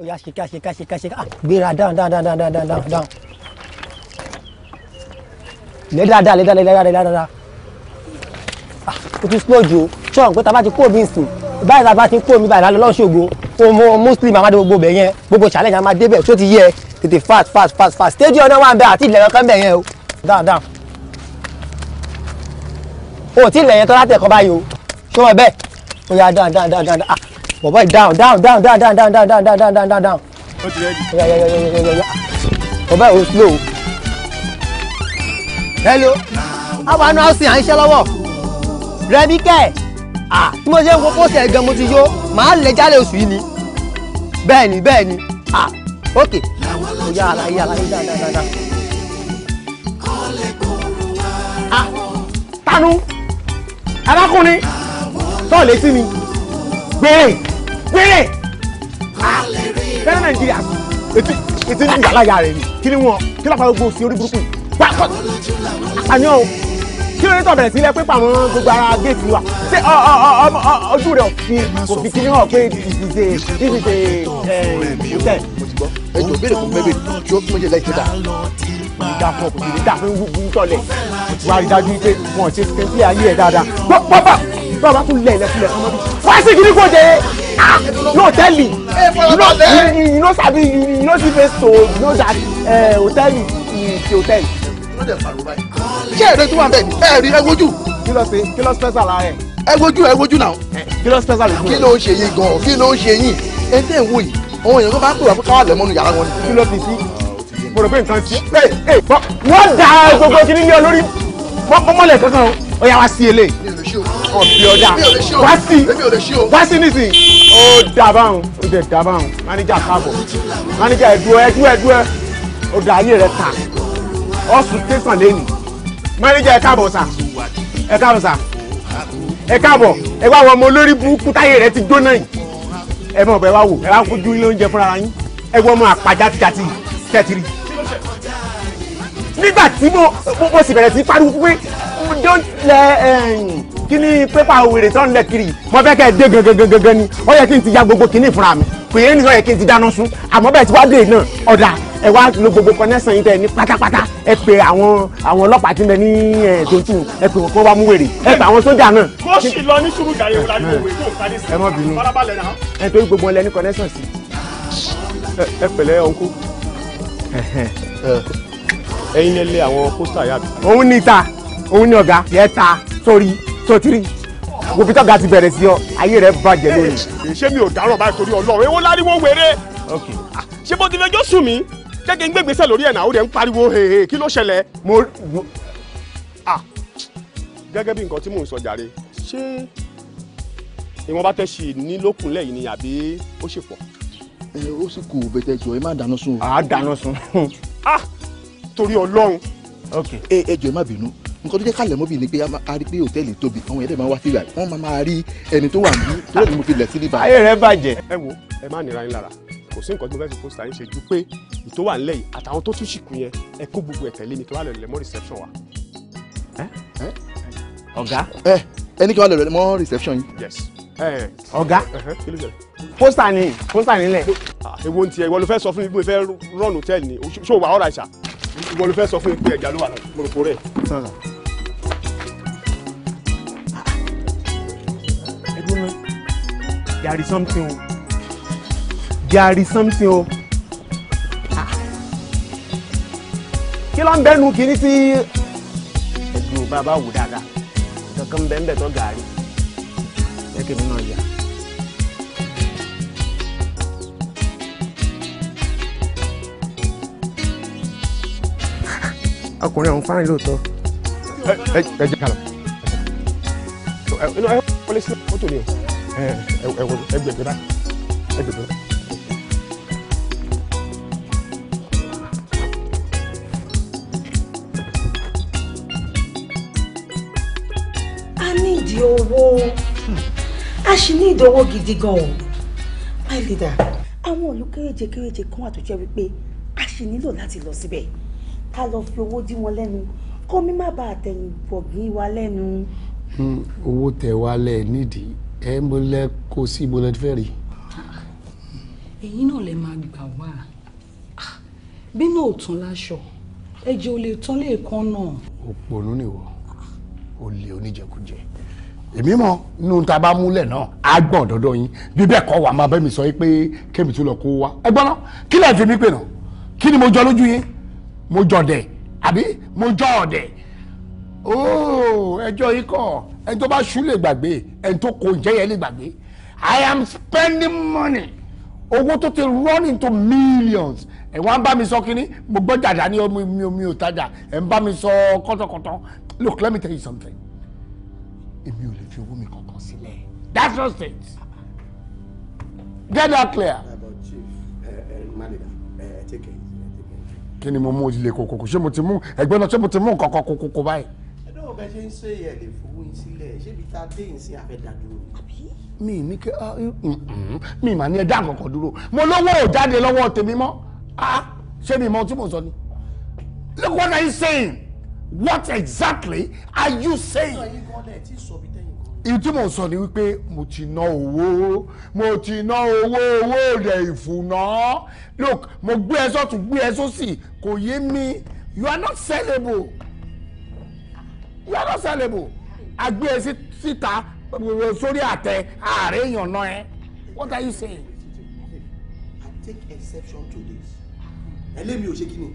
ó yá ṣèkà ṣèkà ṣèkà ṣèkà ah be gbéra down down down down down down down lé dáadáa lé dáadáa lé dáadáa lé dáadáa ah o ti slow ju o ṣọ́ọ̀n pé ta bá ti kó mi sùn me, ta bá ti kó mi báyìí lálẹ́ lọ́sọ̀gbọ̀ ọmọ muslim amadu gbogbo here. yẹn go challenge a máa débẹ̀ tó ti it is fast fast fast fast Stay here, wà ń bẹ àti ilẹ̀ kankan bẹ̀ yẹn o down down o ti ilẹ̀ yẹn tọ́lá tẹ̀ kọ́ báyìí o ṣọ́ọ̀ bẹ́ẹ̀ ó yá down down down down ah bọ̀bọ̀ yìí down down down down down down down down down down down down down. yeah, yeah, yeah, yeah, yeah, yeah. yà yà yà bọ̀bọ̀ yìí ó slow. hello àwọn àna ọ̀sìn à ń ṣe lọ́wọ́ rẹ̀mí kẹ́ ẹ̀ tí mo ṣe ń wo pósí ẹ̀ gan mo ti yó màá lè jálè oṣù yìí ni bẹ́ẹ̀ ni bẹ́ẹ̀ ni ok ó yà àlàyé àlàyé dáadáa dáadáa. tanu arákùnrin tọ́ọ̀lẹ́sí mi gbére gbére. fẹ́rẹ́ nàìjíríà etí etí ní ìyàláyà rẹ̀ ni kí ni wọn kí ló fà gbogbo sí orí burúkú pápá àyàn o kí ló ní tọ̀ bẹ̀rẹ̀ sí ilẹ̀ pípa àwọn gbogbo ara géètì wa ṣé ojú rẹ̀ òfin òfin kí ni hàn pé ìdíje ìdíje ẹ̀ ìdíje. ẹjọ bẹ̀rẹ̀ kò fẹ́ bẹ tí ó fún mi yẹ láì ṣe dáa kò ní dá fún ọ kò fún wúwú tọ̀lẹ̀ wà á pé wọn ò ṣe sẹ́ńtì ayé ẹ̀ dáadáa bọ́bà bàbá tún lẹ̀ lẹ́kùnlẹ̀ fún ọmọdé wá sí kiri kò dé lọ́tẹ́lì you know sabi you know see face to you know that hòtẹ́lì ti hòtẹ́lì. ṣé èrè tó wà bẹ́ẹ̀ ni ẹ rí ẹ wojú. kí ló ṣe kí ló special ara ẹ. ẹ wojú ẹ wojú náà. kí ló special ojú ẹ. kí ló ń ṣe yín gan-an kí ló ń ṣe yín ẹ tẹ́ ẹ̀ wò yìí àwọn èèyàn kan bá ń pè wá fún káwá lẹ́mọ́nù yàrá wọn ni. kí ló fi sí mo rò pé nǹkan ti wọ́n da gbogbo kiri ní olórí mọ́mọ́lẹ̀ kankan o ó yá wá sí eléyìí ọ̀bí ọ̀dà wá sí wá sí nísìnyí ó dábàáhùn ó dẹ̀ dábàáhùn máníjà káàbọ̀ máníjà ẹ̀dúọ́ ẹ̀dúọ́ ẹ̀dúọ́ ọ̀dà ayé rẹ̀ ta ọ̀sùn tẹ̀sán lẹ́nu máníjà ẹ̀ káàbọ̀ sà ẹ̀ káàbọ̀ sà ẹ káàbọ̀ ẹ wá àwọn ọmọ olórí burúkú táyé rẹ ti gbóná yìí ẹ mọ̀ bẹ́ẹ̀ wá wò ẹ wá fojú ilé oúnjẹ fúnra yín ẹ wọ́n mọ àpàjá tìjàtì tẹ̀tìrì nígbà tí mo mo sì bẹ̀rẹ̀ sí pariwo pé oh, don't lẹ eh, kí ni pépà òwèrè tó ń lẹ kiri mo fẹ́ kẹ́ ẹ dé gangan gangan ni ó yẹ kí n ti ya gbogbo kinní fúnra mi kò yẹ ní ó yẹ kí n ti dáná sun àmọ́ bẹ́ẹ̀ tí wàá dé náà ọ̀dà ẹ wá lo gbogbo connection yìí tẹ ní pátápátá ẹ pè àwọn àwọn ọlọ́pàá tí ń bẹ ní eh, ẹ tuntun ẹ pè wọn kó wá mú wèrè ẹ pè àwọn sójà náà. bó ṣì lọ ní sùúrù jàre wòlá ní òwe tó ń ta ní sí. ẹ má bínú ẹ torí gbogbo ẹ lẹ ní connection sí. ẹ pẹ̀lẹ́ ọ̀nkú ẹ̀yin lè lé àwọn pósítà yàbí. òun ní ta òun ní ọ̀gá yẹ ta sórí sótìrí òbí tọ́gà ti bẹ̀rẹ̀ sí ọ ayé rẹ̀ bàjẹ́ lónìí. ṣé mi ò dárò báyìí torí ọlọ́run èwo láriwo wèrè. Ah, ṣé bó ti fẹ́ jọ́ sùn mí jẹ́gẹ́ ń gbégbèsè lórí ẹ̀ náà ó rẹ̀ ń pariwo hehe kí ló ṣẹlẹ̀. mo ah, gẹ́gẹ́ bí nǹkan tí mò ń sọ jàre ṣé ìwọ̀n bá tẹ̀ ṣì ní lókunlẹ̀ yìí ni àbí ó ṣèpọ̀ ẹ ó sì kù bẹtẹ jọ ẹ má dáná sun. àá dáná sun ah torí Ọlọ́run. ok ẹ ẹ jọ ẹ má bínú nǹkan tó jẹ́ kálẹ̀ mọ́bì ni pé a rí pé hòtẹ́ẹ̀lì tóbi àwọn ẹ̀dẹ̀ máa wá síra wọ́n máa máa rí ẹni tó wà ní tó lẹ́nu mo fi lẹ̀ sí níbà. ayé rẹ bàjẹ́. ẹ wo ẹ má nira yín lára kò sí nǹkan tí mo fẹ́ fi pósítà yín ṣe ju pé ìtò wà nílẹ̀ yìí àtàwọn tó tún sì kú yẹn ẹ kó gbogbo ẹ̀ tẹ̀lé mi kí wàá lọ mọ́ reception wa. ọ̀gá. ẹ ẹni kí wàá lọ mọ́ reception yìí. yes. ọ̀gá. kí pósítà ni pósítà nílẹ̀. èwo ah, ti ẹ e, ìwọ ló fẹ́ sọ fún mi bí mo fẹ́ rán hòtẹ́ẹ̀lì ni ṣó wà ọ̀rọ̀ àṣà ìwọ ló fẹ́ sọ fún mi pé ẹja ló wà náà mo rò mi there is something o there is something o ah. kí ló ń bẹ́nu kínní tí ẹ̀dùn bàbá wò dáadáa kankan bẹ́ẹ̀ ń bẹ̀ tó gàárì ẹ̀kẹ́ mi náà yà. ọkùnrin ọ̀hún fárin lóòótọ́. ẹ ẹ jẹ́ ká lọ. ẹ ẹ wọlé sí mọ́tò ni o ẹ ẹ wọlé ẹ gbẹ̀gbẹ̀ bá ẹ gbẹ̀gbẹ̀ bá. a ní ìdí owó a sì ní ìdí gidi gan-an my leader àwọn ìlú kan wà wípé a sì nílò láti lọ síbẹ̀ ká lọ fi owó dí wọn lẹ́nu kó mi má bàa tẹ̀yìn bọ̀gìn wa lẹ́nu. Hmm, owó tẹ wá lẹ nídìí ẹ mo lẹ kó sí mo lẹ fẹ́ rí. ẹ̀yin náà lè máa gbà wá ah, bí náà ò tán láṣọ ẹ̀jẹ̀ ò lè tán lẹ́ẹ̀kan náà. òpònú nìwọ olè oníjẹkújẹ èmi mọ nínú tá bá múlẹ̀ náà á gbọ̀n dọ́dọ́ yín bí bẹ́ẹ̀ kọ́ wàá máa bẹ́ mi sọ pé kémi tún lọ kó wa ẹ gbọ́n náà kí lẹ́ẹ̀ fi mí pè náà kí ni mo jọ lójú yín mo jọ̀dẹ̀ àbí mo jọ ọ̀dẹ̀ ooo ẹjọ́ yìí kọ̀ ẹni tó bá ṣú lè gbàgbé ẹni tó kò jẹ́yẹ lè gbàgbé I am spending money owó tó ti run into millions ẹ wá ń bá mi sọ kínní mo gbọ́ jàdá ní omi mi omi ò tajà ẹ ń bá mi sọ kọ́tọ̀kọ́tọ̀ look let me tell you something èmi ò lè fi owó mi kankan sílẹ̀ that's not it get that clear. Uh, uh, manager, uh, kí ni mo mú ilé kòkòkò ṣé mo ti mú ẹgbẹ́ náà ṣé mo ti mú nǹkan kan kòkòkò báyìí. ẹ dọ́wọ́ ṣe ń ṣe ẹ̀ lè fowó yín sílẹ̀ ṣé tá a dé yín sí àfẹ́dàdúró. mi ní kí ah, mm, mm, mi mà ní ẹ dá àkọ́kọ́ dúró mo lówó ò jáde lọ́wọ́ tèmi mọ́ ah, ṣé mi mọ tí mo sọ ni. look what are you saying what exactly are you saying. ọ̀rọ̀ yìí gan tí sọ ìtí mò sọ ni wípé mo ti ná owó mo ti ná owó owó rẹ̀ ìfúná look mo gbé ẹ sọ́tún gbé ẹ sósì kò yé mi you are not sellable you are not sellable àgbé ẹ síta sórí àtẹ ààrẹ èèyàn náà ẹ what are you saying. I take exception to this ẹlẹ́mi ò ṣe kí ni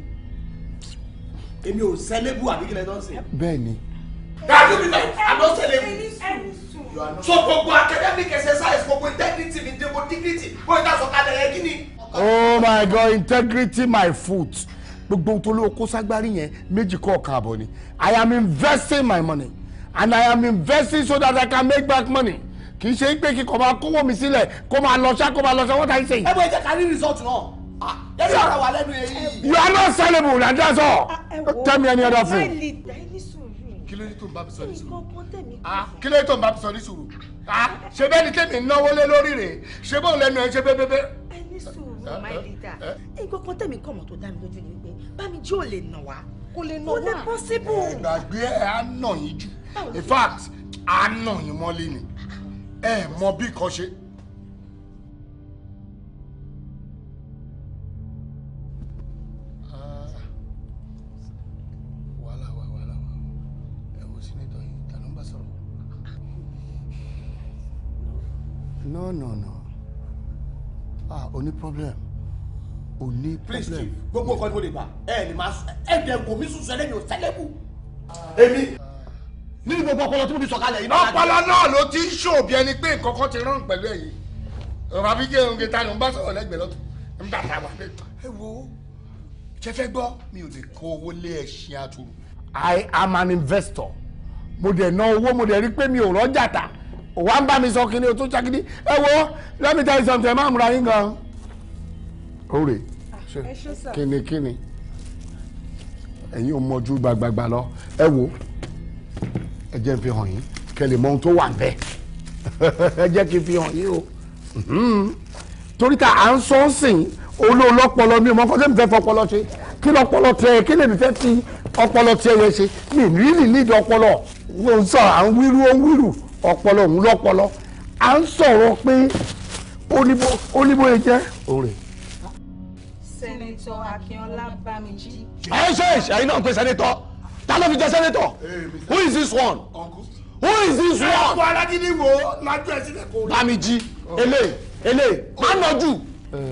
èmi ò sellable àbí kí lẹ́tọ́ sí. bẹ́ẹ̀ ni. That's the reason I'm not telling So gbogbo academic exercise gbogbo integrity mi de gbogbo dignity gbogbo ìta sọ̀kalẹ̀ yẹn Oh my God integrity my foot gbogbo tó ló kó ságbárí yẹn méjì kọ́ ọ̀kan àbọ̀ ni I am investing my money and I am investing so that I can make back money kì í ṣe pé kíkọ̀ máa kówó mi sílẹ̀ kó máa lọ ṣá kó máa lọ ṣá wọ́n ta ṣe ẹ bọ ìjẹ ká ní result náà yẹ́n ah, ní ọ̀rọ̀ wà lẹ́nu yẹn yìí. You are not sellable na that's all ah, eh, tell me any other thing kí ló dé tó ń bá mi sọ ní sùúrù ah, kí ló dé tó ń bá mi sọ ní sùúrù ah, ṣe bẹ́ẹ̀ ni tèmi náwó lé lórí rẹ̀ ṣe bóun lẹ́nu ẹ ṣe bébébé. ẹ ní sùúrù eh, my eh, leader eh. nǹkan kan tẹ̀mí kọ̀ mọ́ tó dá mi lójú ni pé bámi jí ò lè nà wá kò lè nà wá kò lè possible. ẹ gbàgbé ẹ á nà yín jù in fact á nà yín mọ́lé ni ẹ mọ bí kan ṣe. no no no ah o problem o problem. please chief gbogbo nǹkan ni mo lè gbà ẹ ní ma ẹ dẹ gòmí sùn sẹlẹ mi ò sẹlẹ kù. èmi nínú gbogbo ọpọlọ tí mo ti sọ kalẹ̀ yìí. ọpọlọ náà ló ti ń ṣòbí ẹni pé nǹkan kan ti rán pẹ̀lú ẹ̀yìn ọ̀rọ̀ àbíjẹ́ oúnjẹ ta ló ń bá sọ̀rọ̀ lẹ́gbẹ̀ẹ́ ta wà lẹ́tọ̀. ẹ wo ṣe fẹ́ gbọ́ mi ò lè kó owó lé ẹṣin àtúrò. I am an investor mo dẹ̀ ná owó mo dẹ̀ rí pé mi ò rọ́jà tà wàá ń bá mi sọ kíni o tún ṣàkíní ẹ wo let me tell you something ẹ máa múra yín gan. òrè kíni kíni ẹ̀yin ò mọ̀jú gbàgbàgbà lọ ẹ wo ẹ jẹ́ n fi hàn yín kẹlẹ̀ mọ ohun tó wà bẹ́ẹ̀ ẹ jẹ́ kí n fi hàn yín o hmm. torí ta à ń sọ ń sìn olóòlọpọlọ mi ò mọ fọdé mi fẹ́ fọpọlọ ṣe kí lọpọlọ tẹ kí lèmi fẹ́ ti ọpọlọ tẹ yẹ ṣe mi really need ọpọlọ wọ́n sọ à ń wíru ó ń wíru ọpọlọ òun lọpọlọ à ń sọ̀rọ̀ pé ó ní bóyá jẹ́. sẹ́nẹ́tọ̀ akínọlá bámijí. ẹ ṣe ìṣẹ́yìn pé sẹ́nẹ́tọ̀ ta ló fi jẹ sẹ́nẹ́tọ̀ who is this one who is this one. ẹ kó alájídí wo lájú ẹ sílẹ̀ kó. bámijí oh. eléyìí eléyìí má oh. nọjú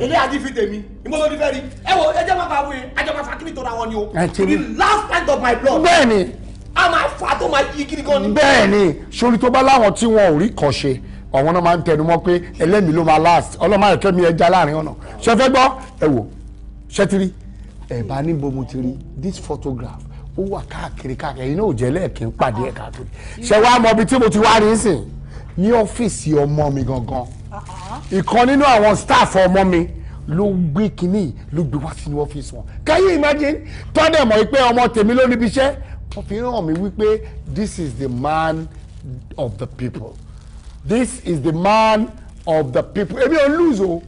ilé eh. àti fi tèmi ìmọ̀lọ́ ní fẹ́ rí ẹ wo ẹ jẹ́ máa bá wí ẹ jẹ́ máa fa kí ni tó wọn ni o to be last night of my blood. bẹ́ẹ̀ni a máa fà á tó máa yí gidi gan ni. bẹ́ẹ̀ ni sori tó bá láwọn tí wọn ò rí kàn ṣe àwọn náà máa ń tẹnu mọ́ pé ẹlẹ́mìí ló máa last ọlọ́mọ àyẹ̀kẹ́ mi ẹ já láàrin ọ̀nà ṣe fẹ́ ẹ wò ṣe ẹ bá níbo mo ti rí this photograph ó wà káàkiri káàkiri iná òjẹ́ lẹ́ẹ̀kì ń pàdé ẹ̀ káàkiri ṣe wá mọ ibi tí mo ti wá rí sìn ní ọ́fíìsì ọmọ mi gangan uh-huh. ìkan nínú àwọn staff ọmọ mi ló gbé kinní ló gbé wá sínú ọ́fíìsì wọn can you imagine tọ́dẹ̀ mọ̀ pé ọmọ tèmi ló níbi iṣẹ́ wọ́n fi hàn mí wípé this is the man of the people this is the man of the people èmi ò lose o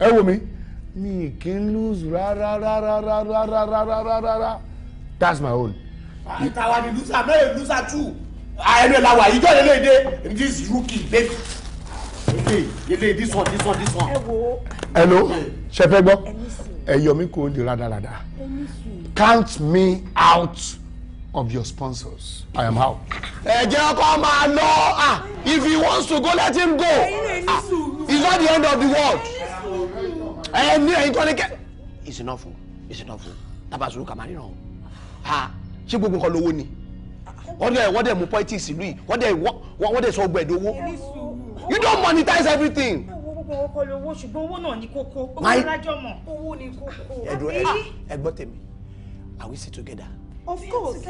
ẹ wo mi mi kì í lose rárá rárá rárá rárá rárá that's my own. àìtàwá ni lùsà mẹ́rin lùsà tù ẹnu ẹ̀ làwà yìí jọ́lẹ̀ léde this rookie late yele yele this one this one this one. ẹ wo. hello ṣe fẹ́ gbọ́ ẹ̀yọ́ mi kò lè rádaràda count me out of your sponsors. I am out. Ẹ jẹ́ ọkọ máa lọ ah if he wants to go let him go ah it's not the end of the world. Ẹ ní ẹ̀yin tó ní kẹ́. It's enough o it's enough o tabasuru kamari náà ha ṣé gbogbo nǹkan lówó ni wọ́n dẹ̀ wọ́n dẹ̀ mú politics ìlú yìí wọ́n dẹ̀ wọ́n dẹ̀ sọ gbẹ̀dọ̀wọ́ you don't monetize everything gbogbo ọkọ lówó ṣùgbọ́n owó náà ní kókó owó lájọ mọ̀ owó ní kókó. ẹ̀dùn ẹ̀gbọ́n tèmi are we still together of course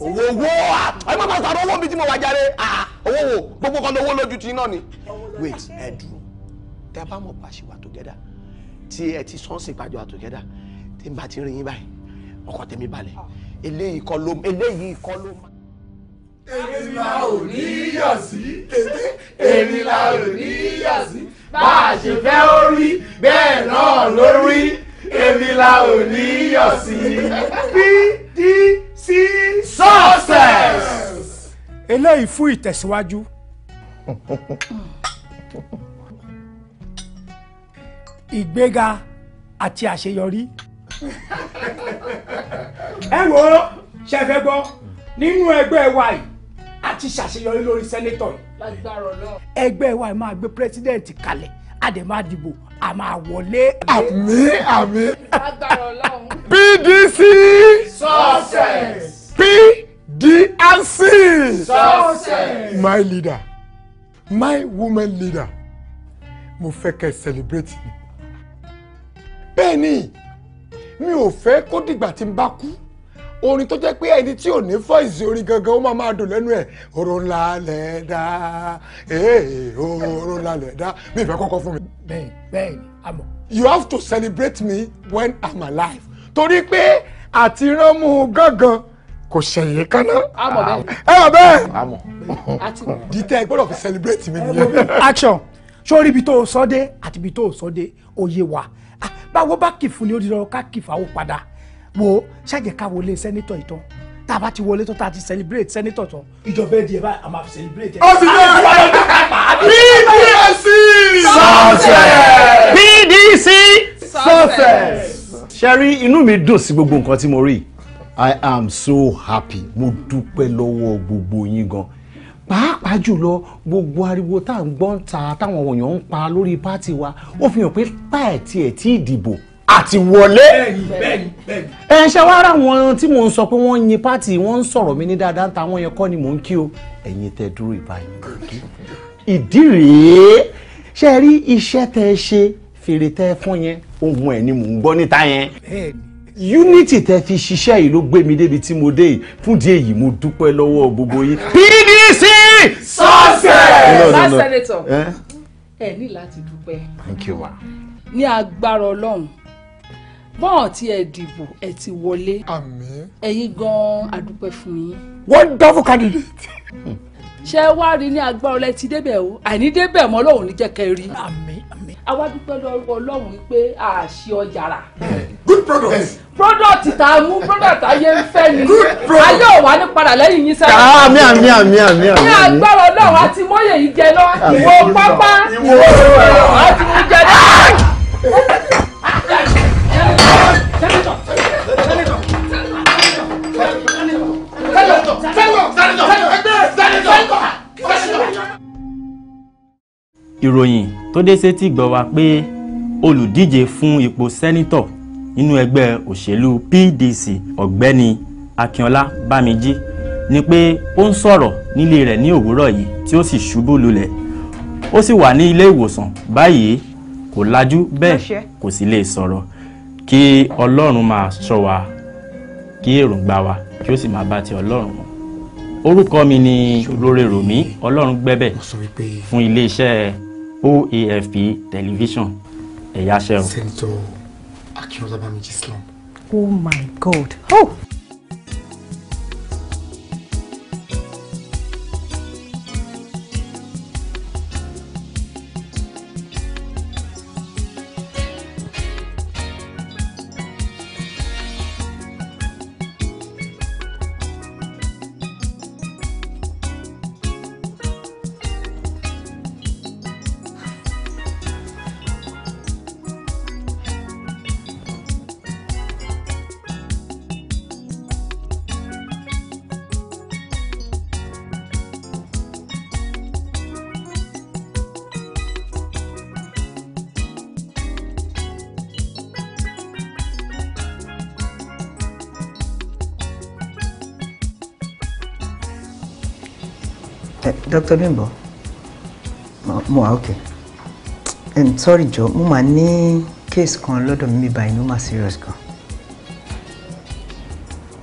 owó owó ẹ má máa sàrọ̀ owó mi tí mo wà jáde ah, owó wo gbogbo kan lówó lójú ti náà ni. wait ẹ dúró tẹ bá mọ̀ bá ṣe together tí ẹ ti sọ́ọ̀sì pàjọ́ wà together tí n bá ti rí yín báyìí ọkọ tẹ̀mí balẹ̀ ah. eléyìí kọ́ ló eléyìí kọ́ ló má. èmi la ò ní yà sí èmi la ò ní yà sí bá a ṣe fẹ́ ó bẹ́ẹ̀ náà ló èmi la ò ní yọ̀ sí BDC success. eléyìí fún ìtẹ̀síwájú. ìgbéga àti àṣeyọrí. ẹ wo ṣe fẹ́ gbọ́ nínú ẹgbẹ́ wa yìí a ti ṣàṣeyọrí lórí sẹ́nétọ̀ yìí. ẹgbẹ́ wa yìí máa gbé pírẹ́sídẹ̀ǹtì kalẹ̀ a dẹ̀ máa dìbò a máa wọlé. àmín àmín. PDC success. PDC success. my leader my woman leader mo fẹ́ kẹ́ celebrate ni bẹ́ẹ̀ ni mi ò fẹ́ kó dìgbà tí n bá kú orin tó jẹ́ pé ẹni tí ò ní fọ́ìsì orin gangan ó máa máa dùn lẹ́nu ẹ̀ oró ńlá lẹ̀ dá oró ńlá lẹ̀ dá mi ìfẹ́ kọ́kọ́ fún mi. bẹ́ẹ̀ni bẹ́ẹ̀ni àmọ́. you have to celebrate me when i'm alive torí pé àti ránmú gángan kò ṣẹ̀yìn kaná. àmọ́ bẹ́ẹ̀. ẹ wà bẹ́ẹ̀. àmọ́. dìtẹ́ gbọ́dọ̀ fi celebrate mi nìyẹn. action sórí ibi tó o sọ dé àti ibi tó sọ dé òye wa ah, báwo bá kì fún ni ó di lọ ká kì fáwọn padà wo ṣàjẹ́ ká wọlé sẹ́nitọ̀ ìtàn tá a bá ti wọlé tán tá a ti celebrate sẹ́nitọ̀ tán ìjọba ẹ̀ díẹ̀ báyìí a máa celebrate. ó sì ní ìwà ọjọ́ kápá. PDC success. PDC success. ṣẹ́rí inú mi dùn sí gbogbo nǹkan tí mo rí i am so happy mo dúpẹ́ lọ́wọ́ gbogbo yín gan pàápàá jùlọ gbogbo ariwo tá à ń gbọ́ ń ta táwọn èèyàn ń pa lórí pátì wa ó fi hàn pé táẹ̀ tiẹ̀ tí ì dìbò àti wọlé ẹ ṣe wá ara wọn tí mò ń sọ pé wọ́n ń yin pátì wọ́n ń sọ̀rọ̀ mi ní dáadáa táwọn yẹn kọ́ ni mò ń kí o ẹ̀yin tẹ dúró ìbáyìí ìdí rèé ṣe rí iṣẹ́ tẹ ṣe fèrè tẹ fún yẹn ohun ẹ̀ ni mò ń gbọ́ níta yẹn unity tẹ fi ṣiṣẹ́ yìí ló gbé mi débi tí mo dé yìí fún díẹ̀ yìí mo dúpẹ́ lọ́wọ́ gbogbo yín PDC success bá sẹ́nẹ̀tọ̀ ẹ ní láti dúpẹ́ ní agbára ọlọ́run bọ́ọ̀ tí ẹ dìbò ẹ ti wọlé. àmín. ẹ̀yin gan-an àdúpẹ́ fún yín. wonderful candidate. ṣé wàá rí ní agbára ọlẹ́ ti débẹ̀ o àìní débẹ̀ mọ́ lọ́hùn ní jẹ́kẹ́ rí. àmín àmín. àwa lọ́wọ́ ọlọ́run wípé a ọjà rà. good product. product tá a mú product ayé ń fẹ́ ni. good product. ayé ò wá ní padà lẹ́yìn yín sẹ́yìn. Ah, àmín àmín àmín àmín. ní agbára ọlọ́run àti mọ́yè yìí jẹ náà ìwọ pápá ìwọ òwò àti ìwọ jẹ náà. Ah! ìròyìn tó dé sétí gbọ́ wa pé olùdíje fún ipò sẹ́nítọ̀ nínú ẹgbẹ́ òṣèlú PDC ọ̀gbẹ́ni Akínọlá Bámijí ni pé ó ń sọ̀rọ̀ nílé rẹ̀ ní òwúrọ̀ yìí tí ó sì ṣubú lulẹ̀ ó sì wà ní ilé ìwòsàn báyìí kò lajú bẹ́ẹ̀ kò sì lè sọ̀rọ̀ kí ọlọ́run máa sọ wa kí èròǹgbà wa kí ó sì máa bá ti ọlọ́run mu orúkọ mi ni olóore ròmí ọlọ́run gbẹ́bẹ̀ fún iléeṣẹ́ OAFP television ẹ̀yà sẹ́wọ̀n. oh my god. Oh. Dr. Bimbo. Mo wà okay. I'm sorry jọ, mo máa ní case kan lọ́dọ̀ mi báyìí ló máa serious gan.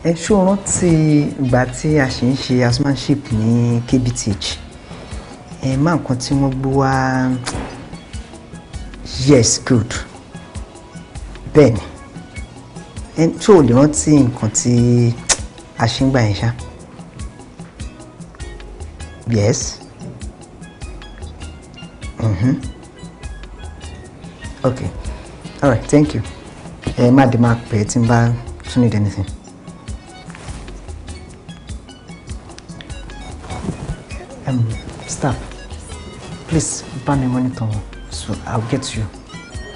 Ẹ ṣó rántí ìgbà tí a ṣì ń ṣe asmanship ní KBTH. Ẹ má nǹkan tí wọ́n gbé wá yes good bẹ́ẹ̀ ni. Ẹ ṣó lè rántí nǹkan tí a ṣe ń gbà yẹn ṣáá. Yes. Mm-hmm. Okay. All right. Thank you. Ẹ má dé máa pè é tí n need anything. Um, staff, please, bá mi monitor wọn. So I'll get you.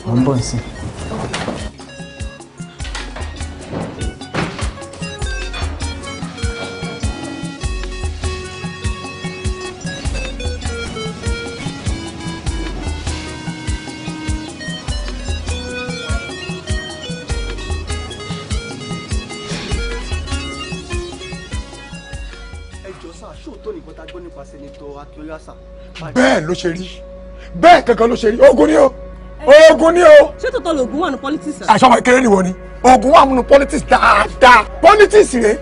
Mo ń bọ̀ nsìn. ló ṣe rí bẹ́ẹ̀ kankan ló ṣe rí ogun ni o ogun ni o. ṣé tòótọ́ lògùn wà ní politics. àṣà wọn kéré nìwọ ni ogun wà nínú politics dáadáa politics rẹ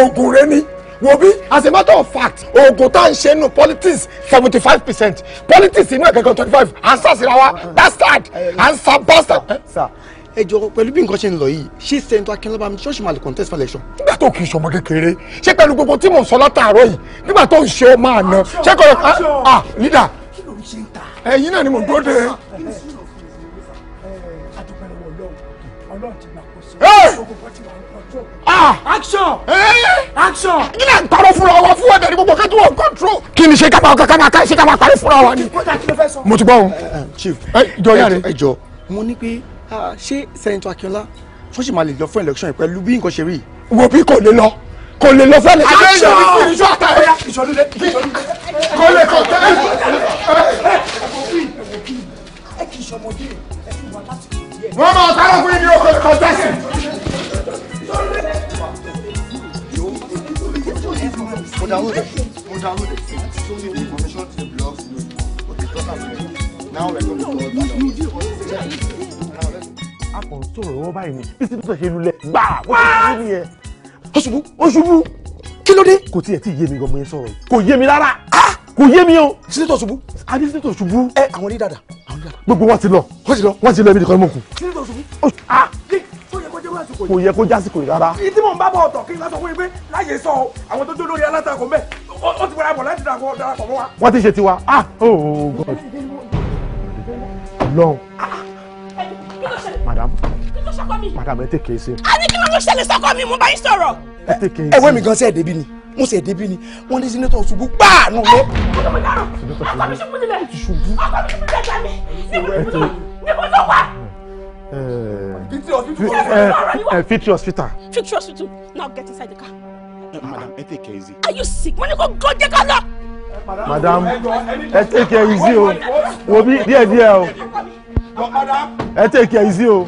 ogun rẹ ni wo bí as a matter of fact oògùn tá à ń ṣe nínú politics seventy five percent politics inú ẹ̀kẹ́kẹ́ twenty five à ń sá síra wa bastard à ń sá bastard. sà ẹ jọ pẹ̀lú bí nǹkan ṣe ń lọ yìí ṣé sẹ́ńtọ́ akínlọ́ba mi ṣọ́ọ̀ṣì máa lè contest for election. nígbà tó kì í ṣọmọ kékeré ṣé pẹ̀lú gbogbo tí mò ń sọ látàárọ̀ yìí nígbà tó ń ṣe ó máa ná ṣé kò yẹ ah, ah leader ẹ̀yin náà ni mo dúró de. action action. kí ni à ń parọ́ fúnra wa fún ẹ̀dẹ̀ ní gbogbo ká tó wọ́n control. kí ni ṣe ká máa ká máa ká ṣe ká máa parí fúnra wa ni. mo ti gbọ́ o. chief ìjọ yára ẹjọ mo ní pé ṣé sẹ́yìntàn akínọlá ṣọ́ọ̀ṣì máa lè lọ fún election pẹ̀lú bí nǹkan ṣe rí. wo bí kò lè lọ kò lè lọ fún election. àdéhùn ìṣòro ìṣòro àtàrà ìṣọlúdé ìṣọlúdé kọ́lé kọ́ tẹ́lẹ̀ ẹ kì í ṣọmọdé ẹ fún wa láti kò díẹ̀. wọ́n máa sáré fún ibi oko kọ́ńtẹ́sì. mo download it mo download it so the information to the blog but the talk am now we go to the akọ̀ tó rọ̀ wọ́n báyìí ni bí sípítọ̀ ṣe lulẹ̀ gbà wọ́n ti rí nìyẹn ó ṣubú ó ṣubú kí ló dé. kò tiẹ̀ tí yé mi gan mo yẹn sọ̀rọ̀ yìí kò yé mi rárá ah! kò yé mi o. sinitọ ṣubú. a ní sinitọ ṣubú. ẹ àwọn ní dada. gbogbo wọn ti lọ wọn ti lọ wọn ti lọ ibi nìkan mọ kù. sinitọ ṣubú. a ah! kò yẹ kó jásìkò yìí rárá. ìdí mò ń bá bọ̀ ọ̀tọ̀ kí n bá sọ fún yín pé láyé sọ o àwọn tó jó lórí alátakò mẹ́ ó ti wẹ́rẹ́ bọ̀ láti darapọ̀ darapọ̀ mọ́ wa. wọ́n ti ṣe tiwa ah oh, oh, oh god. ọlọ́run ah, madam sọ́kọ mi. madam ẹ tẹ kìí ṣe. a ní kí ló ló ṣẹlẹ̀ sọ́kọ mi mo bá yín sọ̀rọ̀. ẹ tẹ kìí ṣe. ẹwẹ́ mi gan sẹ́ẹ̀ débi ni mo sẹ́ẹ̀ débi ni wọ́n ní sinetọ̀ ṣubú gbáà nù lé. ọkọ mi dárò ọkọ mi ṣubú nílẹ̀ ọkọ mi ṣubú nílẹ̀ tàbí níbo ló wà. Victory eh, hospital. Victory eh, eh, hospital. Now get inside the car. Madam, ẹ tẹ kìí ṣe. Are you sick? Wọ́n ní kó gọ́jẹ́ ká lọ madam ẹ take easy o wo bí díẹ̀ díẹ̀ o ẹ take easy o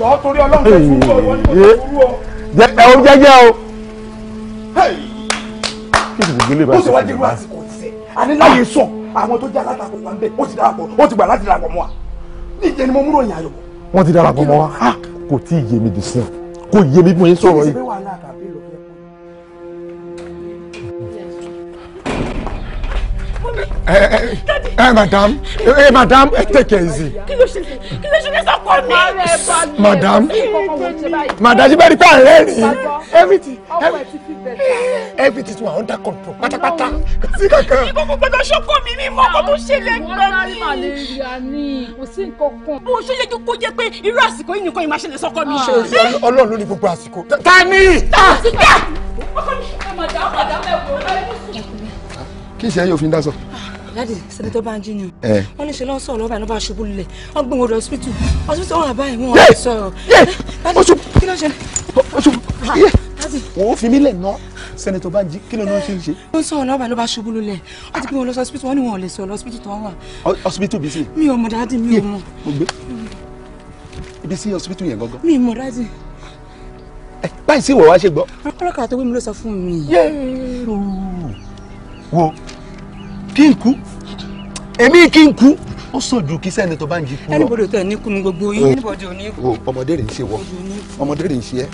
jọ torí ọlọ́run tẹ sùúrù ọwọ́ ni mo tẹ sùúrù ọ. jẹ o jẹjẹ o. kí ni gbogbo ilé bá ṣe. ó sì wá jẹ́rú àsìkò tiẹ̀ aniláyè sọ àwọn tó jẹ́ alátakò wa ń bẹ̀ ó ti darapọ̀ ó ti gbà láti darapọ̀ mọ́ wa níjẹ́ ni mo múrò yàn ayọ̀. wọ́n ti darapọ̀ mọ́ wa ah, kò tí ì yé mi dì sí kò yé mi bí mo yẹn sọ̀rọ̀ yìí. ẹ eh, ẹ eh, eh, madam madame, madam ẹ take it easy. kí ló ṣe kí ló ṣe lẹ́sọ̀ kọ́ mi. madam madam yìí bẹ́ẹ̀ ni pé àárẹ̀ rí everything everything is under control pátápátá sí kankan. ìkókò gbọdọ̀ ṣọ́kọ̀ mi mi mọ́ ọkọ̀ tó ṣẹlẹ̀ gbọ́ mi. kò sí nǹkan kan. bó o ṣe yẹ kó jẹ́ pé irú àsìkò yìí nìkan yìí máa ṣẹlẹ̀ sọ́kọ mi. ṣé ọlọ́run ló ní gbogbo àsìkò. tani. Ah! kí ìṣe yóò fi dá sọ láti sẹ́nẹ́tọ̀ Bánjí ni wọ́n ní ṣe lọ́n sọ̀rọ̀ lọ́ba ìlọ́ba ṣubú lulẹ̀ wọ́n gbé wọn lọ ọsibítù ọsibítù wọn àbá ìwọ̀n ọ̀rọ̀ sọ̀rọ̀ láti kí ló ṣe. wọ́n ah, fi mí lẹ̀ ná sẹ́nẹ́tọ̀ Bánjí kí ló náà ṣe ń ṣe. wọ́n sọ̀rọ̀ lọ́ba ìlọ́ba ṣubú lulẹ̀ wọ́n ti gbé wọn lọ ọsibítù wọn ni wọn ò lè sọ̀rọ̀ ọsibítù tó wà. ọsibítù bí sí. mi ò mọ̀ dáadé mi ò mọ̀. ibi sí ọsibítù yẹn gangan. mi ò mọ̀ dáadé báyìí sí ìwọ wá ṣe gbọ́. ọlọ́kà tó gbé mi ló sọ fún mi. wo kí n kú èmi kí n kú ó sàn ju kí sẹ́ni tó bá ń jí fún ọ. ẹnibodò tẹ ní kunu gbogbo yín ẹnibodò ò ní kú. ọmọdé rè ń ṣe wọ ọmọdé rè ń ṣe ẹ.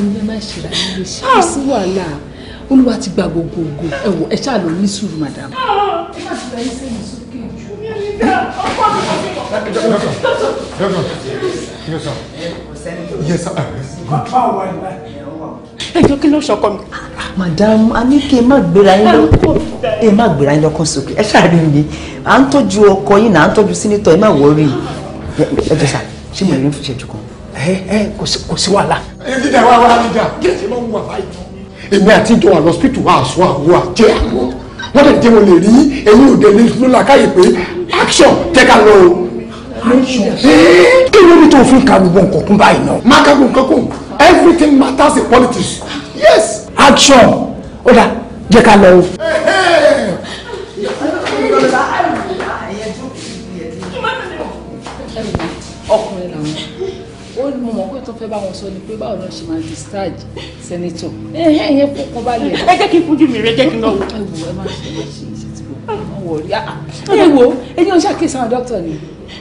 ẹni ẹ má ṣe ra nílé ṣe kí sí wàhálà olúwa ti gba gbogbo ẹ wò ẹ ṣáà lọ ní sùúrù màdàmú. Ah, ah. ẹ má ti gba sẹ́yìn sùúrù ẹjọ́ kí ló ṣọkọ mi. madam a ní kí ẹ má gbéra yín lọ ẹ má gbéra yín lọ́kàn sókè ẹ ṣáà rí mi à ń tọ́jú ọkọ yín náà à ń tọ́jú sínítọ̀ ẹ má wọrí ẹ jọ ṣáà ṣé mo rí ní fìṣẹ́jú kan. ẹ ẹ kò sí wàhálà. ẹ dídà wá wá níjà kí ẹ ṣe máa ń wà báyìí. èmi àti ìjọ àlọ́sítù wa àṣọ àwọn àjẹ àwọn wọ́n tẹ̀ dé wọn lè rí ẹ̀yin òde ní lọ́la káyè pé action jẹ́ ká lọ o. kí ló ní tó fi ka gbogbo nǹkan kún báyìí náà. má ka gbogbo nǹkan kún everything matters in politics yes. action ó dà jẹ́ ká lọ o. ọkùnrin làwọn ó mọ mọ pé tó fẹ́ bá wọn sọ ni pé báwo ló ṣe máa discharge senator ẹ̀yẹ́ ẹ̀yẹ́ kó kọ́ balẹ̀. ẹ jẹ́ kí n fojú mi rẹ jẹ́ kí n lọ wò. ẹ wò ẹ má ṣe é Ah, ah. ẹ wo ẹni oṣù àkíyèsí àwọn dókítà ni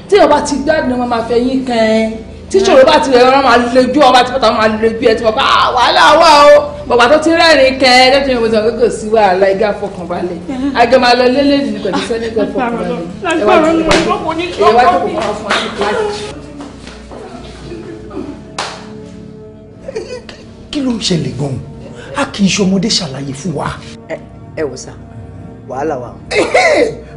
tí ọba ti gbádùn ọmọ máa fẹ́ yín kan ẹ tí ṣòro bá ti rẹ ọmọ máa lejú ọba tí bàtà máa lejú ẹ tí wọn bá wàhálà wà ó bàbá tó ti rẹ́rìn kẹ ẹ lẹ́tọ̀ yẹn mo sọ gbogbo sí wàhálà igi àfọkànbalẹ̀ àgbẹ̀ máa lọ lélẹ́dì ní kọ̀dí sẹ́ni kan fọkànbalẹ̀ ẹ wá jókòó ẹ wá jókòó máa fún wa kí ló ń ṣẹlẹ̀ gan-an a kì í ṣọmọdé ṣàlàyé fún wa. ẹ ẹ wò sá wàhálà wa.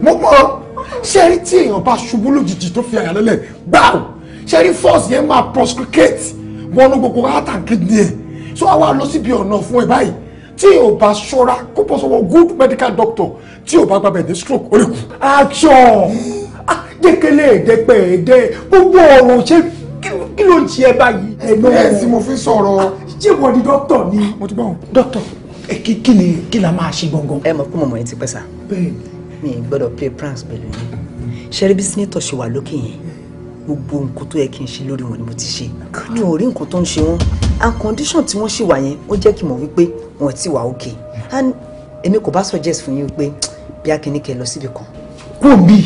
mo mọ ṣe rí tí èèyàn bá ṣubú lójijì tó fi àyà lẹ́lẹ̀ gbáà ṣe rí force yẹn máa proscricate wọnú gbogbo heart and kidney ẹ̀ so àwa lọ síbi ọ̀nà fún ẹ báyìí tí o bá ṣọ́ra kó bọ́ sọ́wọ́ good medical doctor tí o bá gbàgbẹ́ ní stroke ó lè kú. àjọ ah, jẹ́kẹ́lẹ́ ẹ̀ẹ́dẹ́gbẹ́ ẹ̀ẹ́dẹ́ gbogbo ọ̀rọ̀ ṣe kí ló ń ṣe ẹ báyìí. ẹ̀ẹ́dẹ́gbẹ́ ẹ̀sìn mo fi sọ̀rọ̀. Ah, ṣé wọ́n di dókítà ni. mo ti gbọ́ wọn. dókítà Eh, kí kí ni kí la máa ṣe gangan. ẹ mọ̀ pé mọ̀mọ́ yẹn ti pẹ́ sà. bẹ́ẹ̀ni. mi gbọ́dọ̀ play pranks pẹ̀lú yín ṣẹ́rí bí sínítọ̀ ṣe wà lókè yẹn gbogbo nǹkan tó yẹ kí n ṣe lórí wọn ni mo ti ṣe mi ò rí nǹkan tó ń ṣe wọn and condition tí wọ́n ṣì wà yẹn ó jẹ́ kí n mọ̀ wípé wọn ti wà òkè and èmi kò bá suggest fún yín pé bí a kìíní kẹ lọ síbi kan. kúrò bí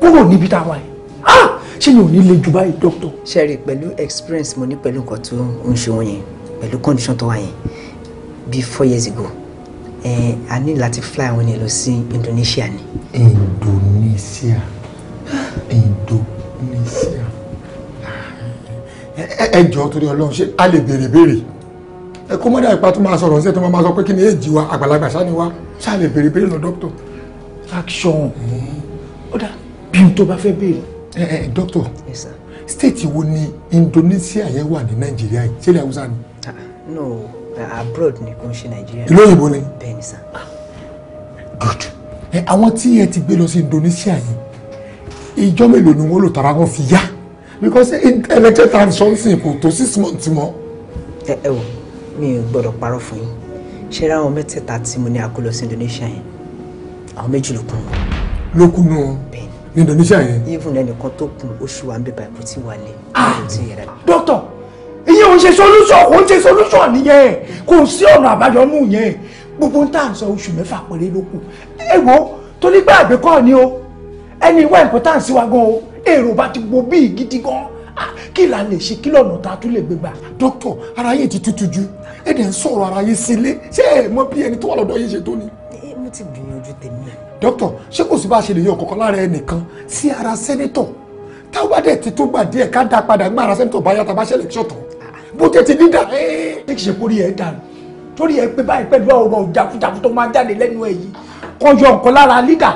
kúrò níbi táwa yìí ah! ṣé mi ò ní le jù báyìí dókítà. ṣe rí pẹ̀lú experience mo ní pẹ̀lú nǹkan tó ń ṣe wọn yẹn pẹ̀lú condition tó wà yẹn bíi four years ago ẹ a ní láti fly àwọn ènìyàn lọ sí Indonesia ni. Indonesia Indonesia ẹ jọ̀ọ́ torí Ọlọ́run ṣé a lè béèrè béèrè ẹ kó mọ́dà ipa tó máa sọ̀rọ̀ ṣé tó máa sọ pé kí ni èjì wa àgbàlagbà ṣáà ni wa ṣáà lè béèrè béèrè lọ dókítà action hmm. ó dà bí n tó bá fẹ́ béèrè. ẹ ẹ dókítà state wo ni Indonesia yẹn wà ní Nàìjíríà yìí ṣé ilẹ̀ Haúsá ni. Ah, no abroad ni kò ń ṣe nàìjíríà. ìlú òyìnbó ni. bẹ́ẹ̀ni sá. good ẹ àwọn tí ẹ ti gbé lọ sí Indonesia yìí ìjọ mélòó ni wọn lò tara wọn fi yá because ẹlẹjẹ ta something kò tó six months mọ́. ẹ ẹ wo mi ò gbọ́dọ̀ parọ́ fún yín ṣé ra àwọn mẹ́tẹ̀ẹ̀ta tí mo ní akó lọ sí Indonesia yẹn àwọn méjì ló kún. ló kún nù ọ ní Indonesia yẹn. even ẹnìkan tó kún oṣù wa ń bẹ báyìí kò tí wà lé. ah dókítà ìyẹn ò ń ṣe solution kò ń ṣe solution nìyẹn kò sí ọ̀nà àbáyọ nù yẹn gbogbo ń tà ń sọ oṣù mẹ́fà péré ló kù ẹ wo torí pé àgbẹ̀ kọ́ ni o ẹni ìwà importance wa gan o èrò bá ti wo bíi gidi gan kí la lè ṣe kí lọ́nà tá a tún lè gbé gbà. dókítà ara yìí ti tútù ju ẹ dẹ̀ ń sọ̀rọ̀ ara yìí sílé ṣé ẹ mọ bí ẹni tó wà lọ́dọ̀ yìí ṣe tó ni. mo ti gbìyànjú tèmi. dókítà ṣé kò sí bá a ṣe lè yọ ọ̀kọ̀ọ̀kan lára ẹnìkan sí ara sẹ́nítọ̀ táwọn bá dẹ̀ ti tó gbà díẹ̀ ká dá padà gbà ara sẹ́nítọ̀ báyà tá a bá ṣẹlẹ̀ ṣọ̀tọ̀ bó tètè dídà ẹ kì í ṣe kórìí ẹ dànù torí ẹ pé báyìí pẹ̀lú ọ̀rọ̀ jàkújàkú tó máa jáde lẹ́nu ẹ yìí kan yọ nǹkan lára lídà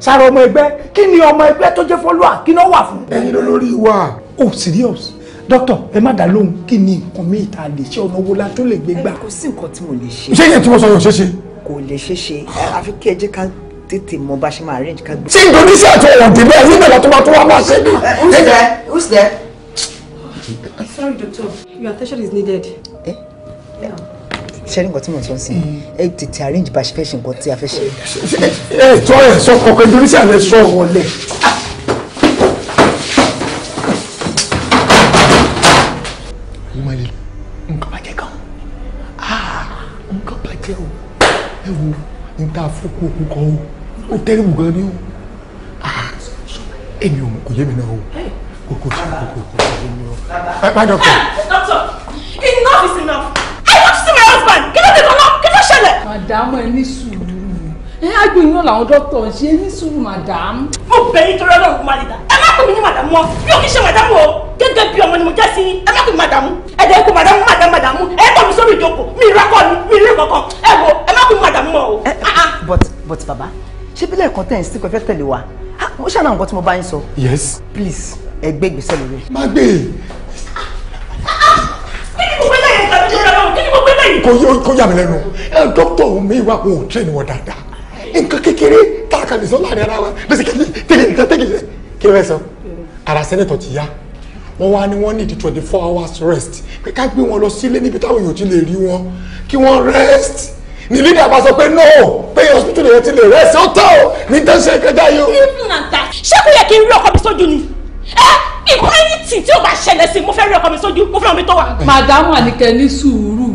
sára ọmọ ẹgbẹ́ kí ni ọmọ ẹgbẹ́ tó jẹ́ fọ́lọ́à kí náà wà fún. ẹ̀yin ló lórí wa. oh serious doctor ẹ má dá lóhùn kí ni nǹkan mi ìta lè ṣe ọ̀nà owó la tó lè gbé gbà. kò sí nǹkan tí mo lè ṣe. ṣé yẹn tí mo sọ yóò ṣe ṣe. kò lè ṣe ṣe àfi kí ẹ jẹ́ ká tètè mọ bá ṣe máa arrange ká gbé. ṣé indonesia tó wọ̀ dé bẹ́ẹ̀ nígbà tó bá tó wá máa ṣe é. who's there who's there. Sorry, doctor. Your attention is needed. Eh? Yeah. ṣe ní nǹkan tí mo sọ sí mm. ẹ tètè arrange bá a ṣe fẹ́ ṣe nǹkan tí a fẹ́ ṣe. ẹ sọ ẹ sọ ọkọ ìdúró sí àlẹ sọ wọlé. nǹkan bàjẹ́ gan ah, nǹkan bàjẹ́ o ẹ wo ní ta fọ́pọ̀ òkú kan o ó tẹ́lẹ̀ so gan ni o ah, èmi ò kò yé mi náà o kò kò sí kò kò kò. My doctor. Ah, doctor, enough is enough. I want to see my husband. Kí ló dé tọ́lá? Kí ló ṣẹlẹ̀? Màdàmú ẹ ní sùúrù. Ẹ á gbé iná làwọn dókítà ń ṣe ní sùúrù màdàmú. Mo bẹ̀ yín torí ọlọ́run kò má lè dá. Ẹ má pè mí ní màdàmú mọ́. Mi ò kí ṣe màdàmú o. Gẹ́gẹ́ bí ọmọ ni mo jẹ́ sí yín. Ẹ má pè mí màdàmú. Ẹ jẹ́ kó màdàmú màdàmú màdàmú. Ẹ tọ̀ mi sórí ìjókòó. Mi ì rákọ̀ mi, mi ì rí kankan. Ẹ wo, ẹ má pè mí màdàmú mọ́ o. Ah, ah. But but bàbá, ṣé bílẹ̀ kan tẹ̀ ń sí kò fẹ́ tẹ̀lé wa? Mo ṣàlàyé nǹkan tí mo bá yín sọ. Yes. Please ẹ gbé ìgbésẹ̀ lórí ẹ. má gbé kò yà mí lẹ́nu dókítà òun mi wà kó tẹ̀ ní wọn dáadáa nǹkan kékeré tààkà lè sọ láàrin ara wa lọ́sẹ̀ kejì tẹ̀lé nǹkan tẹ̀lé kí ló fẹ́ sọ ara sẹ́nẹ̀tọ̀ ti yá wọ́n wá ní wọ́n need twenty four hours rest pé ká gbé wọn lọ sílé níbi táwọn èèyàn ti lè rí wọn kí wọ́n rest ní lídà bá sọ pé no pé hospital yẹn ti lè rest ó tọ́ ní tẹ́sán ìkẹjà yìí. ṣé kò yẹ kí n rí ọkọ mi sójú ni ìkọ́ ẹ̀yìntì tí ó bá ṣẹlẹ̀ sí mo fẹ́ rí ọkọ mi sójú mo fẹ́ omi tó wà. màdàmú àníkẹ́ ní sùúrù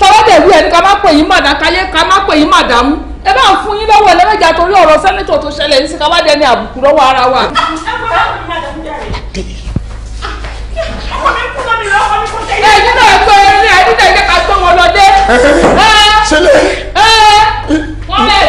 tọ́wọ́dẹ̀ wí ẹni ká má pè yín màdàkálẹ̀ ká má pè yín màdàmú ẹ bá fún yín lọ́wọ́ ẹlẹ́mẹ̀jà torí ọ̀rọ̀ sẹ́nitọ̀ tó ṣẹlẹ̀ ní sika wádẹ́ ní àbùkù lọ́wọ́ ara wa. ẹ jẹ́ náà gbé ní ẹni náà jẹ́ ká gbé wọn lọ dé. ṣẹlẹ̀. wọ́n lẹ̀.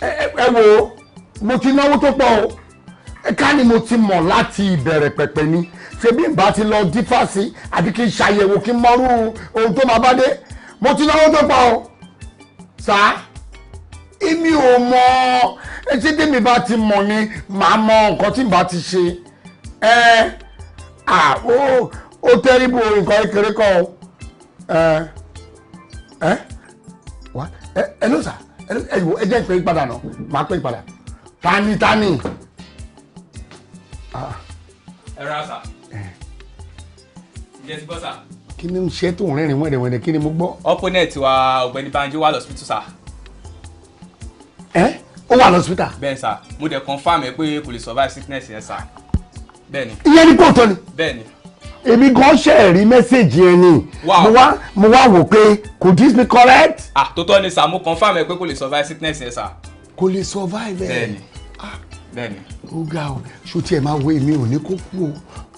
ẹ wo mo ti náwó tó pọ̀ o ká ni mo ti mọ̀ láti ìbẹ̀rẹ̀ pẹ̀pẹ̀ ni ṣebí n bá ti lọ dífàsì àbí kí n ṣàyẹ̀wò kí n mọrú ohun tó máa bá dé mo ti náwó tó pọ̀ o sá èmi ò mọ etí tèmi bá ti mọ̀ ni màá mọ nǹkan tí n bá ti ṣe ẹ à ó ó tẹ́rìbù nǹkan kékeré kan o ẹ ẹ ẹ ẹ ló sà ẹ̀wò ẹ jẹ́ ìpè padà náà máa pè padà tani tani. Ah. ẹ ra sà ǹjẹ́ ti bọ́ sà. kí ni ṣe tó ń rìnrìn wẹ́rẹ́wẹ́rẹ́ kí ni mo gbọ́. opponent wa ọ̀gbẹ́ni Banji wà lọ́sibítù sà. ẹ ó wà lọ́sibítà. bẹ́ẹ̀ sà mo dẹ̀ confam ẹ pé kò lè survive sickness yẹn sà. bẹ́ẹ̀ ni. ìyẹn ni kò tọ́ ni. bẹ́ẹ̀ ni èmi gan ṣe rí mẹ́sẹ̀gì yẹn ni mo wá mo wá wò pé could this be correct. ah tó tọ́ ni Sàámú confam ẹ pé kò lè survive sickness yẹn sir. kò lè survive ẹ. bẹ́ẹ̀ni bẹ́ẹ̀ni. ó ga o ṣó tiẹ̀ máa wo èmi ò ní kó kú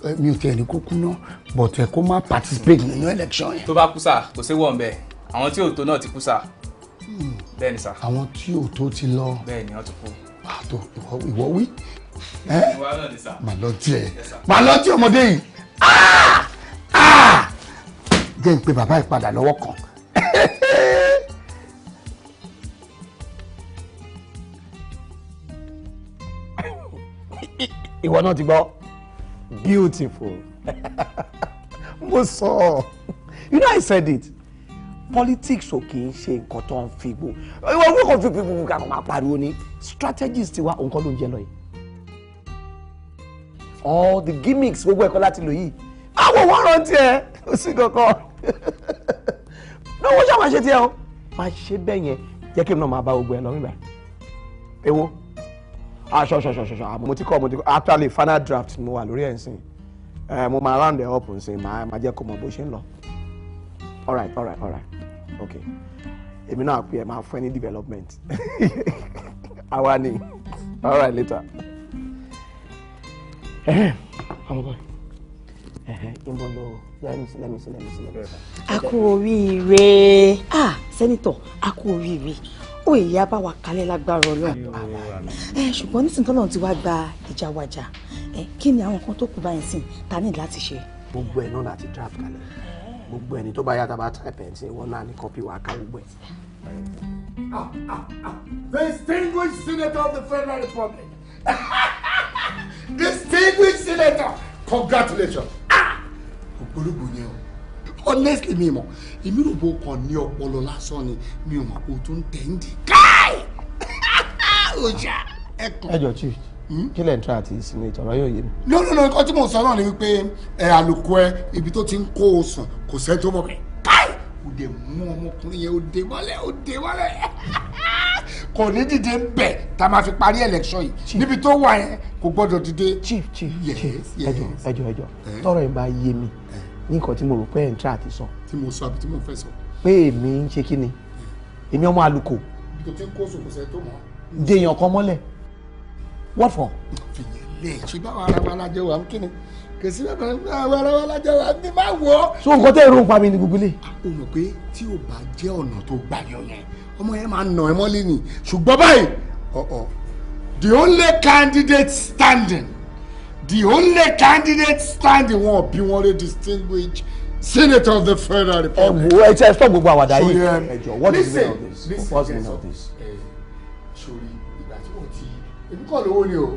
o mi ò tiẹ̀ ní kó kú náà but ẹ kó má participate nínú election yẹn. tó bá kú sà kò sí wọ̀n bẹ́ẹ̀ àwọn tí òótọ́ náà ti kú sà. Hmm. bẹ́ẹ̀ni sà. àwọn tí òótọ́ ti lọ. bẹ́ẹ̀ni wọ́n ti kú. àtò ìwọ wí. ìwọ náà ni sà. màlọ́tì ẹ̀ màlọ́tì ọmọdé yìí jẹ́ ń pe bàbá ìpadà lọ́wọ́ kan. ìwọ náà ti gbọ́ beautiful mo sọ ọ you know I said it politics ò kì í ṣe nǹkan tó ń fi gbó ìwọ orúkọ fi gbogbo kan máa pariwo ni strategies tiwa nǹkan ló ń jẹ lọ all the gimmicks gbogbo ẹ̀kọ́ láti lò yìí àwọn wọn rántí ẹ ó sì kankan lọ́wọ́ ṣáà máa ṣe tiẹ̀ o máa ṣe bẹ́ẹ̀ yẹn jẹ́ kí n náà máa bá gbogbo ẹ lọ nígbà ewo aṣọ aṣọ aṣọ aṣọ mo ti kọ mo ti kọ actually final draft mo wà lórí ẹ̀ ń sìn eh, mo máa round ẹ̀ up ń sìn máa máa jẹ́ kó mọ bó ṣe ń lọ alright alright alright okay èmi náà pè é máa fún ẹ ní development àwa ni alright later ọmọ bọ́ọ̀ ìmọ̀ lọ a kú oríire ah sẹ́nitọ̀ a kú oríire ó ìyá bá wa kalẹ̀ lágbára ọlọ́run ẹ ṣùgbọ́n nísìnyí tọ́lọ́run ti wá gba ìjà wájà ẹ kí ni àwọn nǹkan tó kù báyìí sìn ta ní láti ṣe. gbogbo ẹ náà láti draft kalẹ̀ gbogbo ẹni tó bá yá tábà type ẹ̀ ń sìn wọn náà ní kọ́pì wà á ká gbogbo ẹ̀. Ah, ah, ah. The distinguished senator of the Federal Republic. distinguished senator congratulations ah ògbólógbò ni o honestly mi mọ̀ èmi ò bó kàn ní ọpọlọ lásán ni mi ò mọ̀ kó tó ń tẹ̀ ń dì káì ọjà ẹkùn. ẹjọ chief hmm? kí lẹ́yìn tí a ti sinmi ìtọ́rọ yóò yé mi. no no no nǹkan tí mo sọ náà ni wípé ẹ àlùkò ẹ ibi tó ti ń kó o sùn kò sẹ́ni tó mọ̀ bẹ́ẹ̀ káì o dẹ̀ mú ọmọkùnrin yẹn o dé mọ́lẹ̀ o dé mọ́lẹ̀ kò ní dìde ń bẹ̀ tá a máa fi parí election yìí níbi tó wà yẹn kò gbọ́dọ̀ dìde. chief chief ẹjọ ẹjọ ẹjọ tọrọ ẹ bá yé mi ní nǹkan tí mo rò pé ẹ̀ ń tra àti sọ. tí mo sọ àbí tí mo fẹ́ sọ. pé èmi ń ṣe kí ni èmi ọmọ àlùkò. kò tí ń kó sòkòsẹ́ tó mọ́. dèèyàn kan mọ́lẹ̀ what for. fìyẹn lẹ́ẹ̀ ṣe báwa ara wa lájẹ́ wa ń kíni kèsì bàbá ara wa lájà wa ni má wọ. so nǹkan tẹ́ ìrún pa mi ni gbogbo ilé. o mọ̀ pé tí o bá jẹ́ ọ̀nà tó gbà yọ yẹn ọmọ yẹn máa nà ẹ́ mọ́lẹ̀ ni ṣùgbọ́n báyìí the only candidate standing the only candidate standing wọn bí wọn lè distinguish senator of the federal republic. ẹ wo ẹ ti ẹ sọ gbogbo àwàdà yìí ẹ jọ what is the meaning of this what is the meaning of this èmi kọ̀ lówó ni o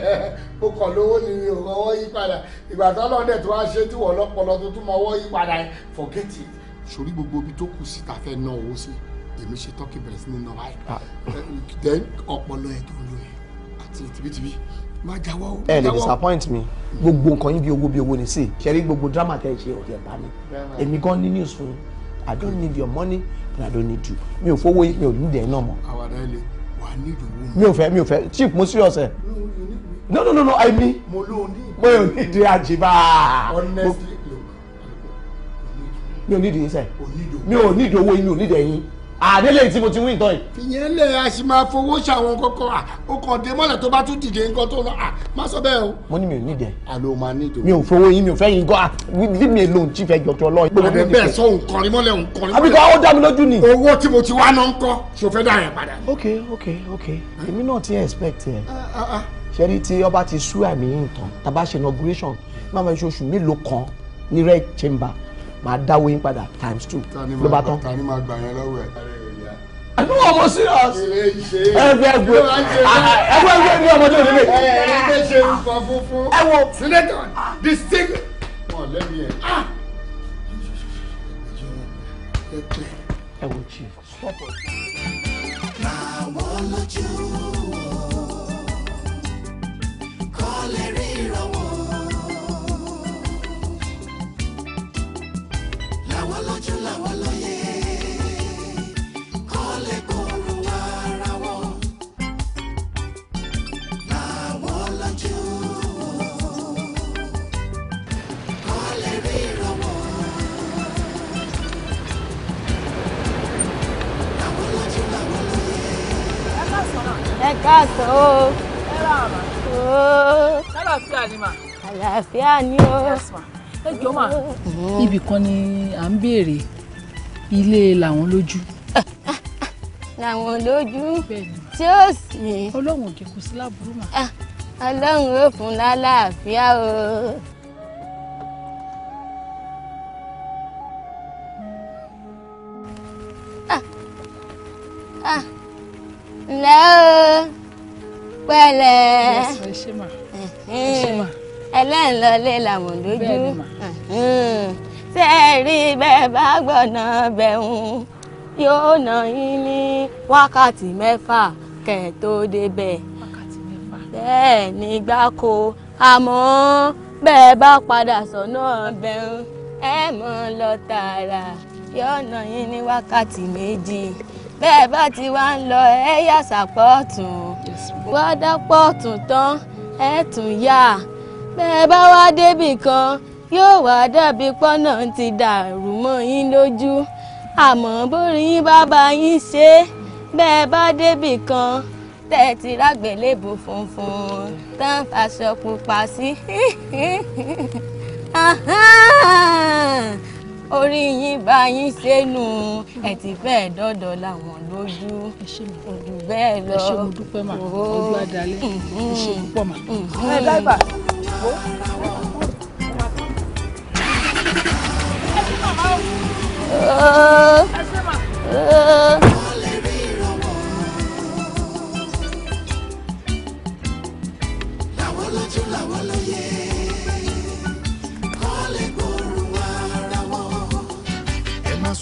mo kọ̀ lówó ni mi ọwọ́ yí padà ìgbà tó ọlọ́dẹ tó wá ṣe tí wọ́n lọ́pọlọ tó ọwọ́ yí padà forget it. sórí gbogbo ibi tó kù síta fẹ́ ná owó sí èmi ṣe tọ́kì bẹ̀rẹ̀ sí ní ná wáyé ah. then ọpọlọ ẹ̀ tó ń lò yẹn àti tibítibí má jáwọ́ o. ẹ lè disappoint mi gbogbo nǹkan yín bí owó bí owó ni sí ṣe rí gbogbo drama tẹ ẹ ṣe ọ̀tẹ̀ bá mi èmi gan ní news fún i don't need your money and i don't need you mi ò fowó yín mi ò ní ìdẹ̀ náà mọ́. àwàdà mi ò fẹ́ mi ò fẹ́ chief mo serious ẹ no no no no i mean mo ò ní di àjìbá mi ò ní di yín sẹ mi ò ní di owó yín mi ò ní di ẹ̀yin àdélé tí mo ti wí ìtàn yìí. ìyẹn lè a sì máa fowó ṣàwọn kọkọ o kàn dé mọ́lẹ̀ tó bá tún dìde nǹkan tó lọ má sọ bẹ́ẹ̀ o. mo ní mi ò ní dẹ. àlọ́ máa ní ìdòwò. mi ò fowó yín mi ò fẹ́ yín gan bí mi lòun tí fẹ́ jọjọ lọ. àbẹ bẹ́ẹ̀ sọ nǹkan rí mọ́lẹ̀ nǹkan rí mọ́lẹ̀. àbíkọ́ ó dá mi lójú ni. owó tí mo ti wá náà ń kọ́ ṣò fẹ́ dà yẹn padà. ok ok ok èmi náà ti expect ẹ ah, ah, ah. ṣẹ́rí tí ọba ti sú inauguration máa ma ṣe oṣù mélòó kan ní chamber máa dáwó yín padà times two ló bá tán. ta ni máa gbà yẹn lọ́wọ́ ẹ̀. I know I'm serious. Ẹgbẹ́ ẹgbẹ́ ẹgbẹ́ ẹgbẹ́ ní ọmọdé òní lè. Ẹgbẹ́ ṣe nǹkan funfun. Ẹ wo. Senator distinct. Wọ́n lẹ́nu yẹn. Ẹ wo chief. Stop it. Àwọn lójú. ẹ káàtó o. ẹ rà mà. ooo. sálàáfíà ni mà. àlàáfíà ni o. ẹ jọ mà. Mhm. ibì kan ni à ń béèrè ilé làwọn lójú. làwọn lójú tí ó sì. ọlọ́run ò jẹ́ sí láburú mà. Ah, ọlọ́run ó fún lálàáfíà o. pẹ̀lẹ́ eh, eh. ẹlẹ́ńlọlé làwọn lójú eh, ṣe é rí bẹ́ẹ̀ bá gbọ̀nà bẹ̀hùn yóò nà yín ní wákàtí mẹ́fà kẹ̀ tó débẹ̀ bẹ́ẹ̀ ní gbáko àmọ́ bẹ́ẹ̀ bá padà sọ́nà bẹ̀hùn ẹ mọ̀ lọ tààrà yóò nà yín ní wákàtí méjì bẹ́ẹ̀ bá ti wá ń lọ ẹ yà sàpọ̀ tún wá dápọ̀ tún tán ẹ tún yá bẹ́ẹ̀ bá wá débì kan yóò wá dàbí pọ́nà ti dàrú mọ́ yín lójú àmọ́ bórí yín bá bá yín ṣe bẹ́ẹ̀ bá débì kan tẹ́ ẹ ti rágbélébù funfun tán aṣọ pupa sí. orí yín bá yín sẹ́nu ẹ̀ ti fẹ́ẹ̀ dọ́dọ̀ làwọn lójú ojú bẹ́ẹ̀ lọ. ẹ ṣé mo dúpẹ́ mà ọdún adalẹ́ ẹ ṣé mo pọ̀ mà. Mm-hmm. ẹ dáìbà wo.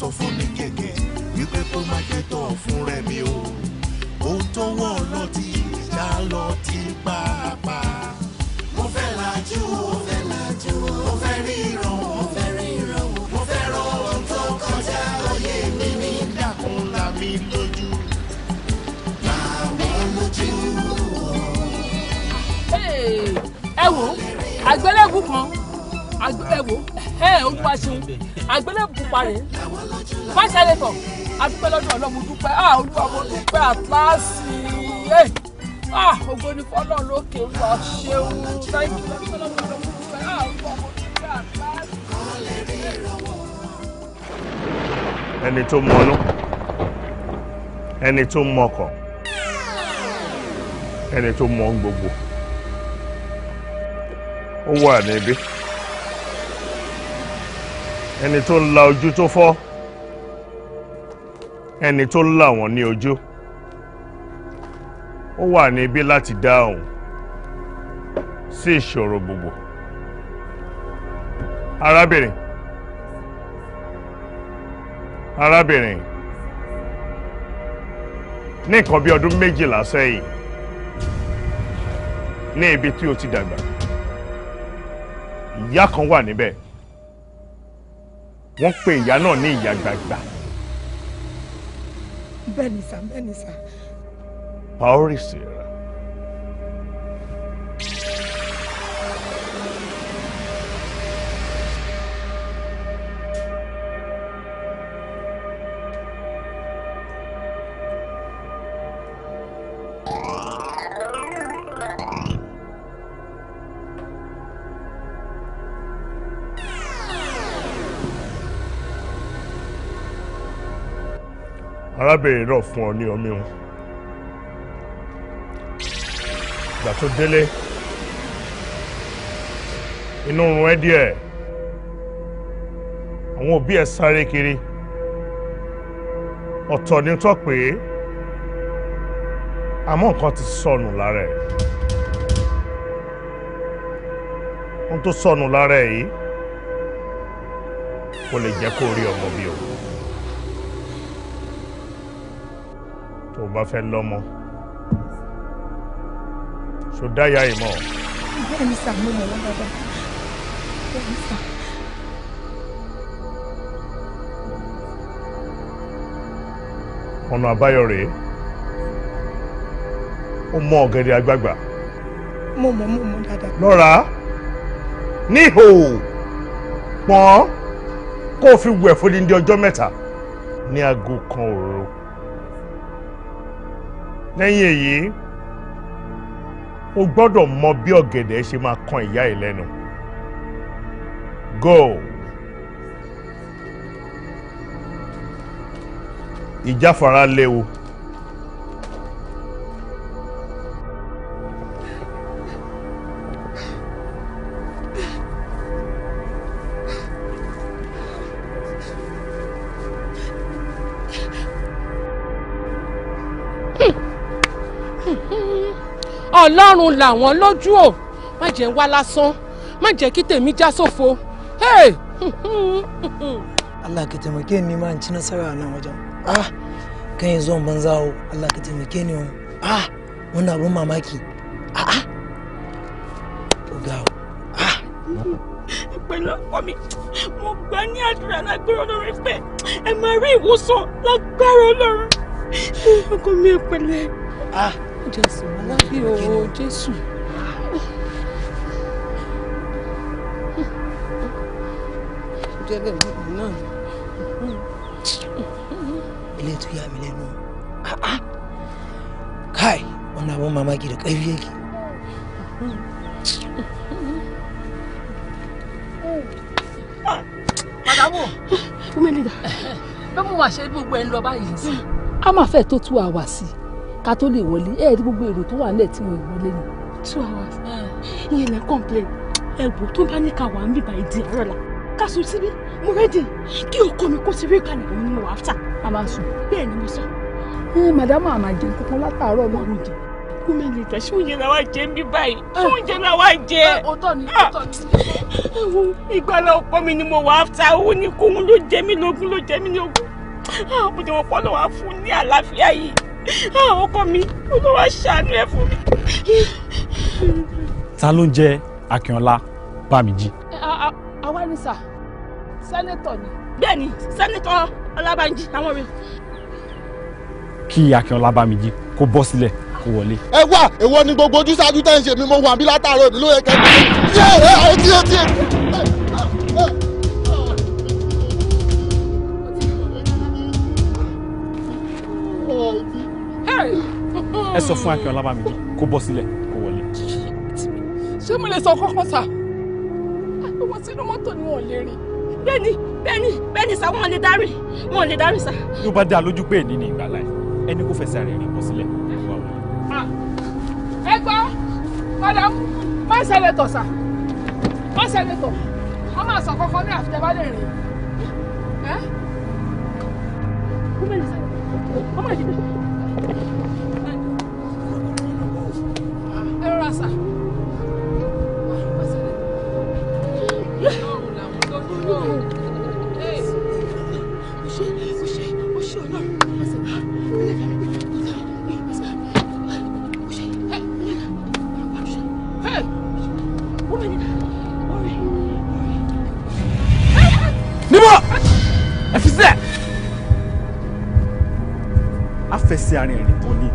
sọ fún ní kẹ̀kẹ́ wípé kó má jẹ́ tọ̀ fún rẹ̀ mi o ohun tó kọjá òye mi ní dàkún lámi lójú. ẹ wo àgbélébù kan ẹ ẹ olúwa ṣeun àgbélébùpá rẹ̀ fáṣẹ́lẹ̀tọ̀ adúpẹ́ lọ́dún ọlọ́mú dúpẹ́ ah olúwa mo dúpẹ́ àtláàsì ẹ̀ ah ògo ni fọ́lọ́ lókè olúwa ṣeun thank you adúpẹ́ lọ́dún ọlọ́mú dúpẹ́ ah olúwa mo dúpẹ́ àtláàsì. ẹni tó mọnú ẹni tó mọkọ ẹni tó mọ gbogbo ó wà níbí ẹni tó ń la ojú tó fọ́ ẹni tó ń là wọ́n ní ojú ó wà níbí láti dáhùn sí ìṣòro gbogbo arábìnrin arábìnrin ní nǹkan bí ọdún méjìlá sẹ́yìn ní ibi tí o ti dàgbà ìyá kan wà níbẹ̀ wọ́n pe ìyá náà ní ìyá gbàgbà. bẹ́ẹ̀ni sá bẹ́ẹ̀ni sá. paorisir arábìnrin náà fún ọ ní ọmí wọn ìgbà tó délé inú run ẹ díẹ̀ àwọn òbí ẹ sáré kiri ọ̀tọ̀ ni tó pé àmọ́ nǹkan ti sọnù lára ẹ̀ ohun tó sọnù lára ẹ̀ yìí kò lè jẹ́ kó rí ọmọ bí o. tó bá fẹ́ lọ́mọ ṣó dáyà ẹ̀ mọ́. bẹ́ẹ̀ ni sà mo mọ̀ wọ́n dáadáa bẹ́ẹ̀ ni sà. ọ̀nà àbáyọ rèé ó mọ ọ̀gẹ̀dẹ̀ àgbagbà. mo mọ̀ mo mọ̀ dáadáa. lọ́ra níhò pọ́n kó o fi wẹ̀ fún ní ọjọ́ mẹ́ta ní aago kan òru lẹ́yìn èyí o gbọ́dọ̀ mọ bí ọ̀gẹ̀dẹ̀ ṣe máa kan ìyá ẹ̀ lẹ́nu go. ìjáfara léwu. ọlọ́run làwọn lójú ò má jẹ́ wá lásán má jẹ́ kí tèmi já sófo. Allah ka taimake ni ma in ci nasara a nan wajen. Ah, kan yi zuwan banzawo Allah ka taimake ni Ah, wannan abun mamaki. Ah, ah. Ah. Pẹ̀lú ọkọ mi, mo gbà ní àdúrà lágbára Ọlọ́run pé ẹ máa rí ìwòsàn lágbára Ọlọ́run. Ọkọ mi ẹ pẹ̀lẹ́. Ah jésù wá bí o jésù. ilé tó yà mí lẹ́nu ah, ah. kai wani abin mamaki da ƙarfi yake Màdàmú! Fún mi nígbà. Bẹ́ẹ̀ mo wà ṣe gbogbo ẹ̀ ń lọ báyìí. A máa fẹ́ tó two hours sí i ká tó lè wọlé ẹ rí gbogbo èrò tó wà nílẹ̀ tí wọ́n wọlé ni. two hours ìyẹn lẹ complain ẹ̀gbọ́n tó bá ní ká wà ń bíbá ìdí àárọ̀ la ká sùn síbí mo rẹ́dì kí ọkọ mi kó ti rí ìkànnì òun ni mo wà áfta. a máa sùn. bẹ́ẹ̀ ni mo sọ. màdàmú àmàjẹ kankan látàárọ̀ náà ló jẹ kú mẹ́lẹ̀ tẹ̀ ṣé oúnjẹ làwa jẹ ń bí báyìí ṣé oúnjẹ làwa jẹ. ọ̀tọ̀ ni ọ̀tọ̀ ah! ni. ìgbàlá ọkọ mi ni mo wà áfta òun ni kóhun ló jẹ mí lógún ló jẹ mí lógún. àwọn ah, ọmọdé wọn pọ̀ lọ́wọ́ fún ní àlàáfíà yìí. Ah, ọkọ mi olúwa ṣàánú ẹ fún mi. ta ló ń jẹ́ akínọlá bámijí. àwa ni sà sẹ́nẹ́tọ̀ ni. bẹ́ẹ̀ni sẹ́nẹ́tọ̀ ọlábànjí àwọn rẹ̀. kí akínọlá bámijí kó bọ́ sílẹ̀ kó wọlé. ẹ wá èwo ni gbogbo ojúṣàájú tẹ́ ń ṣe mi mo wà bí látàárọ̀ mi ló yẹ kẹ́kẹ́. yé ẹ ọtí ọtí. ẹ sọ fún akin ọlábàmídì kó bọ́ sílẹ̀ kó wọlé. ṣé mo lè sọ kọ́kọ́ sà àwọn sínú mọ́tò ni wọ́n lè rìn bẹ́ẹ̀ni bẹ́ẹ̀ni bẹ́ẹ̀ni sà wọ́n lè darí wọ́n lè darí sà. bí ó bá dá a lójú pé èdè ni ìgbàlá ẹ ẹni kó fẹsẹ̀ rẹ̀ rìn bọ́ sílẹ̀ kó wọlé. ẹ gbọ́ madam má ṣẹlẹ̀ tọ̀ sà má ṣẹlẹ̀ tọ̀ wọ́n máa sọ kọ́kọ́ ní àfitẹ́ bá lè rìn ẹ́ rọra sà. níbo ẹ fi sílẹ̀. fẹsẹ̀ arìnrìn kan ni.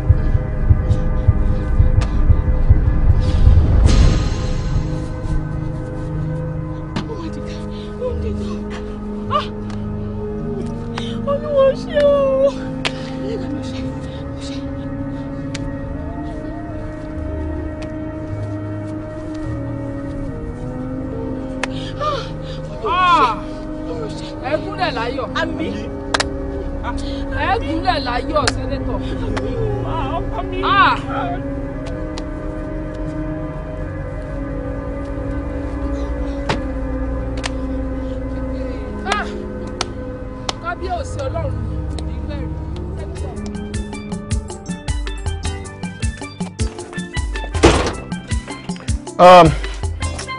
Um,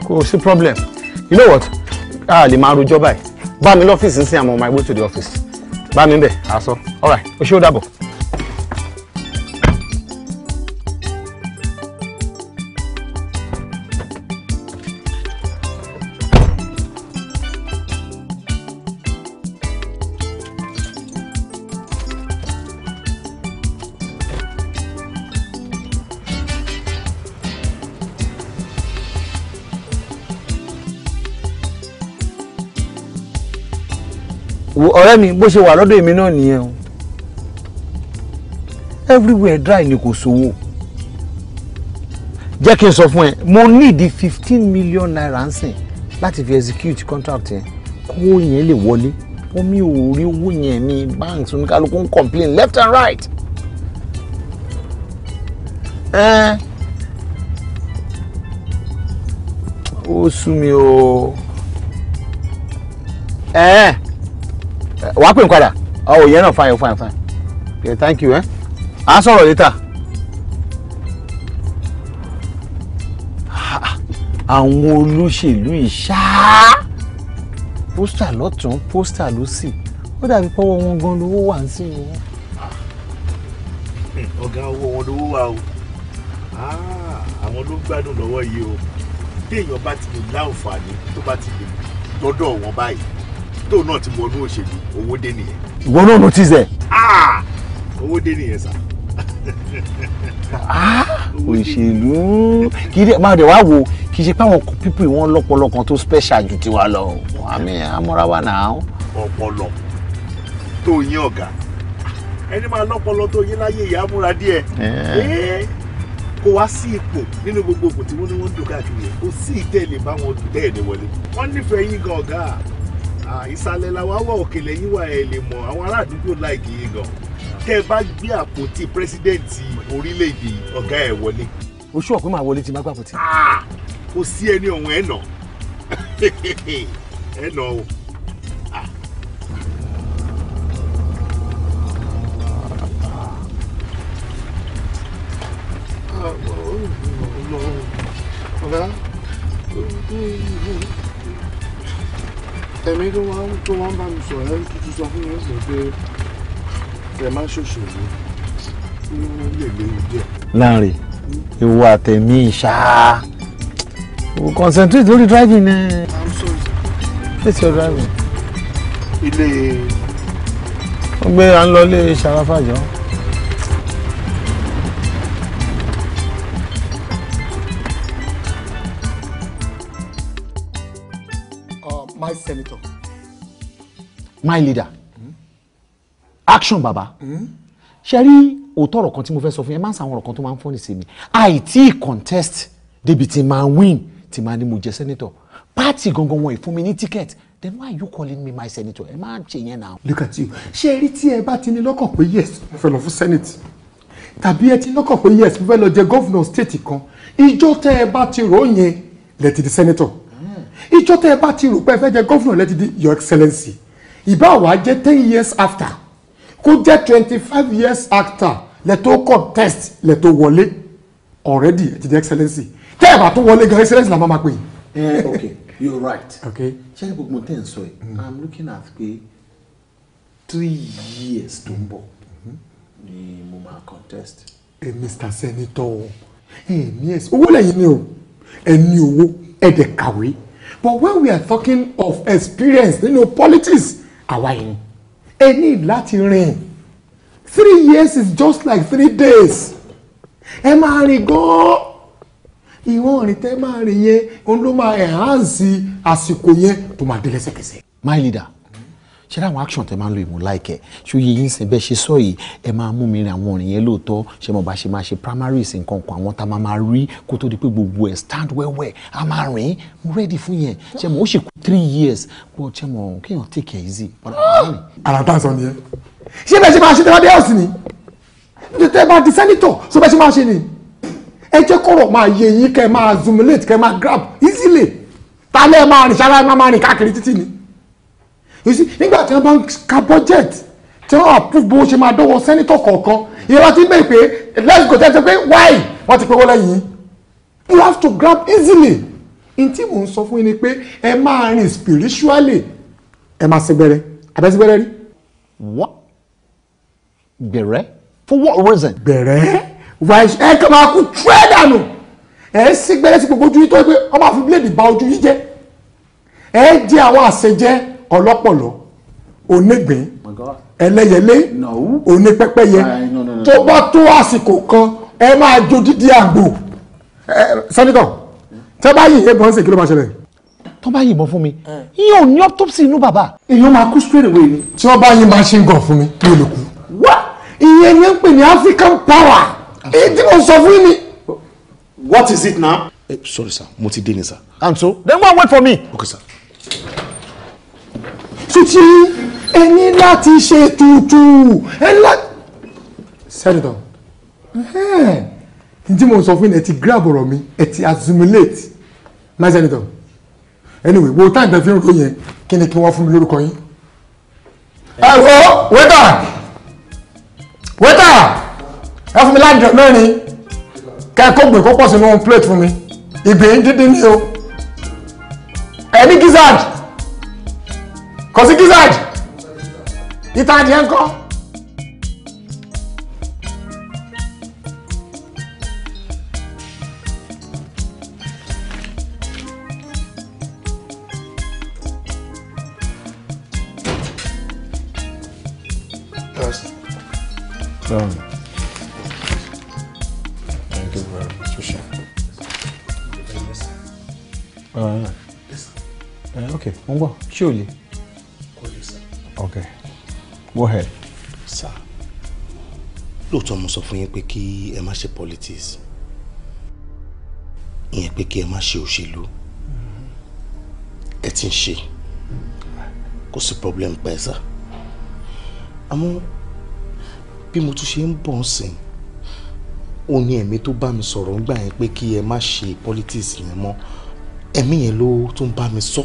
kò sí problem you know what a lè máa rojọ́ báyìí bá mi lọ́fíìsì ń sìn I'm on my way to the office bá mi bẹ̀ àṣọ all right o ṣé ó dàbọ̀. mi bó ṣe wà lọ́dọ̀ èmi náà nìyẹn o everywhere dry ni kò sówó jẹ́ kí n sọ fún ẹ mo need fifteen million naira ń sìn láti fi execute contract yẹn kówó yẹn lè wọlé ó ò rí owó yẹn mi banks oníkálukú ń complain left and right. ó sú mi o. Eh wàá pè ń padà ọ̀ yẹn náà fine fine fine okay thank you ẹ eh? à sọ̀rọ̀ later. àwọn olóṣèlú yìí ṣáá pósítà lọ́tún pósítà lọ́sì ó dàbí pọ́wọ́ wọn gan lówó wà ń sìn wọn. ọ̀gá owó wọn lówó wà o ah, àwọn ló gbádùn lọ́wọ́ yìí o téèyàn bá ti lè láǹfààní tó bá ti lè dọ́dọ̀ wọn báyìí tóun náà ti wọnú òṣèlú owó dé nìyẹn. ìwọ náà notice ẹ. Ah! owó dé nìyẹn sà. Ah! òṣèlú kì í dẹ máa dẹ wá wo kì í ṣe pé àwọn pípì wọn lọ́pọlọ kan tó special ju tiwa lọ àmì àmọ́ra náà. ọpọlọ tó yín ọ̀gá ẹni máa lọ́pọlọ tó yín láyé ìyá múra díẹ̀ eh. Eh! kò wá sí ipò nínú gbogbo ipò tí wọ́n ní wọ́n ń dùn káàkiri kò sí ìtẹ́ẹ̀lì báwọn tẹ́ẹ̀lì wọlé wọ́n nífẹ̀ẹ́ yín gan ọ̀gá ìsàlẹ̀ làwọn wà òkèlè yín wà ẹ̀ lè mọ̀ àwọn ará àdúgbò láìkì yín gan tẹ́ ẹ bá gbé àpótí pírẹsidẹ́ǹtì orílẹ̀-èdè ọ̀gá ẹ̀ wọlé. oṣù ọ̀pẹ máa wọlé tí má gbàpótí. kò sí ẹni ọ̀hún ẹ̀ nà ẹ̀ nà o. ọ̀gá ẹ̀mí tó wá ń tó wá ń bá mi sọ ẹ̀ ń tuntun sọ fún mi ó sì ń pé ẹ má ṣòṣèlú ní lè léwu díẹ̀. láàrin ìwọ driving ẹ. i'm driving. ilé. wọ́n gbé à ń lọ ilé uh, my senator my leader action baba ṣe rí òótọ́ ọ̀rọ̀ kan tí mo fẹ́ sọ fún yẹn máa ń sàwọn ọ̀rọ̀ kan tó máa ń fọ́nì sí mi àìtí contest débi tí máa win tí máa ní mo jẹ senator party gangan wọn ìfún mi ní ticket then why you calling me my senator ẹ máa ṣe yẹn náà. look at you ṣé rí tí ẹ bá ti ní lọ́kàn pé yes mo fẹ́ lọ fún senate tàbí ẹ ti lọ́kàn pé yes mo fẹ́ lọ jẹ governor state kan ìjọ tẹ ẹ bá ti rò yẹn lẹ di senator hmm. ìjọ tẹ ẹ bá ti rò pé ẹ fẹ́ jẹ governor lẹ ti di your excellency ìbá wa jẹ́ ten years after kó jẹ́ twenty five years after lẹ tó contest lẹ tó wọlé already ẹ ti di excellency tẹ́ ẹ̀ bá tó wọlé gan excellency la máa ma pè é. okay you're right. okay ṣé gbogbo tẹ́ ẹ̀ ń sọ yìí mm. i'm looking at pé three years tó ń bọ̀ ni mo máa contest. ẹ mr senator ẹ ní ẹsẹ owó lẹ́yìn ni o ẹ ní owó ẹ dẹ̀ kàwé but when we are talking of experience nínú You know, politics àwa yìí. ẹ ní láti rìn three years is just like three days ẹ máa rìn gan-an ìwọ̀n rìn tẹ́ máa rìn yẹn òun ló máa enhance àsìkò yẹn tó máa dé lẹ́sẹ̀kẹsẹ̀. my leader ṣé láwọn action tẹ máa ń lo ìmú láìkẹ ṣó yẹ yín sìn bẹ́ẹ̀ ṣe sọ yìí ẹ máa mú mi rìn àwọn orin yẹn lóòótọ́ ṣé mo bá ṣe máa ṣe primaries nǹkan kan àwọn tá a máa máa rí kó tó di pé gbogbo ẹ̀ stand wẹ́wẹ́ a máa rìn mo ready fún yẹn ṣé mo ó ṣe kú three years but ṣé mo kéèyàn take it easy padà wà rìn. àràtà sọ nìyẹn ṣé bẹ́ẹ̀ ṣe máa ṣe tẹ́lá dẹ́ọ̀sì ni tẹ́ bá di sẹ́nitọ̀ ṣó bẹ́ẹ̀ ṣe máa ṣe grab easily tálẹ̀ máa rìn ṣáláì máa rìn káàkiri títì ni you see nígbà tí wọ́n bá ń ka budget tí wọ́n approve bó ṣe máa dọ́wọ́ sẹ́nitọ̀ kọ̀ọ̀kan ìrora ti bẹ́ẹ̀ pé let's go tẹ́tẹ́ pé why wọ́n ti pé wọ́n lẹ́yìn you have to grab easily In tí mò ń sọ fún yín ni pé ẹ máa rìn spiritually ẹ máa ṣègbẹrẹ àbẹ́sígbẹrẹ rí. what gbẹrẹ for what reason. gbẹrẹ wáyé ẹ kàn máa kú trẹ́ dànù ẹ ṣègbẹrẹ sí gbogbo ojú yìí tó yẹ pé ọmọ àfi bíléèdì bà ojú yìí jẹ́ ẹ jẹ àwọn àṣejẹ ọlọ́pọ̀lọ́ onígbín ẹlẹ́yẹlé onípẹ́pẹ́yẹ tó bá tó àsìkò kan ẹ máa jó dídí àgbò sẹ́nitọ̀ tẹ́ bá yìí ẹ̀gbọ́n sì kí ló máa ṣẹlẹ̀. tó bá yìnbọn fún mi yíyan ò ní autopsy inú bàbá. èèyàn máa kú straight away ni. tí wọ́n bá yín machine gun fún mi mi ò lè kú. wá ìyẹn ni ń pè ní African power èyí tí mo sọ fún yín what is it now. Eh, sorry sir mo ti dé ni sir. and so then go and wait for me. okay sir títí ẹ ní láti ṣe tutù ẹ ní láti. settle down ǹtí mo sọ fún ẹ ti grab ọ̀rọ̀ mi ẹ ti assimilate náà settle anyway wo táyì tẹ fi ń ròyìn kí ni kí wọ́n fún mi lórúkọ yín. ẹ wo wẹ́tà wẹ́tà ẹ fún mi láàjọ mẹ́rin kẹ́kọ̀ọ́ gbìn kó pọ̀ sínú plate fún mi ìgbín dídín ni o ẹ ní gizzard kò sí gizzard ìtàn adìẹ ńkọ́. Um, thank you very much, Patricia. Uh, uh, okay, go ahead. sir lóòótọ́ mo sọ fún yín pé kí ẹ má ṣe politics ìyẹn pé kí ẹ má ṣe òṣèlú ẹ ti ń ṣe kò sí problem pa ẹ sá àmọ́ bí mo tún ṣe ń bọ̀ sìn ó ní ẹ̀mí tó bá mi sọ̀rọ̀ ń gbà yẹn pé kí ẹ má ṣe politics yẹn mọ́ ẹ̀mí yẹn ló tún bá mi sọ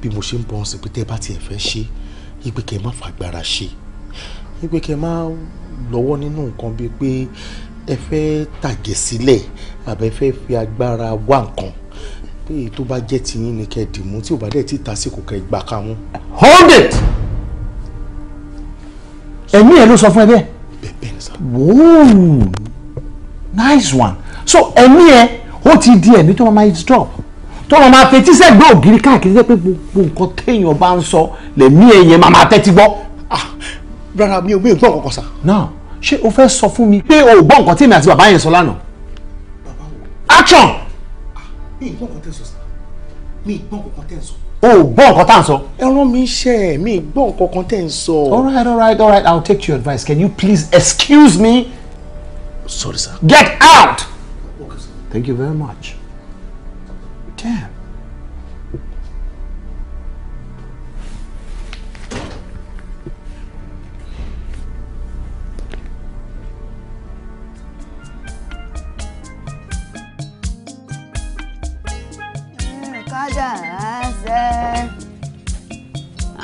bí mo ṣe ń bọ̀ sìn pé tẹ́ bá tiẹ̀ fẹ́ ṣe é ìpè kẹ́ má fàgbára ṣe ìpè kẹ́ má lọ́wọ́ nínú nǹkan bíi pé ẹ fẹ́ tàgẹ̀ sílẹ̀ àbẹ fẹ́ fi agbára wá nǹkan pé èyí tó bá jẹ́ tiyín ni kẹ́ dìmú tí ò bá dẹ̀ tí ta sí kò kẹ́ gbà ká wọn. hold it ẹ̀mí ẹ̀ ló sọ fún ẹ bẹ́ẹ̀. bẹ́ẹ̀ ni sá. nice one so ẹ̀mí ẹ̀ ó ti di ẹ̀mí tó máa máa drop tó máa máa fetí sẹ́gbẹ́ ògiri káàkiri sẹ́pẹ́ gbogbo nǹkan téèyàn bá ń sọ lẹ́mí ẹ̀yẹn máa máa tẹ́tí gbọ́. Ah, rárá mi ò gbé nǹkan kọ̀ọ̀kan sà. náà ṣé o fẹ́ sọ fún mi pé o ò gbọ́ nǹkan tí èmi àti bàbá yẹn sọ lánàá. bàbá action. Ah, mi ì gbọ́ nǹkan tẹ́ sọ sà mi ì gbọ́ nǹkan tẹ́ sọ. o ò gbọ́ nǹkan tá à ń sọ. ẹran mi ṣe mi ì gbọ́ nǹkan tẹ́ ń sọ. all right all right all right i will take your advice can you please excuse me. sorry sir. get out. Okay, sir. thank you very much. Damn.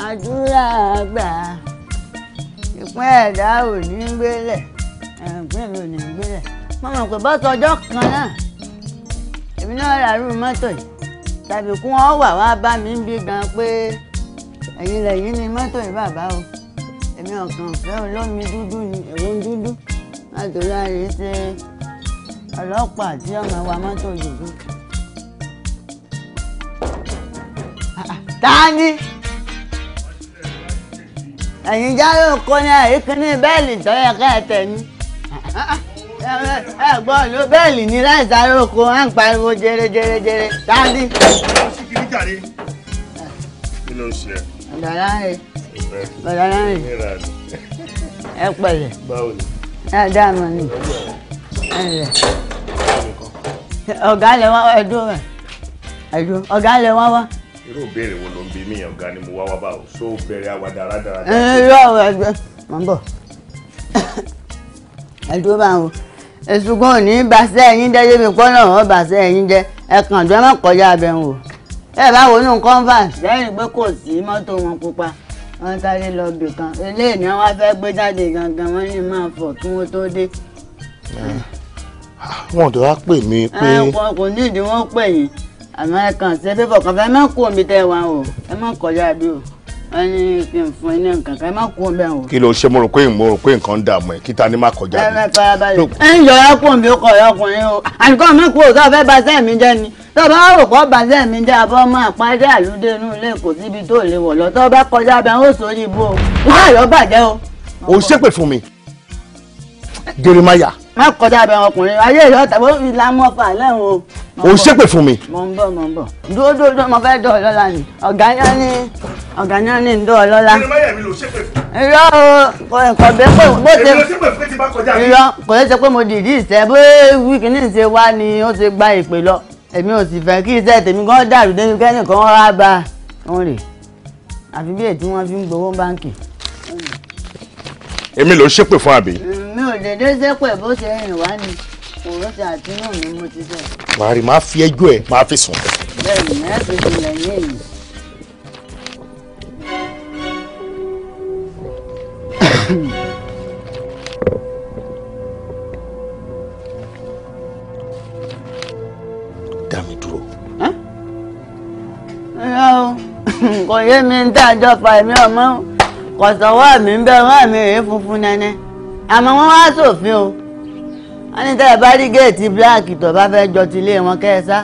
àdúrà gbà ìpín ẹ̀dá ò ní gbélẹ̀ ẹ̀gbìn ò ní gbélẹ̀ mọ̀mọ́ pé bọ́sọ̀ ọjọ́ kan náà èmi náà ra irú mọ́tò yìí tàbí kí wọ́n wà wá bá mi ń bí gan pé ẹ̀yin lẹ́yìn ni mọ́tò yìí bàbá o èmi ọ̀kan ọ̀fẹ́ olómi dúdú ni èwo ń dúdú látòrí àyè ṣe ọlọ́pàá tí ọmọ wa mọ́tò dúdú. tani ẹ̀yin jáde òkò ni àyíkíní bẹ́ẹ̀lì tọ́yẹ ẹ̀ tẹ̀ ní ẹ̀gbọ́n ló bẹ́ẹ̀lì ní láì sáré oko á ń pariwo jẹrẹ jẹrẹ jẹrẹ dáadé. kí ló ń ṣe ẹ. ọ̀dà láàrin ọ̀dà láàrin ẹ pẹ̀lẹ́. báwo ni. ẹ dáa mọ ni ẹ rẹ ọ̀gá lẹ wá ẹ̀dùn rẹ̀ ẹ̀dùn ọ̀gá lẹ wá wá irú ìbéèrè wo ló ń bi mí ọ̀gá ni mo wá wá bá so bẹ̀rẹ̀ àwa dáradára. ẹ ẹ yọ ọ̀rọ̀ ẹgbẹ́ mọ̀ ń bọ̀ ẹ dúró báwọn èṣù gan ò ní bàṣẹ ẹ̀yin jẹ́ yébi pọ́n náà wọ́n bàṣẹ ẹ̀yin jẹ́ ẹ̀kan ọ̀dọ́ má kọjá abẹ́ wò ẹ bá wo inú converse lẹ́yìn pé kò sí mọ́tò wọn pupa wọn sáré lọ bì kan eléyìí ni wọn fẹ́ gbé jáde gangan wọn ní máa fọ̀ kí wọ́n tó dé. Ah, wọn ò tó wá pè mí pé. ẹ kò ní ìdí wọn pè yín àmọ́ ẹ kàn sí ẹ fẹ́ fọkàn fẹ́ má kú omi tẹ́ wa o ẹ má kọjá bí o wọ́n ní kí n fún iná nǹkan kan ẹ má kú bẹ́ẹ̀ o. kí ló ṣe mo rò pé mo rò pé nǹkan ń dààmú ẹ kíta ni má kọjá mi. ẹ fẹ́ balẹ̀ ẹ ń yọ ọkùnrin mi kọ̀ ọkùnrin o àǹkọ́ mi kú òtọ́ fẹ́ basẹ́ mi jẹ́ ni tó bá rò kọ́ basẹ́ mi jẹ́ abọ́ máa parí àlùdé inú ilé kò síbi tó lè wọ̀ lọ́tọ́ bá kọjá bẹ́ẹ̀ ó sórí ibú o ìwé àyọ̀ bàjẹ́ o. o ṣépè fún mi jeremaya. má kọjá bẹ ọkùnrin ayé ìyọ tàbí ìlà mọ́fà lẹ́hìn o. o ṣépè fún mi. mo ń bọ̀ mo ń bọ̀ dúró dúró mo fẹ́ dọ̀ lọ́la ni ọ̀gá yẹn ní ọ̀gá náà ní ìdó ọlọ́lá. irọ́ o nǹkan bẹ́ẹ̀ pé bó ṣe irọ́ kò lè ṣe pé mo dìdí ìṣẹ́ bó wíkì ní ìṣe wá ni ó ti gba ìpè lọ èmi ò sì fẹ́ kí iṣẹ́ tèmi gan dàrú débi kẹ́nì kan rárá bá wọn rè àfi bí ètí wọn fi ń gbowó báǹkì. èmi ló ṣépè fún àbí. mi ò dédé ṣépè bó ṣe rìn wá ni òrọ́ṣà àtinú mi mo ti sọ. wàá rí màá fi ẹjọ́ ẹ màá fi sùn. bẹ́ẹ̀ni ẹ fi sùn èyí. kò yé mi ń tàjọ fa èmi ọmọ kò sọ̀wọ́ mi ń bẹ ọwọ́ mi rèé funfun nẹ́nẹ́ àmọ́ wọ́n wá sòfin o wọ́n ní tẹ́lẹ̀ bá rí géètì bíláàkì tó bá fẹ́ jọ ti ilé wọn kẹ́ẹ̀sá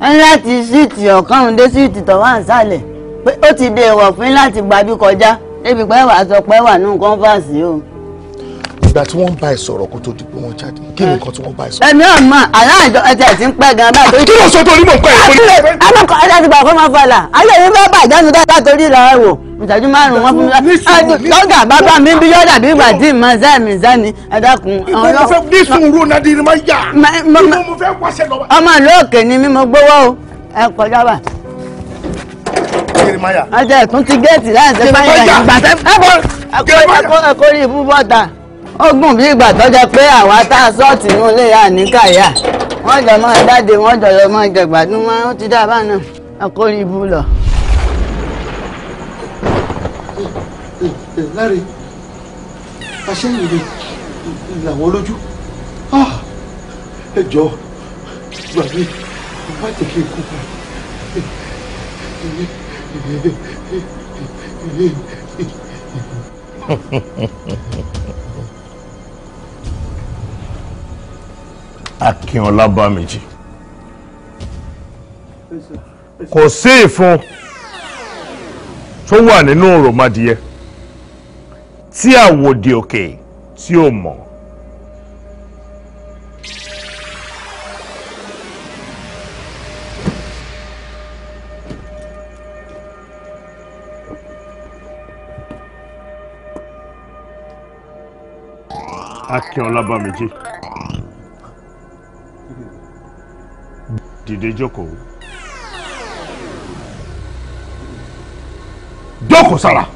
wọ́n ní láti síìtì ọ̀kanrùn dé síìtì tó wà ń sàlẹ̀ pé ó ti dé ìwọ̀ fún láti gbàbí kọjá débi pé wàá sọ pé wà ní kọ́ńfàsì o ìgbà tí wọ́n ń bá ẹ sọ̀rọ̀ kó tó di pé wọ́n jáde kí ni nǹkan tí wọ́n bá ẹ sọ̀rọ̀. èmi ò mọ àná àjọ ẹtẹ ti ń pẹ́ gan báyìí. kí ló sọ torí mò ń pẹ́ ìpínlẹ̀. alákọ̀ọ́ ẹ̀dá ti gbà fún ọmọ fọlá ayé mi bá bàjẹ́ nu dáadáa torí ìlọ́wọ́ wò ìtàjú márùn wọn fún mi lọ́gà bàbá mi bí yọ́dà bí ìgbà tí mà sẹ́mi sẹ́ni ẹ̀dákun. ìgbà mo fẹ́ ní sùúrù náà di ni ma yà. ọmọ ìlú òkè ni mi mo gbowó o ẹ kọjá wa. ọjà ẹ̀tún ti géètì láti ṣe fáyà ìgbà tẹ́ ẹ kó rí ibú bọ́ta ọgbọ̀n bí ìgbà tó jẹ pé àwa tá a sọ́ọ̀tì inú ilé yà ní kàyà wọ́n jọ máa jáde wọ́n jọ lọ máa jẹ gbàdúmọ́ ó ti dá a bá náà akórí ibú lọ. láre aṣẹ́yìn rẹ̀ làwọn lójú ẹ jọ gbàgbé má jẹ́ kí n kú pa Hehehehe Akínọlá Bámejì kò sí ìfun tó wà nínú òròmọdìyẹ tí àwòdì òkè tí ò mọ̀. Akínọlá Bámejì. dìde jókòó jókòó sára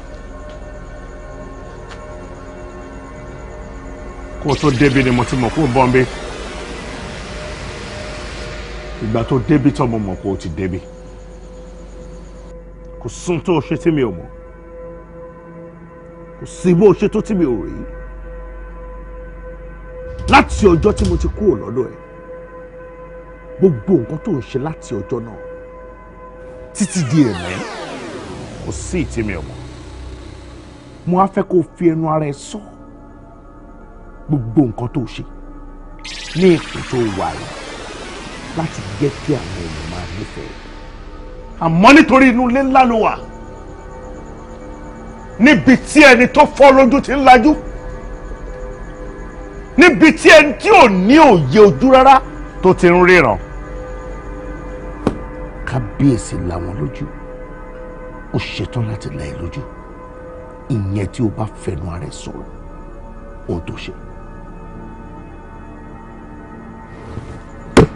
kó o tó débi ni mo ti mọ̀ kó o bọ́n bí ìgbà tó débi tó mo mọ̀ kó o ti débi kò sún tó o ṣe tí mi ò mọ̀ kò sí bó o ṣe tó tí mi ò rí láti ọjọ́ tí mo ti kúrò lọ́dọ̀ ẹ̀ gbogbo nǹkan tó ń ṣe láti ọjọ́ náà títí di ẹ̀mí kò sí ìtìmí ọmọ mo á fẹ́ kó o fi ẹnu ara ẹ sọ gbogbo nǹkan tó ṣe ní ipò tó wà yìí láti jẹ́ kí àwọn èèyàn máa nífẹ̀ẹ́ àmọ́ nítorí inú ilé ńlá ló wà níbi tí ẹni tó fọ́ lójú ti ń lajú níbi tí ẹni tí ò ní òye ojú rárá tó ti ń ríran kábíyèsí là wọ́n lójú ó ṣetán láti là ẹ́ lójú ìyẹn tí o bá fẹnu ara ẹ sọ̀rọ̀ ohun tó ṣe.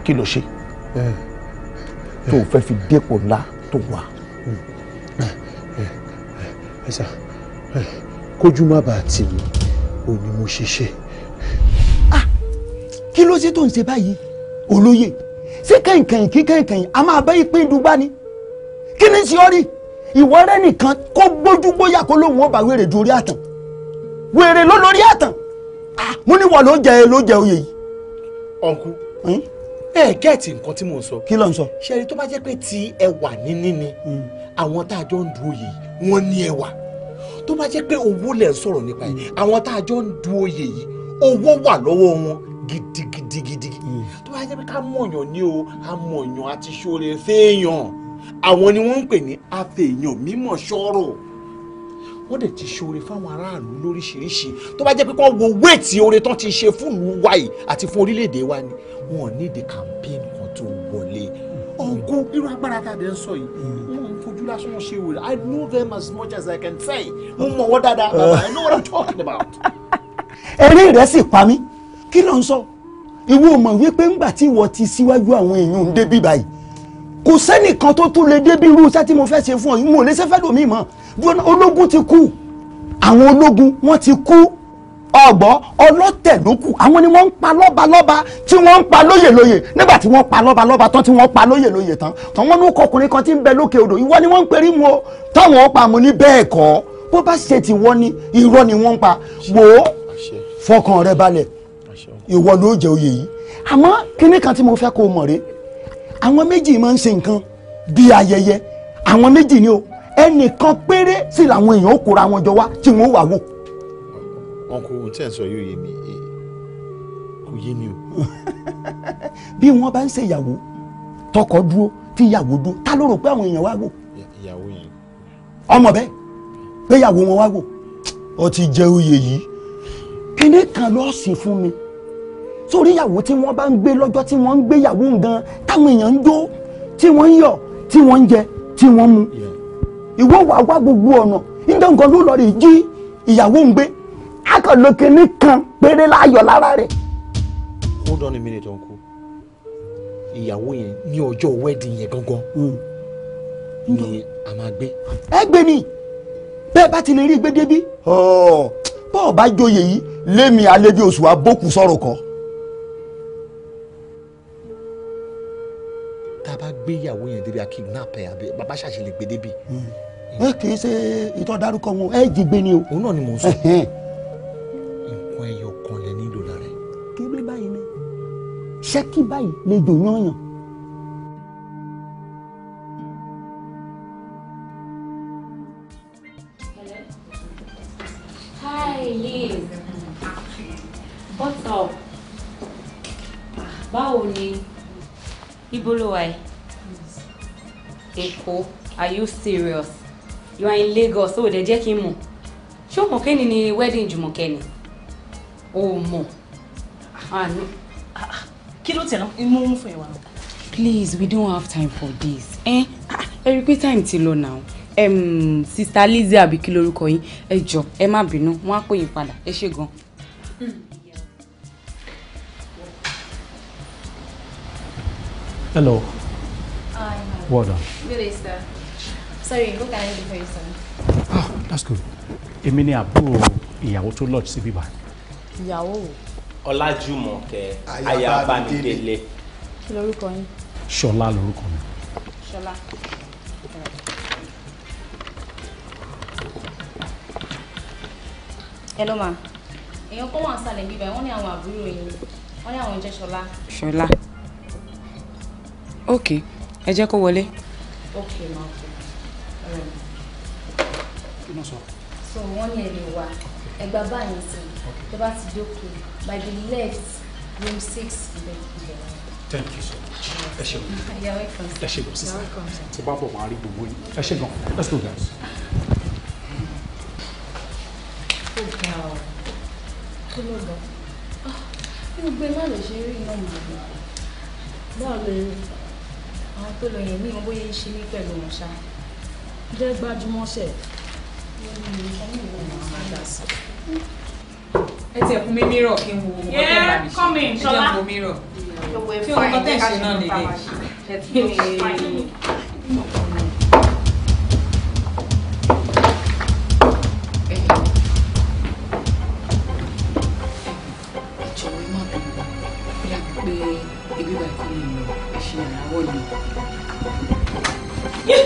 kí ló ṣe tó o fẹ́ fi dépò ńlá tó wà. ẹ̀sà kójú má bàa tì mí ò ní mo ṣe ṣe. Ah! kí ló ṣe tó ń ṣe báyìí olóyè sí kẹ̀kẹ̀yìn kí kẹ̀kẹ̀yìn a máa bẹ́ ìpín dùgbà ni kí ni ṣe ọ́ rí ìwọ rẹ nìkan kó gbójú gbóyà kó lóun ó bá wèrè ju orí àtàn wèrè ló lórí àtàn mo ní wọ ló jẹ ló jẹ oyè yìí. ọ̀nkú ẹ kẹ́ẹ̀tì nǹkan tí mò ń sọ. kí ló ń sọ. ṣẹ́ni tó bá jẹ́ pé ti ẹwà níní ni hmm. àwọn tá a jọ ń du oyè yìí wọ́n ní ẹwà tó bá jẹ́ pé owó lẹ̀ ń sọ̀rọ̀ nípa yìí hmm. àwọn tá a jọ ń du oyè yìí owó wà lọ́wọ́ wọn gidigidigidi hmm. tó bá jẹ́ pé ká mọ̀yàn ní o a mọ̀yàn àti ṣoore fẹ́ẹ̀yàn àwọn ni wọ́n ń pè ní afẹ́yàn mímọ̀ ṣọ́rọ̀ wọ́n dẹ̀ ti ṣoore fáwọn aráàlú lóríṣiríṣi tó bá jẹ́ pé kán wo wéètì oore tán ti ṣe fún ìlú wa àti fún orílẹ̀-èdè wa ni wọ́n ní the campaign kan tó wọlé ọ̀nkú hmm. irú agbára tá a dẹ̀ ń sọ yìí wọ́n hmm. ń fojú lásán ṣe wèrè I know them as much as I can say mo mọ̀ wọ́n dáadáa I know what I'm talking about. eré rẹ̀ pa mí kí ló ń sọ ìwọ mọ̀ wípé ńgbà tí ìwọ ti síwájú àwọn èèyàn débí báyìí kò sẹ́nìkan tó tún lè débí irú iṣẹ́ tí mo fẹ́ ṣe fún ọ mo lè ṣe fẹ́ lómi mọ́ ológun ti kú àwọn ológun wọ́n ti kú ọ̀gbọ́ ọlọ́tẹ̀ ló kù àwọn ni wọ́n ń pa lọ́ba lọ́ba tí wọ́n ń pa lóyè lóyè nígbà tí wọ́n pa lọ́ba lọ́ba tán tí wọ́n pa lóyè lóyè tán tán wọ́n ní ọkùnrin kan tí ń bẹ lókè odò ìwọ ni wọ́n ń perí mu o táwọn pa mu ní bẹ́ẹ̀ kọ́ bó bá ṣe ti wọ́n ní irọ́ ni wọ́n ń pa wò ó fọkàn rẹ balẹ̀ ìwọ ló jẹ oyè yìí àmọ́ kinní kan tí mo fẹ́ kó o mọ̀ rè àwọn méjì máa ń ṣe nǹkan bí ayẹyẹ àwọn méjì ni o ẹnìkan péré sí làwọn èèyàn ó kóra wọn jọ wá tí wọn ó wà wò. wọn kò ohun tí ẹ sọ yóò yé mi kò yé mi o. bí wọn bá ń ṣe ìyàwó tọkọ dúró tí ìyàwó dúró ta ló rò pé àwọn èèyàn wá wò. ìyàwó yẹn. ọmọ bẹ́ẹ̀ pé ìyàwó wọn wá wò ó ti jẹ oyè yìí kinní kan lọ́ọ̀sìn fún mi sóríyàwó tí wọ́n bá ń gbé lọ́jọ́ tí wọ́n ń gbéyàwó nǹkan táwọn èèyàn ń jó tí wọ́n ń yọ̀ tí wọ́n ń jẹ tí wọ́n mu ìwọ wà wá gbogbo ọ̀nà nígbà nǹkan ló lọ rè jí ìyàwó ń gbé akọ̀lókè ní kan péré láyọ̀ lára rẹ̀. hold on a minute uncle ìyàwó yẹn ní ọjọ́ wedding yẹn gangan hmm. ni a máa gbé. ẹ gbé ni bẹ́ẹ̀ bá ti lè rí gbé débí oh. bọ́ọ̀ bá joyè yìí lémi alẹ́ bí oṣù abókù sọ̀rọ̀ kan. tá bá gbé yẹn débi a kidnap bàbá ṣàṣẹ lè gbé débi. Hmm. Hmm. ẹ kì í ṣe ìtọ́ dárúkọ wọn ẹ jí gbé ni o. òun náà ni mò ń sọ. nǹkan ẹyọ kan lẹ nílò lára ẹ. kébé báyìí ni ṣẹ́kí báyìí lè jò yányàn. Hi, Liz. What's up? Báwo ni? Ibo lo wà yìí? are you serious? You are in Lagos, ó dẹ̀ jẹ́ kí n mọ̀. Ṣé o mọ̀ kẹ́ni ni wedding Jùmọ̀kẹ́ ni? O mọ̀. Ah, ah, kí ló tẹ̀lé inú mú fún ìwà? Please, we don't have time for this. Eh? Ah, ẹ rí pé time ti lọ now. Um, Sista Lizzie àbí kí lorúkọ yín? Ẹ jọ̀ọ́, ẹ má bínú, wọ́n á pè yín padà. Ẹ ṣé gan-an. Hello. Hi. Well done. Good Sorry, who can I be very soon? Oh, that's good. Èmi ni àbúrò ìyàwó tó lodge síbí báyìí. Ìyàwó wo? Ọlájùmọ̀kẹ́ Ayabamidele. Kí lorúkọ yín? Ṣọlá lorúkọ mi. Ṣọlá. Hello ma. Èèyàn kan wà ń sálẹ̀ bíbẹ̀, wọ́n ní àwọn àbúrò yín, wọ́n ní àwọn jẹ́ Ṣọlá. Ṣọlá ok ẹ jẹ́ kó wọlé. ok ma ok kí ló sọ. so wọ́n ní ẹ lè wá ẹgbà báyìí sí tó bá ti dókè by the left room six ibẹ̀ ibẹ̀. thank you sir. much ẹ ṣe gan ẹ ṣe gan sísan tí bá bọ̀ máa rí gbogbo yìí ẹ ṣe gan let's go guys. ó ga ọ kí ló gan ah, bí gbogbo iná lè ṣe rí iná màá báwo lè àwọn tó lọ yẹn ní wọn bóyá ń ṣe mí pẹ̀lú wọn ṣá jẹ́ gbájúmọ́ ṣẹ̀ ẹ ti ẹkún mi mírọ̀ kí n wo ọkọ tẹ́ bá mi ṣe ẹ jẹ́ n wo mírọ̀ kí n wo ọkọ tẹ́ náà lè lè. olè.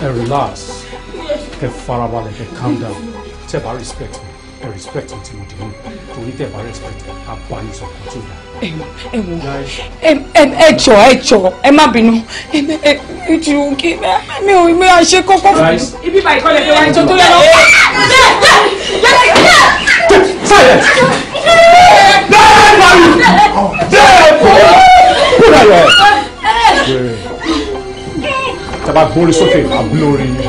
ẹ relax ẹ farabalẹ̀ ẹ calm down tẹ́ bá respect mi ẹ respect mi tí mo dì mú torí tẹ́ bá respect mi abayísọ̀ kan tó yà. ẹ wo ẹ jọ ẹ jọ ẹ má bínú ẹ jù kí mi ò mi à ṣe kókó. ibi bàyí kọ́ lè fi wá ètò tó lẹ́nu. silence. bá gbórí sókè àbúlò orí yín. tí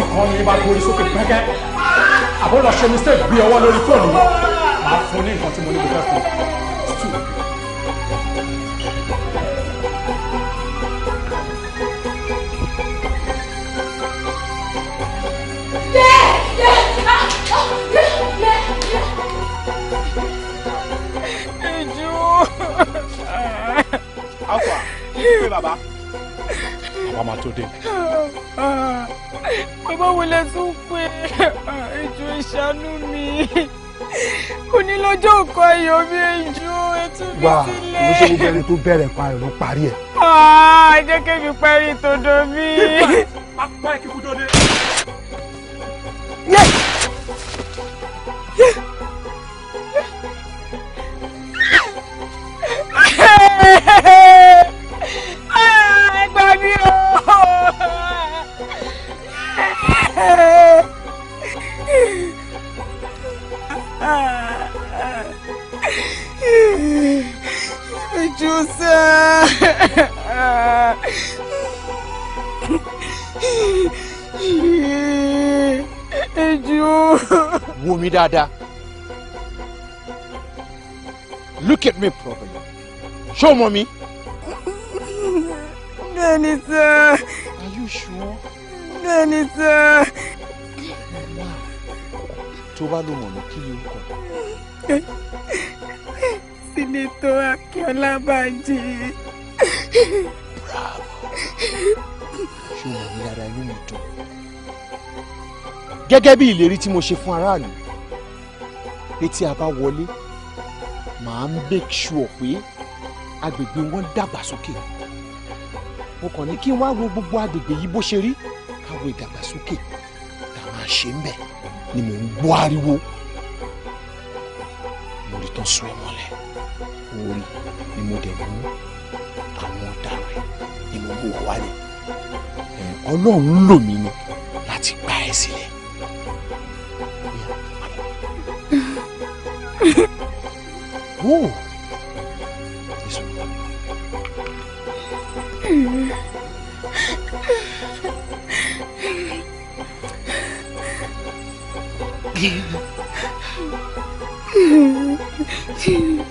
kan ní bá gbórí sókè pẹ́kẹ́ àbúrò ṣe mistake bí ọwọ́ lórí fóònù máa fún ní nǹkan tí mo ní kó fẹ́ fún un. pé bàbá bàbá máa tó dé. bàbá wo lẹ tún pé ètò ìṣàánú mi onílọ́jọ́ òkú ayọ̀ mi èjò ètò mi sílẹ̀. wà á ṣe gbogbo ẹni tó bẹ̀rẹ̀ pa ẹ̀ ló parí ẹ̀. Ah, jẹ́ kí mi parí tòdò mi. pápá ẹ̀ kíkú dáadáa look at me properly Show mommy. mọ̀ mi. are you sure. bẹ́ẹ̀ni sá. tó bá lò mọ̀nà kí ló ń kọ. sinetọ akíọlá bàjẹ́. bravo ṣé o mọ̀ mi dáadáa inú mi dùn. gẹ́gẹ́ bí ìlérí tí mo ṣe fún aráàlú pé tí a bá wọlé màá make sure pé agbègbè wọn dàgbà sókè mo kàn ní kí n wá wo gbogbo agbègbè yìí bó ṣe rí káwọ ìdàgbàsókè tá a máa ṣe ń bẹ ni mò ń gbọ́ ariwo mo rí tán sún ẹ mọ́lẹ̀ orí ni mo dẹ̀ mú àwọn ọ̀daràn ni mo mú wá ni ọlọ́run lò mí ni láti gbà ẹ́ sílẹ̀. 哦，这是。嗯，嗯，嗯，嗯，嗯，嗯。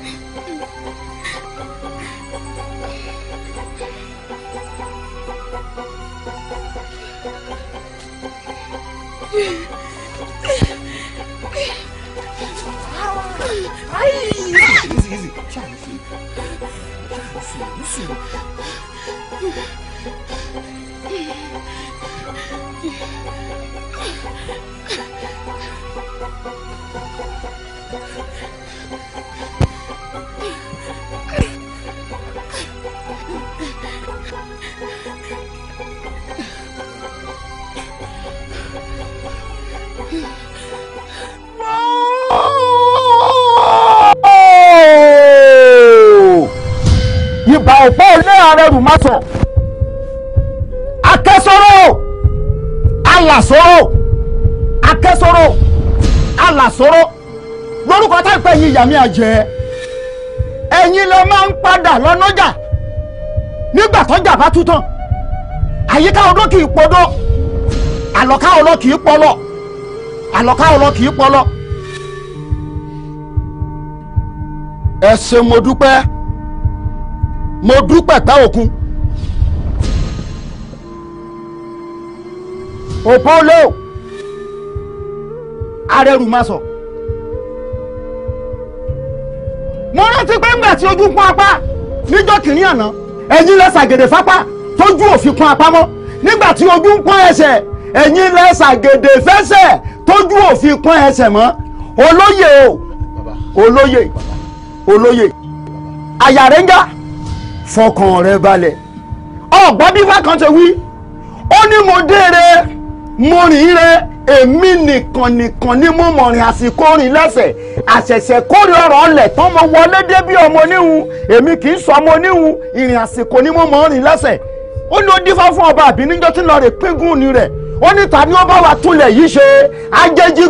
má sọ akẹ́sọ̀rọ̀ alàsọ̀rọ̀ akẹ́sọ̀rọ̀ alàsọ̀rọ̀ lórúkọ táìpẹ́ yìí ìyá mi àjẹ́ ẹ̀yin lọ máa ń padà lọ́nọ́jà nígbà tọ́jà bá tú tán àyíká ọdún kì í pọdọ́ àlọ́ká ọlọ́ kì í pọlọ́ àlọ́ká ọlọ́ ẹ ṣé mo dúpẹ́ mo dúpẹ́ pẹ́ òkun. òpólò arẹrù máa sọ. mo rántí pé ńgbà tí ojú pọ́n apá níjọ́ kìnìún àná ẹ̀yin lẹ ṣàgèdè fápá tójú òfin pọ́n apá mọ́ nígbà tí ojú ń pọ́n ẹsẹ̀ ẹ̀yin lẹ ṣàgèdè fẹsẹ̀ tójú òfin pọ́n ẹsẹ̀ mọ́ olóyè o olóyè olóyè àyàrẹ́ngá fọkàn rẹ balẹ̀ ọ̀gbọ́n bí fákan ṣe wí ó ní mo déere mo rìn re èmi nìkan nìkan ni mo mọ̀ rìn àsìkò rìn lẹ́sẹ̀ àṣẹ̀ṣẹ̀ kórè ọ̀rọ̀ ọ̀lẹ̀ tán mo wọlé dé bí ọmọ oníhun èmi kì í sọ ọmọ oníhun ìrìn àsìkò ni mo mọ̀ rìn lẹ́sẹ̀ ó ní ó dífá fún ọba àbí níjọ́ tí lọ́ọ́ rè pín gún rẹ̀ ó ní ta ni ó bá wa túnlẹ̀ yìí ṣe àjèjì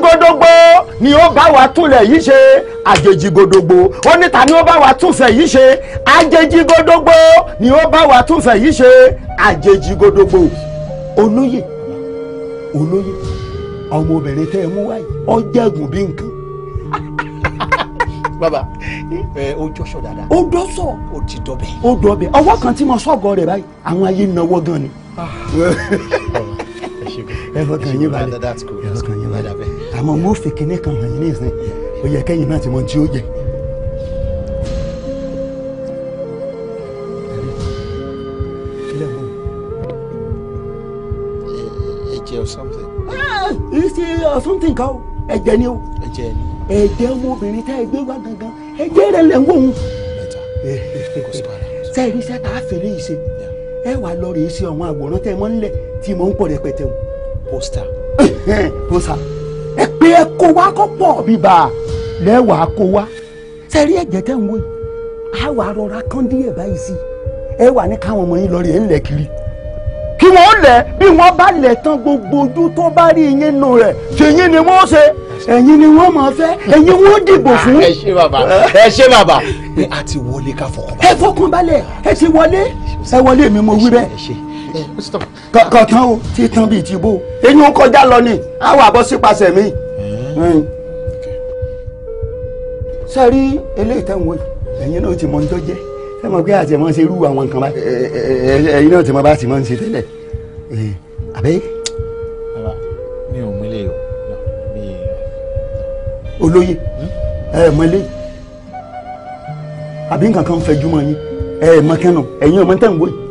ni ó bá wa túnlẹ̀ yìí ṣe àjèjì gbódógbó ó ní ta ni ó bá wa túnfẹ̀ yìí ṣe àjèjì ni ó bá wa túnfẹ̀ yìí ṣe àjèjì gbódógbó olóyè olóyè ọmọbìnrin tẹ́ ẹ mú wáyé ọ jẹ́gùn bí nǹkan. bàbá ẹ o jọsọ dáadáa. o dọsọ. o ti dọbẹ. o dọbẹ ọwọ́ kan tí mo sọ̀gọ́ rẹ̀ báyìí àwọn ayé náwó gan ni. Ah. ẹ fọkàn yín balẹ̀ ẹ fọkàn yín balẹ̀ àmọ́ mo fi kinní kan hàn yín ní ìsìn ó yẹ kẹ́yìn náà ti mọ tí ó jẹ. or something. Ah, ìṣe or something kan ẹ̀jẹ̀ ni o ẹ̀jẹ̀ ọmọbìnrin tá ẹ gbé wá gangan ẹ̀jẹ̀ rẹ̀ lẹ̀ ń wò ó. sẹ́ẹ̀rí sẹ́ta àfẹ́rẹ́ yìí ṣe ẹ wà lọ́ọ́ rèé ṣe àwọn àwòrán tẹ́ ẹ mọ́ nílẹ̀ tí mò ń pọ̀ rẹpẹtẹ o pósítà. pósítà ẹ pé ẹ kó wa kó pọ̀ bíbá lẹ́wàá kó wa sẹ́rí ẹ̀jẹ̀ tẹ̀ ń wò yìí á wà rọra kán díẹ̀ báyìí sí ẹ wà ní káwọn ọmọ yín lọ rí ẹ ń lẹ̀ kiri kí wọ́n lẹ̀ bí wọ́n bá lẹ̀ tán gbogbo ojú tó bá rí yín nù rẹ̀ ṣèyí ni wọ́n ṣe ẹ̀yin ni wọ́n máa fẹ́ ẹ̀yin wọ́n dìbò ah, fún. ẹ ṣe bàbá ẹ ṣe bàbá ni ti wọlé ká fọkànbalẹ̀. ẹ fọkànbalẹ̀ ẹ ti wọlé ẹ wọlé mi mo wí bẹ́ẹ̀ kankan tán o ti tán bíi ti bó eyín kọjá lọ ni á wà bọ́ sípasẹ̀ mi. sẹ́rí eléyìí tẹ̀ ń wò ẹ̀yin náà ti mọ ń tọ́jẹ́ ẹ mọ̀ pé àti ẹ̀ mọ̀ ṣe irú àwọn nǹkan báyìí ẹ̀yin náà ti mọ̀ bá ti mọ̀ ń ṣe tẹ́lẹ̀ àbẹ́. mi ò mú ilé o. olóye hmm? ẹ mọ ilé àbí nǹkan kan fẹjú mọ yín ẹ mọ kẹ́nu ẹ̀yin ọmọ tẹ̀ ń wò yìí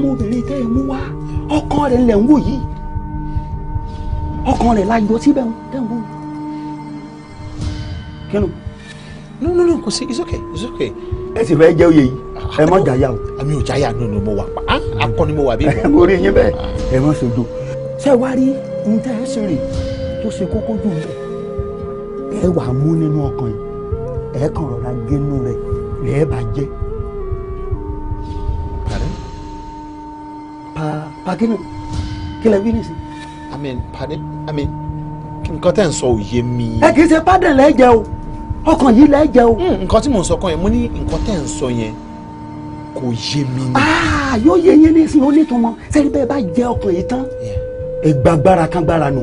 ọmọbìnrin tẹ́ ẹ mú wá ọkọ rẹ̀ lẹ̀ ń wò yìí ọkọ rẹ̀ la yọ síbẹ̀ tẹ́ ń wò. kínú. no no no kò sí it's okay it's okay. ẹ sì fẹ́ jẹ́ oyè yìí ẹ mọ̀ ah, jáyà o. àmì ò jáyà nínú mo wà pa ah, akọni mo wà bí. ẹ mọ̀ rí yín bẹ́ẹ̀ ẹ mọ̀ ṣojo ṣé wàá rí nǹkan ẹ ṣe rè tó ṣe kókó jù lọ ẹ wàá mú nínú ọkàn yìí ẹ kàn rọra gẹnu rẹ lẹ́ẹ̀ bá jẹ́. pàkínù kílẹ̀ wí nìsín. àmín pàdé àmín nǹkan tẹ́ ń sọ me, yé mi. ẹ kì í ṣe pádàn lẹ́jẹ̀ o ọkàn yìí lẹ́jẹ̀ o. Hmm, nǹkan tí mò ń sọ kan yẹn mo ní nǹkan tẹ́ ń sọ yẹn kò yé mi ni. Ah, yóò yé yín nísìnyí ó nítumọ̀ sẹ́ni bẹ́ẹ̀ bá jẹ ọkàn yìí tán ìgbàgbára kan gbára nù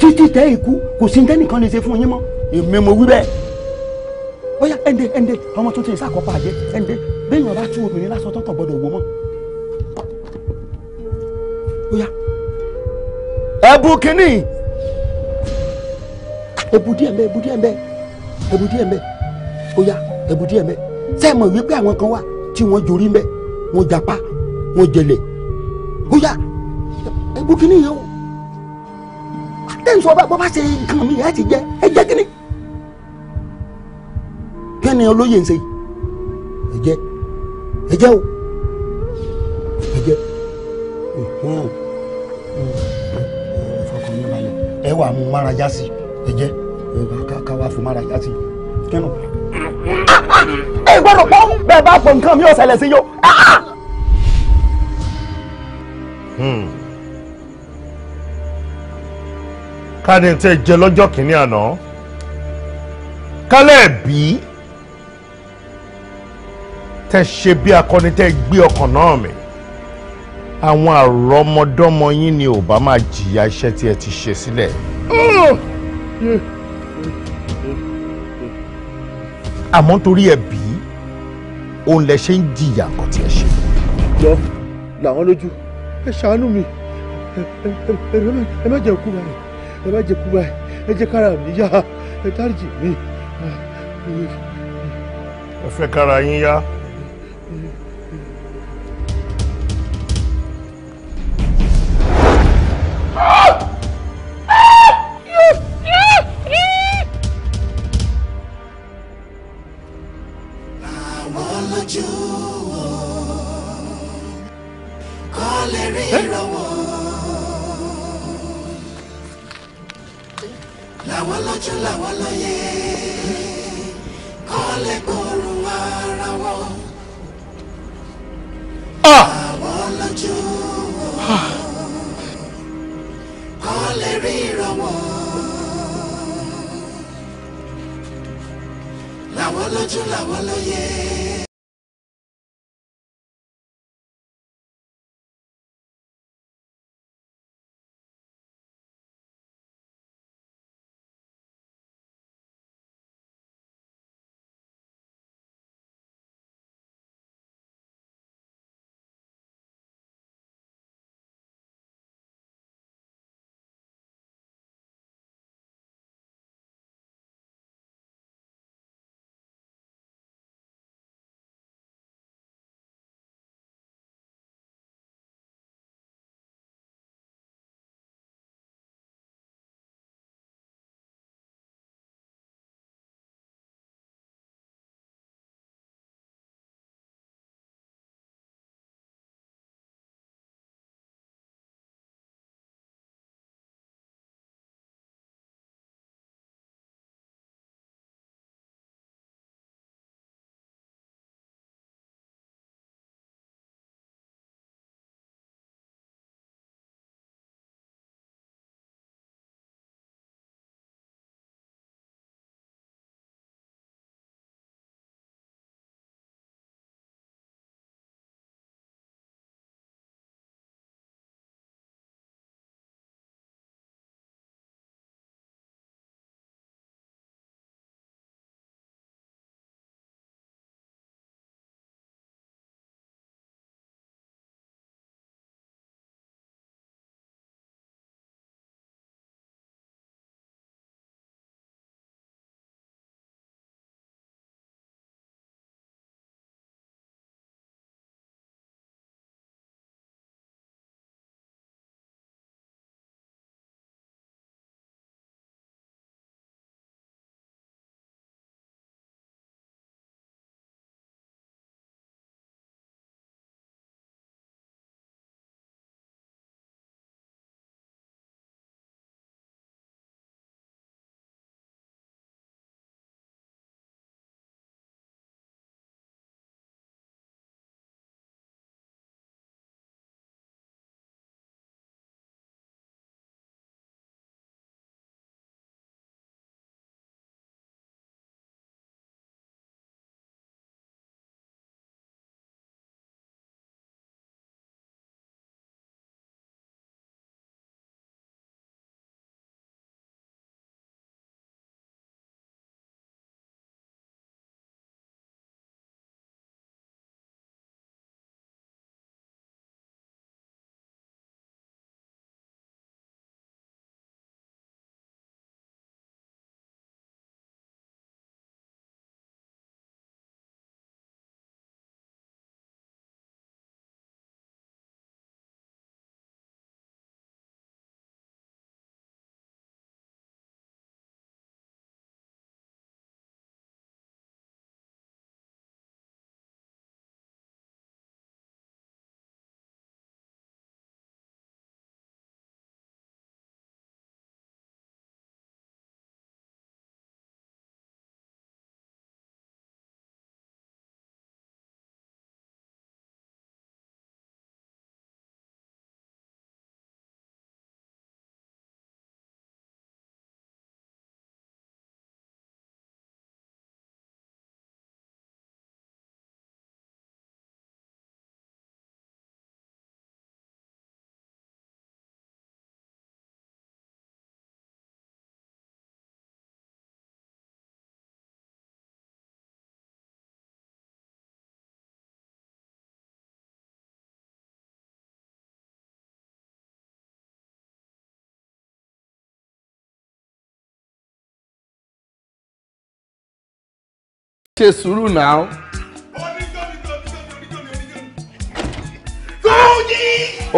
títí tẹ ikú kò sí tẹ́nìkan lè ṣe fún yín mọ́ èmi mo wí bẹ́ẹ̀. ó yá ẹ̀ǹdẹ̀ ẹ̀ǹdẹ̀ ọmọ tuntun ìsàkọ́pàá jẹ́ ẹ̀ǹdẹ̀ bẹ́ẹ̀ yàn bá tú obìnrin lásán tọ́tọ̀ gbọ́dọ̀ wò mọ́ bóyá ẹ̀bù kínní ẹ̀bù díẹ̀ mbẹ́ ẹ̀bù díẹ̀ mbẹ́ ẹ̀bù díẹ̀ mbẹ́ bóyá ẹ̀bù díẹ̀ mbẹ́ sẹ́ẹ̀mọ̀ wípé àwọn kan wà tí wọ́n jorí mbẹ́ wọ́n japa wọ́n jẹlẹ̀ Oya, ẹ̀bù kínní yẹn o àtẹ̀sọ bá bọ́ bá ṣe nǹkan mi ẹ̀ ti jẹ ẹ jẹ kínní kẹ́ni olóyè ń ṣe yìí ẹ jẹ ẹ jẹ o ẹ jẹ ẹ wà mú mára já sí ẹ jẹ ká wá fún mára já sí kínú. ẹ gbọ́dọ̀ pọ́n bẹ́ẹ̀ bá pọ̀ nǹkan mi ò ṣẹlẹ̀ sí yó. káàdì tẹ jẹ lọ́jọ́ kìíní àná kálẹ̀ bí tẹ ṣe bí akọni tẹ gbé ọkàn náà mi àwọn àrọ́mọdọ́mọ yín ni ò bá máa jìyà iṣẹ́ tí ẹ ti ṣe sílẹ̀. àmọ́ torí ẹ bí òun lẹ ṣe ń jìyà nǹkan tí ẹ ṣe. lọ làwọn lójú ẹ ṣàánú mi ẹ má jẹ́ kú báyìí ẹ má jẹ́ kú báyìí ẹ jẹ́ kára mi yá ẹ dáríjì mi. ẹ fẹ́ kára yín yá. ṣe sùúrù náà.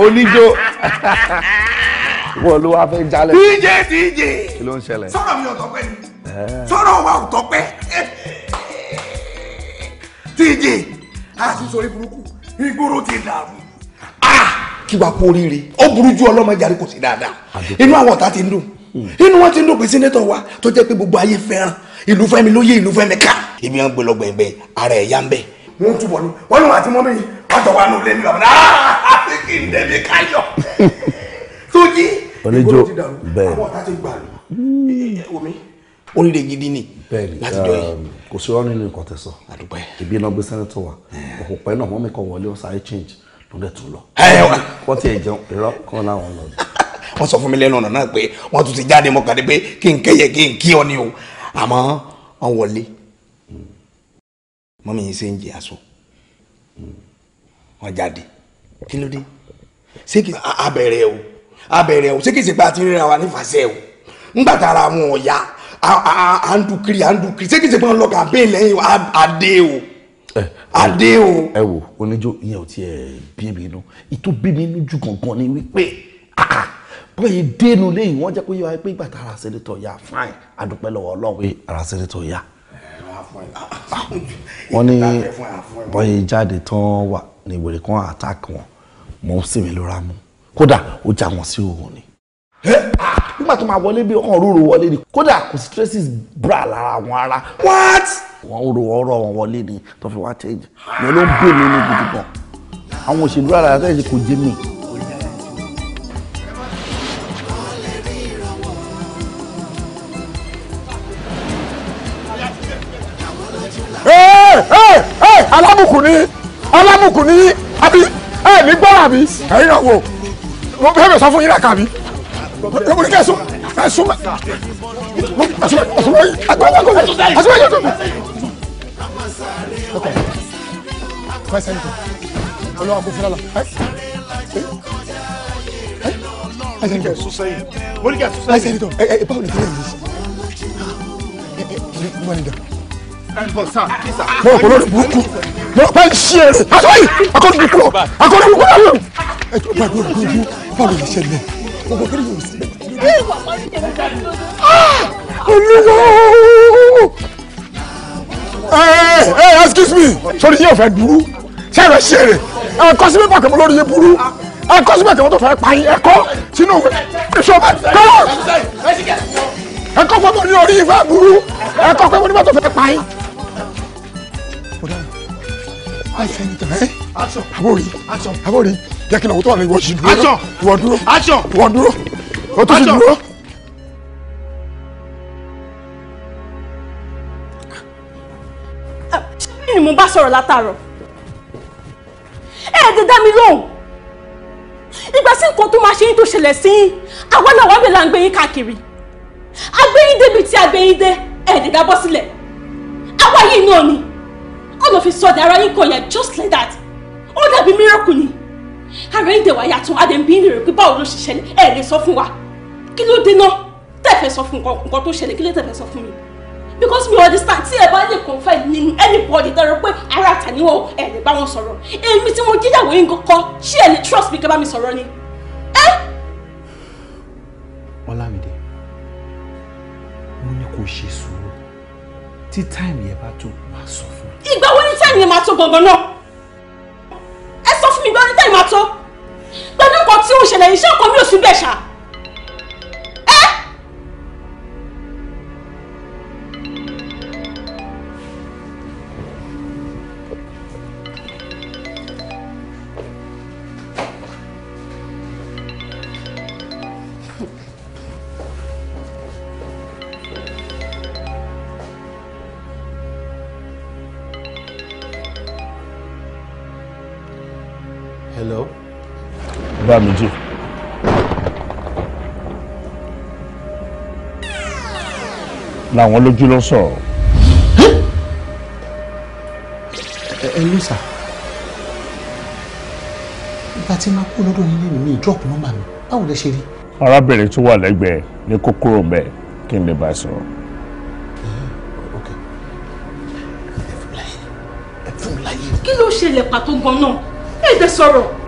oníjó wọ́n ló wá fẹ́ jalè. DJ DJ kí ló ń ṣẹlẹ̀. sọ̀rọ̀ mi ò tọ́pẹ́ ni eh. sọ̀rọ̀ wa ò tọ́pẹ́ DJ a ti sọ burúkú ìgboro ti dàrú. Ah! kí wàá kú oríire ó burú ju ọlọ́mọ jàre kò sí dáadáa inú àwọn ọ̀tá ti ń dùn hmm. inú wọn ti ń dùn pé sínétọ̀ wa tó jẹ́ pé gbogbo ayé fẹ́ràn ìlú fẹ́mi ló ìlú fẹ́mi ká ibi wọn gbé lọ gbẹ̀ngbẹ̀ ara ẹ̀ yá ń bẹ̀. wọ́n túbọ̀ ni wọ́n ní wọn àti mọ́mí wọ́n jọ wà nílé mi bàbá náà ah, kí n dẹ̀bi káyọ̀ sójí oníjó bẹ́ẹ̀ àwọn ọ̀tá ti gbà lù hmm. ó lè gidi ni láti jọ yìí. Um, kò sí ọ́nà nínú ìkọ̀tẹ̀ sọ ibi iná gbé sẹ́nẹ́tọ̀ wa kò pẹ́ náà wọ́n mi wọlé ọ̀sán change ló dẹ̀ tún lọ. wọ́n ti jẹun irọ́ kan láwọn lọ. wọ́n sọ fún mi lẹ́nu ọ̀nà náà pé wọ́n tún ti jáde mọ́kàdé pé kí n kẹ́yẹ kí n kí ọ ni o àmọ́ wọ́n wọlé mọ́mí yín ṣe ń jẹ aṣọ hmm. wọ́n jáde kí ló dé ṣé kì abẹ̀rẹ̀ o abẹ̀rẹ̀ o ṣé kì í ṣe pé a ti ríra wa nífàṣẹ́ o ńgbà tára àwọn ọ̀ya à ń dùkiri à ń dùkiri ṣé kì í ṣe pé wọ́n lọ kàmpéè lẹ́yìn adé o eh, adé o. ẹ eh, eh, wo oníjó ìyẹn ò tiẹ̀ bí mi nú ìtú bí mi nú jù kankan ni wípé bó yìí dénú lẹ́yìn wọ́n jẹ́ pé yóò wáyé pé ìgbà tára sẹ́nitọ̀ ya fine adúpẹ́ lọ́wọ́ ọlọ́run pé ara sẹ́nitọ̀ ya wọ́n ní bọ́yì jáde tán wà ní ìwèrè kan àtàkì wọn mọ̀ ó sì lóra mú kódà ó já wọn sí òun ni. nígbà tó máa wọlé bí ọkàn rúru wọlé ni kódà kò sí traces bra lára wọn ara. what. wọn ò rò ọ̀rọ̀ wọn wọlé ni tó fi wá change ni ló ń bè mí ní gidi gan àwọn òṣèlú àlàyé àtẹ̀yẹsẹ̀ kò jẹ́ mi. alábùkù ní alábùkù ní àbí ẹ ní gbọ́dọ̀ àbí ẹ̀yin náà wò mo fẹ́ mi sọ fún yín mi mo ní kẹ́ ẹ sún ẹ ẹsẹ̀ nìkan ẹsẹ̀ nìkan ẹ mo kò lórí burúkú mo bá ń ṣí ẹsẹ̀ àtọ́yì akọ́ni burúkú lọ akọ́ni burúkú lọ. ẹ jọ bá yóò dúró báwo lè ṣẹlẹ̀ gbogbo kí ni yóò sí. olúwa ẹ ẹ excuse me sori yóò fẹ́ dúró ṣé ẹ fẹ́ ṣe rẹ̀ ẹ kọ́ sí pépà kẹ́mọ́ lórí yẹn burú ẹ kọ́ sí tó fẹ́ pa yín ẹ kọ́ sínú ìṣọ̀bẹ kọ́ ẹ kọ́ pẹ́mọ́ ní orí ìfẹ́ burú ẹ kọ́ pẹ́mọ́ ní tó fẹ́ pa yín àìfẹ̀yìntàn aboli àbórí aboli jẹ́ kí n lọ́wọ́ tó wà ní ìwọ́sí dúró ìwọ́ dúró ìwọ́ dúró ó tún ti dúró. ṣé ni mo bá sọ̀rọ̀ látàárọ̀ ẹ̀ ẹ́ dá mi lóhùn ìgbà sí nǹkan tó máa ṣe yín tó ṣẹlẹ̀ sí yín àwa náà wà bẹ́ẹ̀ la ń gbé yín káàkiri agbẹ́yìn débi tí agbẹ́yìn dé ẹ̀ẹ́dẹ̀dá bọ́ sílẹ̀ àwa yìí náà ni. All of a sudden, ara yín kan yẹn just like that ó dàbí miracle ni ara yín dẹ̀ wá yàtọ̀ adẹ̀mbí ń rè pé báwo ló ṣe ṣẹlẹ̀ ẹ̀ lè sọ fún wa kí ló dé náà tẹ̀fẹ̀ sọ fún nǹkan tó ṣẹlẹ̀ kí ló tẹ̀fẹ̀ sọ fún mi because mi ò understand tí ẹ bá lè confide nínú anybody tẹ̀rọ pé ara àtàníwọ̀ ẹ̀ lè bá wọn sọ̀rọ̀ èmi tí mo jíyàwó yín kọ́ ṣé ẹ lè trust mi kẹ́ bá mi sọ̀rọ̀ ni. Ọlámídé mo ní kó ṣe sùúrù tí táìmù yẹn bá tó wá sọ fún ìgbà wo ni táìmù yẹn máa tó gangan náà ẹ sọ fún mi ìgbà wo ni táìmù máa tó pẹ̀lú nǹkan tí ó ń ṣẹlẹ̀ iṣẹ́ ọkọ mi ò sí bẹ́ẹ̀ ṣáà. bá mi jù. làwọn lójú ló sọ̀rọ̀. ẹ ẹ ló sà ìgbà tí máa kú lọ́dọ̀ nílé mi ní drop nọ́mbà mi báwo lẹ ṣe rí. arábìnrin tó wà lẹ́gbẹ̀ẹ́ ní kókóró ń bẹ̀ kí n lè bá a sọ̀rọ̀. Eh, kí ló ṣẹlẹ̀ pàtó gan-an ẹ̀ dẹ̀ sọ̀rọ̀.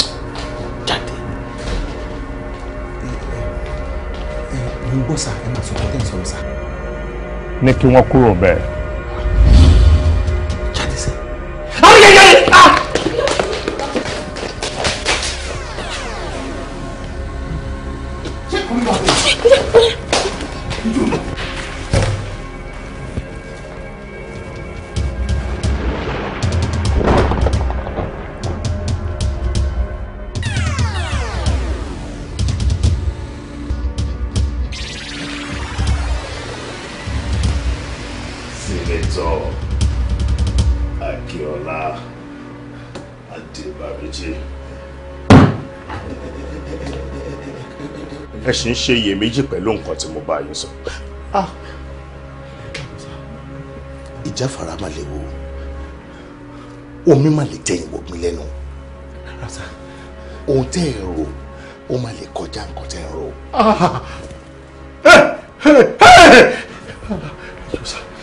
ń gbọ́ sà ẹ máa sọ pé tẹ́ ń sọ̀rọ̀ sà. ní kí wọ́n kúrò bẹ́ẹ̀. ṣì ń ṣe iyèméjì pẹ̀lú nǹkan tí mo bá yín sọ. Ah! ìjáfara mà lè wo omi mà lè tẹ̀yìn wọ̀gbìn lẹ́nu ohun tẹ́ ẹ̀ rò ó mà lè kọjá nǹkan tẹ́ ẹ̀ rò. Ah!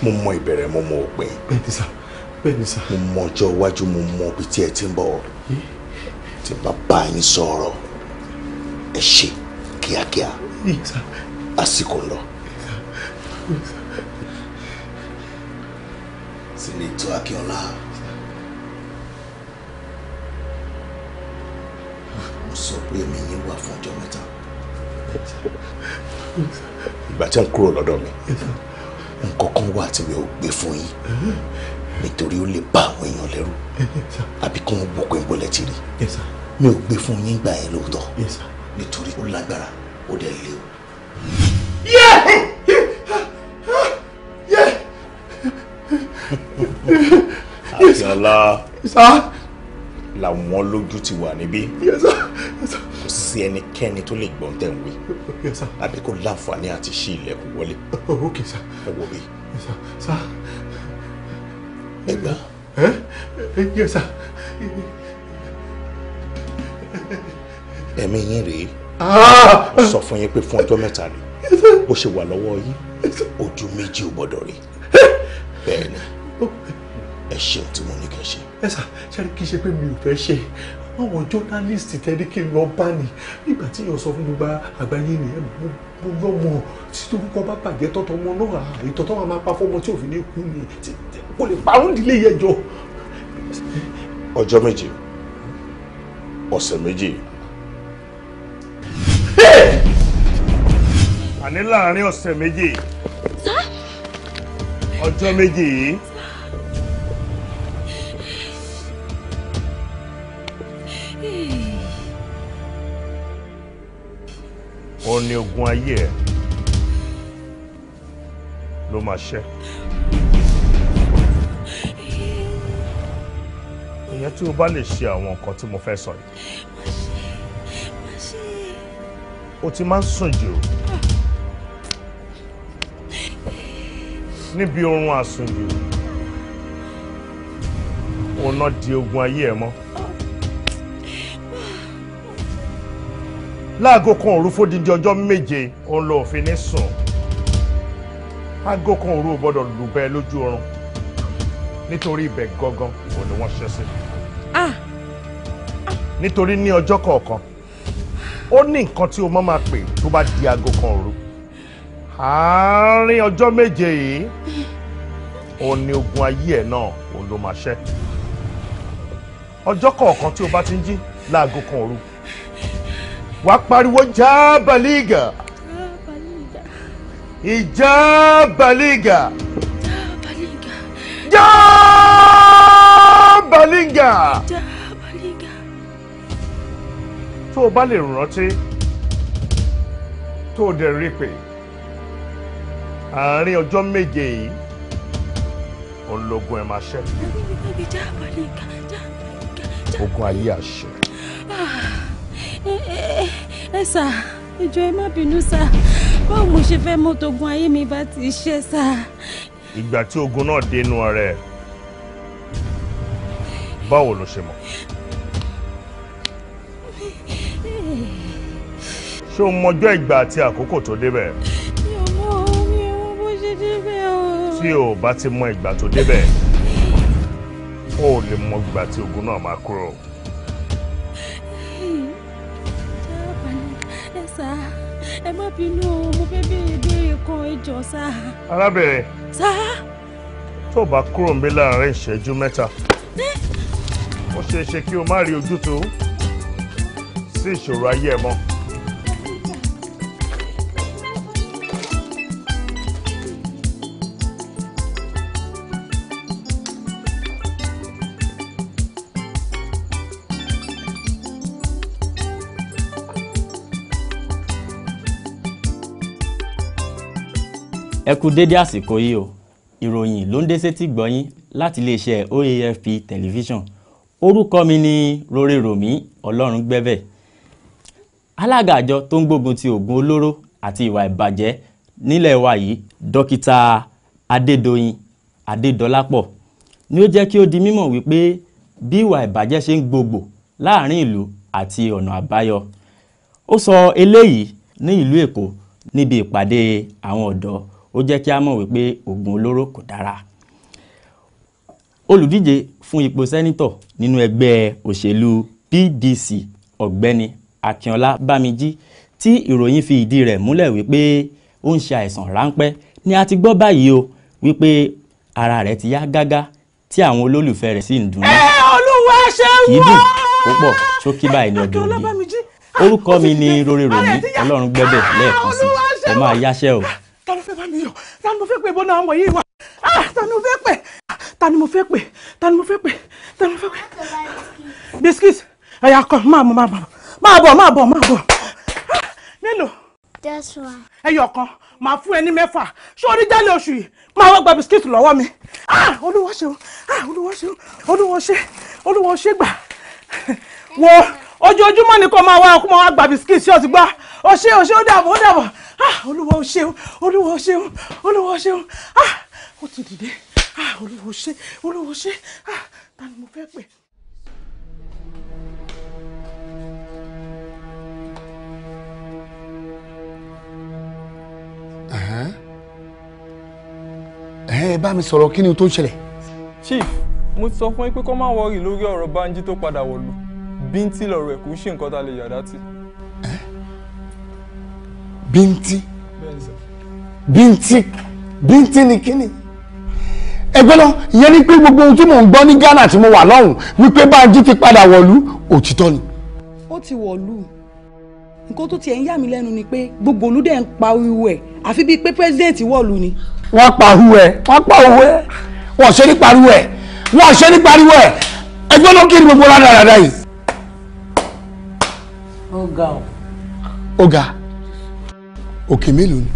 mo mọ ìbẹ̀rẹ̀ mo mọ òpin. bẹ́ẹ̀ ni sá bẹ́ẹ̀ ni sá. mo mọ ọjọ́ iwájú mo mọ ibi tí ẹ ti ń bọ̀ tí bàbá yín sọ̀rọ̀ ẹ ṣe kíákíá àsìkò ń lọ. Sínítọ̀ Akínọlá mo sọ pé èmi yín wà fún ọjọ́ mẹ́ta ìgbà tí ẹ ń kúrò lọ́dọ̀ mi nǹkan kan wà tí mi ò gbé fún yín nítorí ó lè bá àwọn èèyàn lẹ́rù àbí kí wọ́n gbọ́ pé ń rí mi ò gbé fún yín gbà yẹn lóòótọ́ nítorí ó lágbára ó dẹ̀ lé o. àfihànlá làwọn lójú ti wà níbí kò sí ẹnikẹ́ni tó lè gbọ́n tẹ̀ ń wí àbí kò láǹfààní àti ṣí ilẹ̀kùn wọlé oh, ẹ wò bí ẹ gbà. ẹ̀mí yín rèé. Ah! sọ fún yín pé fún ọjọ́ mẹ́ta rẹ̀ bó ṣe wà lọ́wọ́ yín ojú méjì ò gbọ́dọ̀ rí bẹ́ẹ̀ ni ẹ ṣeun tí mo ní kẹ́ ṣe. ẹ sà ṣáà kí n ṣe pé mi ò fẹ́ ṣe àwọn jọ́nálìstì tẹ́lẹ̀ kí n lọ bá ní nígbà tí yóò sọ fún gbogbo àgbáyé nìyẹn mo lọ́mọ tí torúkọ bá bàjẹ́ tọ́tọ́ ọmọ náà àìtọ́ tó wà máa pa fọ́mọ tí òfin ní kú ni kò lè parún ìdílé yẹn jọ. ọjọ́ méje ọ̀sẹ̀ méje bẹ́ẹ̀. àní láàárín ọ̀sẹ̀ méje ọjọ́ méje yìí. ó ní ogun ayé ẹ ló máa ṣẹ. ìyẹn tí o bá lè ṣe àwọn nǹkan tí mo fẹ́ sọ yìí o ti máa ń sùn jù níbi oorun àsùnjù òun náà di ogun ayé ẹ mọ́ láago kan òru fódìdí ọjọ́ méje òun ló fi ní sùn aago kan òru ò gbọ́dọ̀ lù bẹ́ẹ̀ lójú oorun nítorí ibẹ̀ gangan ìwọ ni wọ́n ṣẹ́ sí ah! nítorí ní ọjọ́ kọ̀ọ̀kan ó ní nǹkan tí o máa máa pè tó bá di aago kan òru àárín ọjọ́ méje yìí òun ni ogun ayé ẹ̀ náà òun ló máa ṣẹ́ ọjọ́ kọ̀ọ̀kan tí o bá ti ń jí láago kan òru wàá pariwo já baliga ìjà baliga tó o bá lè rántí tó o dẹ̀ rí pé àárín ọjọ́ méje yìí ológun ẹ̀ máa ṣẹ́. ogun ayé àṣẹ. Ah, ẹ sà ẹ jọ̀ọ́ ẹ má bínú sà báwo mo ṣe fẹ́ mọ̀ tógun ayé mi bá ti ṣe sà. ìgbà tí ogun náà dénú ọ̀rẹ́ báwo ló ṣe mọ̀. ṣé o mọjọ́ ìgbà àti àkókò tó débẹ̀. mi ò mọ mi ò mọ o. tí o bá ti mọ ìgbà tó débẹ̀ o ò lè mọ ìgbà tí ogun náà máa kúrò. ẹ má bínú mo fẹ́ béèrè béèrè kan ẹ jọ sá. arábìnrin. sá. tó o bá kúrò níbí láàárín ìṣẹ́jú mẹ́ta ó ṣeé ṣe kí o má rí ojútùú sí ìṣòro ayé ẹ mọ́. ẹ kú dédé àsìkò yìí o ìròyìn ló ń dé sétí gbọ́yìn láti iléeṣẹ́ OAFP tẹlifíṣàn orúkọ mi ni Rore Romi Ọlọ́run gbẹ́bẹ̀ alága àjọ tó ń gbógun ti oògùn olóró àti ìwà ìbàjẹ́ nílẹ̀ wa yìí dókítà Adédoyin Adédọlápọ̀ ni ó jẹ́ kí ó di mímọ̀ wípé bí ìwà ìbàjẹ́ ṣe ń gbogbo láàrin ìlú àti ọ̀nà àbáyọ ó sọ eléyìí ní ìlú Èkó níbi ìpàdé àwọn ọ̀dọ́ ó jẹ́ kí a mọ̀ wípé oògùn olóró kò dára olùdíje fún ipò sẹ́nítọ̀ nínú ẹgbẹ́ òṣèlú PDC ọ̀gbẹ́ni Akínọlá Bámijí tí ìròyìn fi ìdí rẹ̀ múlẹ̀ wípé ó ń ṣe àìsàn ráńpẹ́ ni a ti gbọ́ báyìí o wípé ara rẹ̀ ti yá gágá tí àwọn olólùfẹ́ rẹ̀ sì ń dùnnú. ẹ olúwa ṣe wá kì í dùn púpọ̀ ṣókí báyìí ní ọdún òní orúkọ mi ni rorèrò mi ọlọ́run gbẹ́bẹ̀ lẹ́ẹ̀kan sí ẹ máa yáṣẹ́ o ta ló fẹ́ bá mi yọ ta ni mo fẹ́ pè bọ́nà àwọn yìí wà ah, ta ni fẹ́ pè ah, ta ni fẹ́ pè ta ni fẹ́ pè ta ni fẹ́ pè. biscuit ẹ̀yà kọ máa bọ̀ máa bọ̀ máa bọ̀ máa bọ̀ máa bọ̀ ah, mélòó. that's one. ẹyọ kan màá fún ẹ ní mẹ́fà ṣé orí jálẹ̀ oṣù yìí máa wá gba biscuit lọ́wọ́ mi olúwa ṣeun olúwa ṣeun olúwa ṣe olúwa ṣe gbà wo ojoojúmọ́ ni kò máa wá ọkùnrin wa gba biscuit ṣé o ti gbọ́ o ṣe o ṣe o, dàbọ̀ ó dàbọ̀ ah olúwa o ṣeun olúwa o ṣeun olúwa o ṣeun ah ó ti dìde ah olúwa o ṣe olúwa o ṣe ah ta ni mo fẹ́ pè. ẹ bá mi sọ̀rọ̀ kí ni tó ṣẹlẹ̀. chief mo ti sọ fún yín pé kó má wọrí lórí ọ̀rọ̀ Bánjí tó padà wọ̀lú bíntín lọ̀rọ̀ ẹ̀ kò ń ṣe nǹkan tá lè yàrá tì bíntín bíntín bíntín ni kíni ẹgbẹ́ lọ ìyẹn ni pé gbogbo ohun tí mò ń gbọ́ ní Ghana tí mo wà lọ́hùn wípé Bánjí ti padà wọ̀lú òtítọ́ ni. ó ti wọ̀lú nǹkan tó tiẹ̀ ń yà mí lẹ́nu ni pé gbogbo olùdẹ̀ ń pa ihu ẹ̀ àfi bíi pé president wọ̀lú ni. wọ́n pa ihu ẹ̀ wọ́n pa ihu ẹ̀ wọ́n ṣe ní pariwo ẹ̀ wọ́n ṣe ní pariwo ẹ̀ ẹgbẹ́ ló kiri gbogbo ládàá dáadáa yìí. ó ga ó. ó ga òkè mélòó ni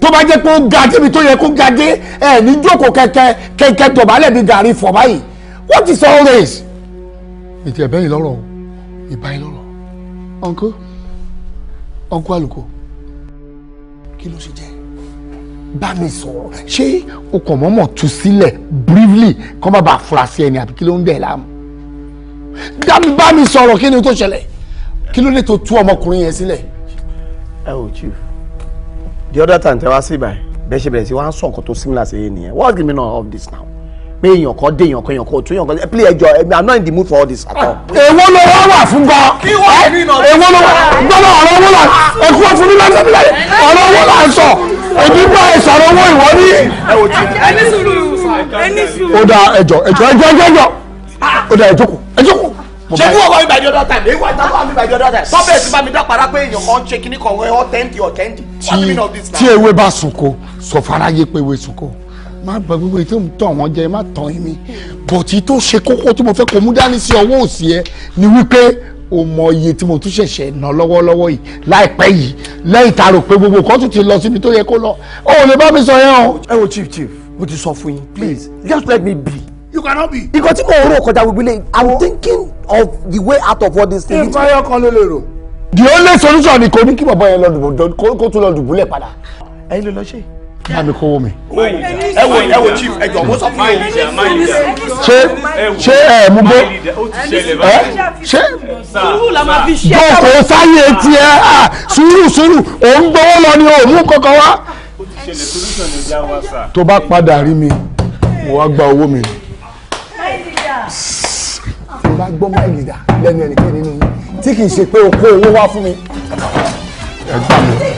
tó bá jẹ́ pé ó ga débi tó yẹ kó ga dé ẹ ní jókòó kẹ̀kẹ́ kẹ̀kẹ́ dọ̀bálẹ̀ bí gàrí fọ̀ báyìí what is all this. ètò ẹ̀bẹ́ yìí lọ́rọ̀ o ìbá yìí lọ́rọ̀ ọ̀nkọ́ ọ̀nkọ́ àlùkò kí ló ṣe jẹ́ bá mi sọ̀rọ̀ ṣé o kàn mọ́mọ́ tú sílẹ̀ briefly kọ́ má bàa fura sí ẹni àbí kí ló ń dẹ̀ láàmú bá mi sọ̀rọ̀ kí ni tó ṣẹlẹ̀ kí ló dé tó tú ọmọkùnrin yẹn sílẹ̀ ẹ ò chief the other time tẹ wá sí by. bẹ́ẹ̀ ṣe bẹ̀rẹ̀ sí wá ń sọ similar sí yẹn nìyẹn what's the meaning of this now May your call, day your call, your call, two your call. kan play ẹjọ ẹgbẹ i'm not in the mood for all this at all. Eh, Eh, one, one, èwo ló wá wà fún gan. kí wọ́n ẹ̀mí náà. èwo one, wá gbọ́dọ̀ ọ̀rọ̀ owó là ẹ̀kú ọ̀fun one, láti ẹ̀mí láyé ọ̀rọ̀ owó là ń sọ èmi bá ẹ sọ̀rọ̀ owó ìwọ ní. ẹni sùúrù ẹni sùúrù. ó dà ẹjọ ẹjọ ẹjọ ẹjọ ó dà ẹjọ kù ẹjọ kù ṣé bí wọ́n mi by the other time èyí wá ìtàn mi by the other time tọ́bẹ̀ ti bá mi dá para pé èèyàn kan ṣe kíní kan wọ́n ọ̀tẹ́ǹtì ọ̀tẹ́ǹtì wọ́n ti mí náà dis. tí ewé bá sunko sọ faraye pé ewé sunko má gba gbogbo ètò ń tàn wọ́n jẹ má tàn mí bọ̀tí tó ṣe kókó tí mo fẹ́ kó mú dání sí ọwọ́ òsì ẹ ni wípé o mọ iye tí mo tún ṣẹ̀ṣẹ̀ ná lọ́wọ́lọ́wọ́ yìí láìpẹ́ yìí lẹ́yìn tá a rò pé gbogbo kan tún ti lọ síbi tó yẹ kó lọ o ò lè bá mi sọ yẹn o. ẹ wo chief chief mo ti sọ fún yín please just let me be you cannot be. nǹkan tí mò rò kọjá gbogbo ilé i'm thinking of the way out of all this thing. nǹkan ayọ̀ kan ló lè rò. the only solution ni kò ní kí bàbá yẹn lọ dùbò kó tún lọ dùbúlẹ̀ padà. ẹ̀yin ló lọ ṣe. máa mi kówó mi. ẹ wo ẹ wo chief ẹjọ mo sọ fún yín. ṣé ṣé ẹ mú bó ẹ ṣé. sùúrù la máa fi ṣe. jókòó sáyé tiẹ̀ ah, sùúrù sùúrù òun gbowó lọ ni òun mú kankan wá. tó bá padà rí mi mo wá gba owó mi ni bá gbọ́ máìlì dà lẹ́nu ẹnìkan nínú tí kì í ṣe pé o kó owó wá fún mi. ẹ gbà mí.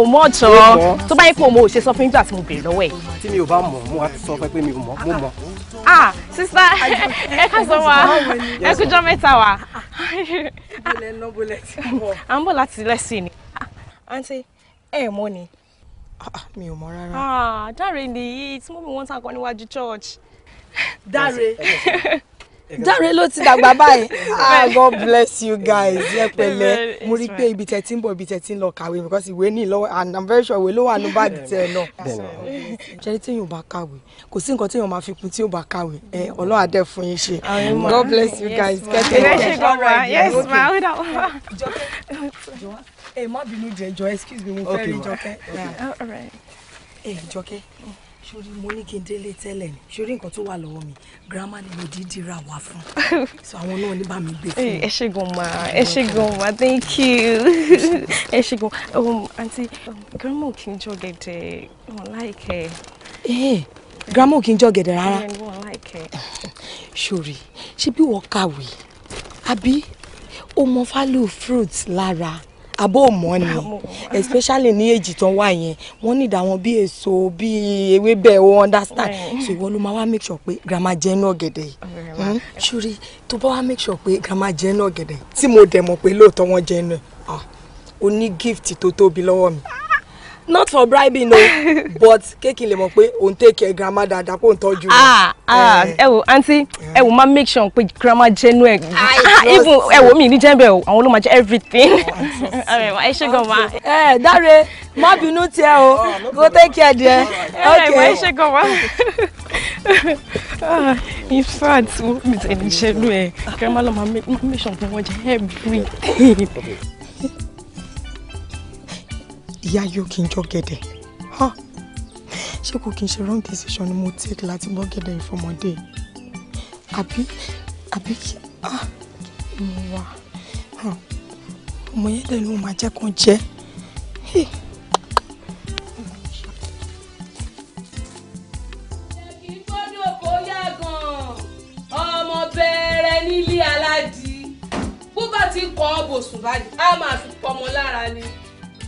ò mọ̀ jọ tó bá yẹ pé òun ò ṣe sọ fún nígbà tí mo béèrè lọ́wọ́ ẹ̀. tí mi ò bá mọ̀ mo wá sọ fẹ́ pé mi ò mọ̀ mo mọ̀. ah sista ẹ ká sọ wa ẹ kújọ mẹ́ta wa. à ń bọ̀ láti lẹ́sìn ni. àǹtí ẹ mọ̀ ni. Ah, ah, mi ò mọ̀ rárá. Ah, dáre nìyí tí mo bí wọn ta kan níwájú church. dáre. Dáre ló ti dàgbà báyìí. Ah God bless you guys. Ẹ pẹ̀lẹ́, mo rí i pé ibi tẹ̀ ti ń bọ̀ ibi tẹ̀ ti ń lọ kàwé because ìwé ní ìlọ́wọ́ and I'm very sure ìwé ló wà ní báàgì tẹ̀ náà. Ṣẹ́ni tí yóò bá kàwé, kò sí nǹkan tí yóò máa fi kún tí yóò bá kàwé. Ẹ Ọlọ́run adé fún yín ṣe. God bless you guys. Kẹ́tẹ́ ìwé ṣe gbọ́ wa. Yes ma, ó dà wá. Ẹ má bínú jẹjọ, excuse me, mo fẹ́ rí Jọkẹ́. Ẹ Jọkẹ́ sórí mo ní kí n délé tẹ́lẹ̀ ni sórí nǹkan tó wà lọ́wọ́ mi grandma ni mo dídí ra wá fún so àwọn náà ní bá mi gbé fún. ẹ ṣé gan ma ẹ ṣé gan ma thank you ẹ ṣé gan àǹtí um, um, grandma ò kí n jọ gẹ̀dẹ̀ wọn láìkẹ́. Eh, grandma ò kí n jọ gẹ̀dẹ̀ rárá eh, sórí ṣé bí wọ́n kàwé àbí o mọ fálù fruits lára abó mọ́ ni especially ní èjì tán wà yẹn wọ́n ní ìdáwọn bí èso bí ewébẹ̀ o understand so ìwọ ló máa wá make sure pé grandma jẹ́ inú ọ̀gẹ̀dẹ̀ yìí ṣúrí hmm? tó bá wá make sure pé grandma jẹ́ inú ọ̀gẹ̀dẹ̀ tí mo dẹ̀ mọ̀ pé lóòótọ́ wọ́n jẹ́ inú ẹ̀ ah, o ní gift tó tóbi lọ́wọ́ mi not for bribing o but kéèkì lè mọ̀ pé òun take care grandma dáadáa kó n Ah, ah. Eh. ẹ wo aunty ẹ wo máa make sure pé grandma genuine ah, ah, even ẹ wo mi ní jẹ́ńbẹ̀ o àwọn ló máa jẹ́ everything ẹ ṣe gan ma. ẹ eh, dáre má bínú tiẹ o oh, go take care díẹ̀ ok ẹ ṣe gan ma. Ah, in fact mi tẹ̀lé iṣẹ́ lu ẹ̀ grandma ló ma make sure pé wọ́n jẹ́ everything ìyá yóò kí n jọ gẹ̀dẹ̀ ṣé kò kí n ṣe wrong decision ni mo take láti bọ́ gẹ̀dẹ̀ ìfọmọdé àbí àbí kí mo wà ọmọ yẹn dẹ̀ ló máa jẹ́ kán jẹ́. ti kọ́ bòsùn báyìí a máa fi pọmọ lára ni.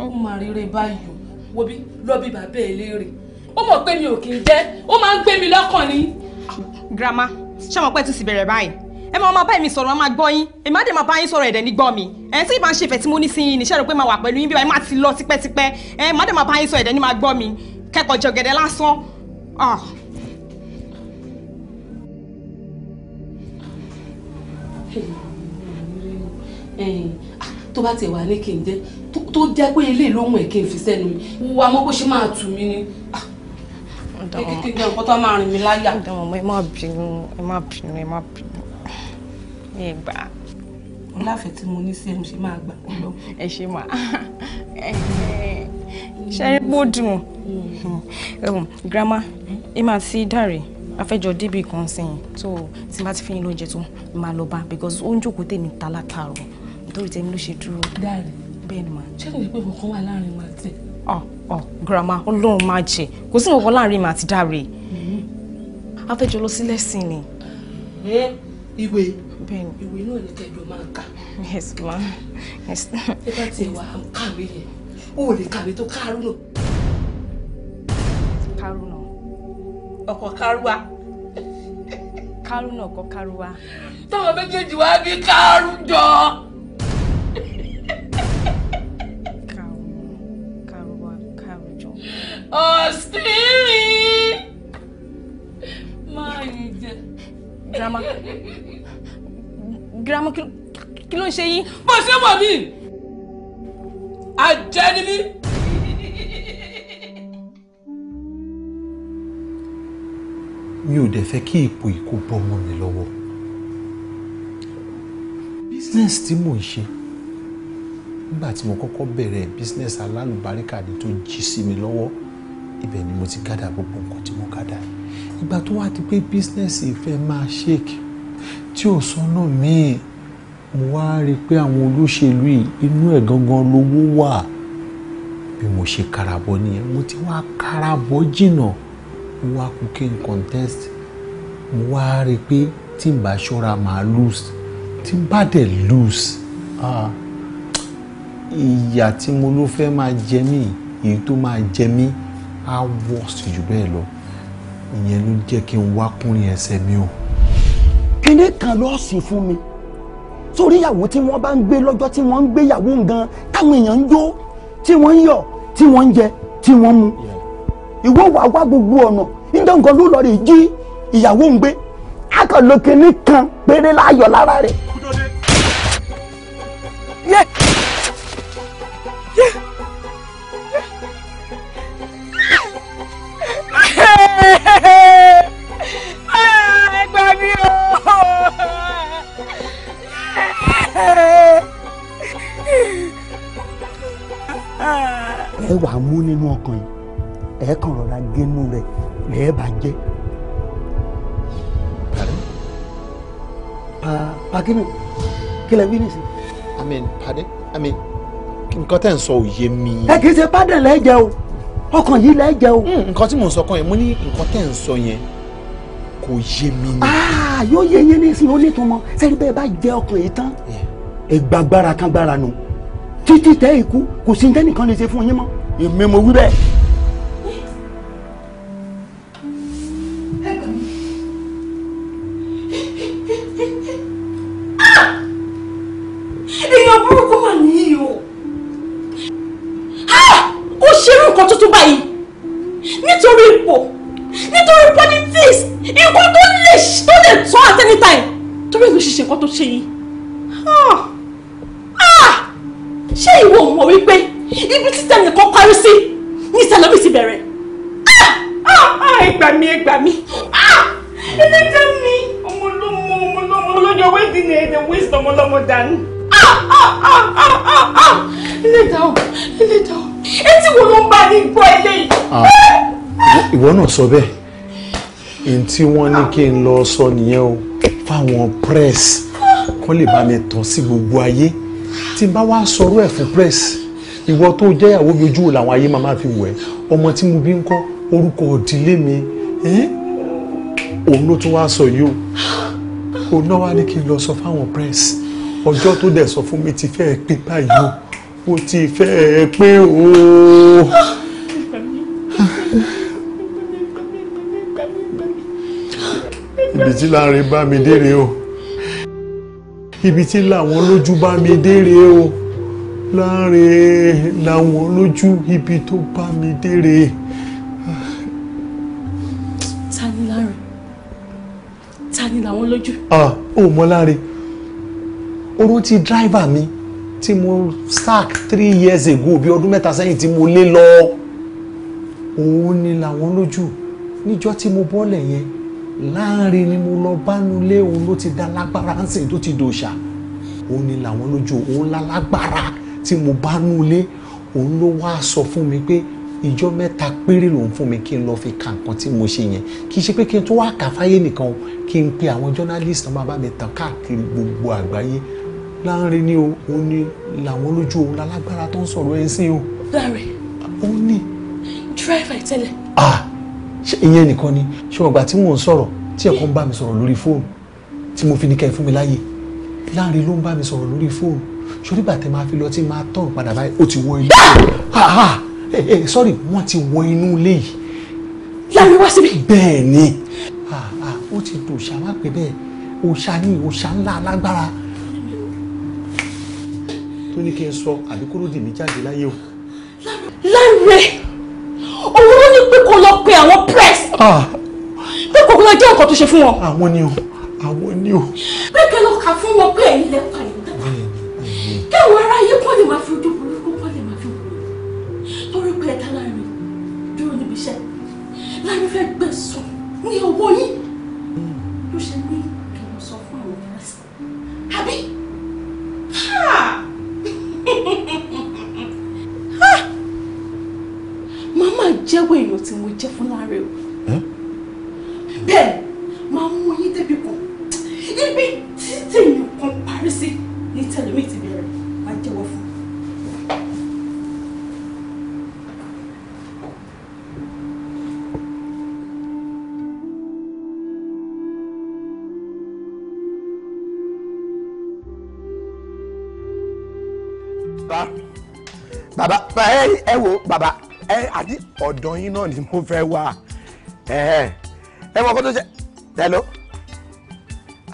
ó máa rere báyìí wo bí lọ́bí bàbá ẹ̀ léèrè ó mọ̀ pé mi ò kì í jẹ́ ó máa ń gbé mi lọ́kàn ni. grandma ṣé àwọn pẹ́ tún sì bẹ̀rẹ̀ báyìí ẹ máa máa bá mi sọ̀rọ̀ máa gbọ́ yín èmi á dẹ̀ máa bá yín sọ̀rọ̀ ẹ̀dẹ̀ ní gbọ́ mi ẹ̀ tí ìbá ń ṣe ìfẹ́ tí mo ní sí yín níṣẹ́ rẹ̀ pé máa wà pẹ̀lú yín bí wàá máa ti lọ tipẹ́tipẹ́ ẹ̀ máa dẹ̀ máa bá yín sọ̀rọ̀ ẹ̀dẹ̀ ní máa gbọ́ mi kẹ́kọ̀ọ́ jẹ ọ̀gẹ̀dẹ̀ lásán. ẹ̀yìn ah tó bá tiẹ̀ wà ní kí n jẹ́ tó jẹ́ pé ilé ìlóhùn ẹ̀ kí n fi sẹ́nu mi wà mọ́ bó ṣe máa tù mí ni ah, kí n jẹ́ nǹkan tó máa rìn mí láyà. ẹ má bínú ẹ má bínú ẹ má bínú ẹ gbà. láfẹ̀ẹ́ tí mo ní sí ẹnu ṣe máa gbà kó lọ. ẹ ṣe máa ṣe é gbódùn hmm. ehm, grandma ẹ máa ti dáre afẹ́jọ débì kan sẹ́yìn tó tí n bá ti fi yín lóúnjẹ tó máa lọ bá because ó ń jókòó tèmi ta látàárọ̀ torí tèmi ló ṣe dúró. dáàrí bẹ́ẹ̀ ni mà. ṣé kò ní pé kankan wà láàrin màá tẹ. ọ ọ girama Ọlọ́run máa jẹ kò sí kankan láàrin màá ti dáre. Mm-hmm. a fẹ́ jọ lọ sí lẹ́sìn ni. ẹ ìwé ìwé náà ni kẹjọ máa kà. yes ma yes. ẹ bá tiẹ̀ wà á kàwé yẹn o ò lè kàwé tó kárú náà. kárú náà. ọkọ kárú wa kárú náà kọ kárú wa. táwọn méjèèjì wá bí kárú jọ. Oh, Stevie, my jẹ. girama girama kí ló ń ṣe yín. bó ṣe wọ̀ mí àjẹ́ ni mí. mi ò dẹ̀ fẹ́ kí ipò ìkó bọ́ ọmọ mi lọ́wọ́ business tí mò ń ṣe nígbà tí mo kọ́kọ́ bẹ̀rẹ̀ business alálùbáríkà ni tó jí sí mi lọ́wọ́ ibẹ̀ ni mo ti gádà gbogbo nǹkan tí mo gádà ìgbà tó wá di pé bísínẹ́sì fẹ́ máa ṣèkì tí ò sọ́nà míì mo wá rí i pé àwọn olóṣèlú yìí inú ẹ̀ gangan lówó wà bí mo ṣe karabọ nìyẹn mo ti wá karabọ jìnnà mo wá kú contest mo wá rí i pé tí n bá ṣọ́ra máa lose tí n bá dẹ̀ lose ah, ìyà tí mo ló fẹ́ máa jẹ mí èyí tó máa jẹ mí á worst jù bẹ́ẹ̀ lọ ìyẹn ló jẹ́ kí n wá kúnrin ẹsẹ̀ mi o. kíní kan ló sì fún mi sórí ìyàwó tí wọ́n bá ń gbé lọ́jọ́ tí wọ́n ń gbé ìyàwó gan táwọn èèyàn ń jó tí wọ́n ń yọ̀ tí wọ́n ń jẹ tí wọ́n mu ìwọ wàá wá gbogbo ọ̀nà nígbà nǹkan ló lọ rè jí ìyàwó ń gbé akọ̀lọ́kẹ́ nìkan péré láyọ̀ lára rẹ̀. Yeah. ọkàn yìí ẹ kàn rọra gẹnu rẹ lẹ́ẹ̀ bá jẹ́ pa pa kíni kí lẹ wí nísìnyí. i mean pardon i mean nǹkan tẹ́ ń sọ ò mi. ẹ kì í ṣe pardon lẹ́ẹ̀ jẹ́ o ọkàn yìí lẹ́ẹ̀ jẹ́ o. Hmm, nǹkan tí mò ń sọ kan yẹn mo ní nǹkan tẹ́ ń sọ yẹn kò yé mi ni. Ah, yóò yé yín nísìnyí ó nítumọ̀ sẹ́ni bẹ́ẹ̀ bá jẹ́ ọkàn yìí tán. ìgbàgbára kan gbára nù títí tẹ́ ikú kò sí nǹkan nìkan lè ṣe fún yín mọ́ èmi mo wí bẹ́ẹ̀. sọ bẹ́ẹ̀ n tí wọ́n ní kí n lọ sọ nìyẹn o fáwọn press kán lè bá mi tàn sí gbogbo ayé tí n bá wá sọ̀rọ̀ ẹ̀ fún press ìwọ tó jẹ́ ìyàwó mi ojú wo làwọn ayé máa fi wẹ̀ ọmọ tí mo bí ń kọ́ orúkọ òdílé mi òun ló tún wá sọ yìí o òun náà wá ní kí n lọ sọ fáwọn press ọjọ́ tó dẹ̀ sọ fún mi ti fẹ́ pé báyìí o ó ti fẹ́ pé o. ibi tí láàrin bá mi dére o ibi tí làwọn lójú bá mi dére o láàrin làwọn lójú ibi tó bá mi dére. ta ni láàrin ta ni làwọn lójú. ah ò mọ láàrin orun ti driver mi tí mo sack three years ago bí ọdún mẹ́ta sẹ́yìn tí mo lé lọ òun ni làwọn lójú níjọ́ tí mo bọ́lẹ̀ yẹn láàrin ni mo lọ bánulé òun ló ti dá lágbára ń sìn tó ti dòṣà òun ni làwọn lójú òun lálágbára tí mo bánulé òun ló wá sọ fún mi pé ìjọ mẹ́ta péré lòun fún mi kí n lọ fi ka nǹkan tí mo ṣe yẹn kì í ṣe pé kí n tó wá kà fáyé nìkan o kí n pe àwọn journalist náà máa bá mi tàn káàkiri gbogbo àgbáyé láàrin ni òun ni làwọn lójú òun lálágbára tó ń sọ̀rọ̀ ẹ̀ sí o. dáre òun ni. driver tẹ́lẹ̀. ah ìyẹn nìkan ni ṣùgbọ́n ìgbà tí mò ń sọ̀rọ̀ tí ẹ̀kọ́ ń bá mi sọ̀rọ̀ lórí fóònù tí mo fi ní kẹ́ fún mi láàyè láàrin ló ń bá mi sọ̀rọ̀ lórí fóònù sórí bàtẹ́ máa fi lọ tí máa tọ̀ padà báyìí ó ti wọ inú ilé eh, eh, sọ́rí wọ́n ti wọ inú ilé yìí. láàrin wá síbí. bẹ́ẹ̀ ni ó ti dùn ṣàmá pé bẹ́ẹ̀ òòṣà ni òòṣà ńlá alágbára tó ní kí n sọ àbíkúrò dì mí jáde láyé o. láàrin òun ló ní pé kó lọ pe àwọn press ah. pé kò kó lọ jẹ́ nǹkan tó ṣe fún wọn. àwọn ni o àwọn ni o. pé kí ló kà fún wọn pé èyí lè pa èyí lè pa kí àwọn ará yìí pọ̀ lè máa fi ojú burúkú pọ̀ lè máa fi wò torí pé ẹ̀ta láàrin dúró níbi iṣẹ́ láàrin fẹ́ gbẹ̀sán ní ọwọ́ yìí ló ṣe ní kí sọ fún àwọn press àbí. jẹ́wọ́ èèyàn tí mo jẹ́ fún láre o bẹ́ẹ̀ máa mú yín débi kan ibi tí tèèyàn kan parí sí ní tẹlẹmí ti bẹ̀rẹ̀ máa jẹ́wọ́ fún bàbá ẹ wo bàbá ẹ àdí ọ̀dọ̀ yín náà ni mo fẹ́ wà ẹ mọ̀ kó tó ṣe hello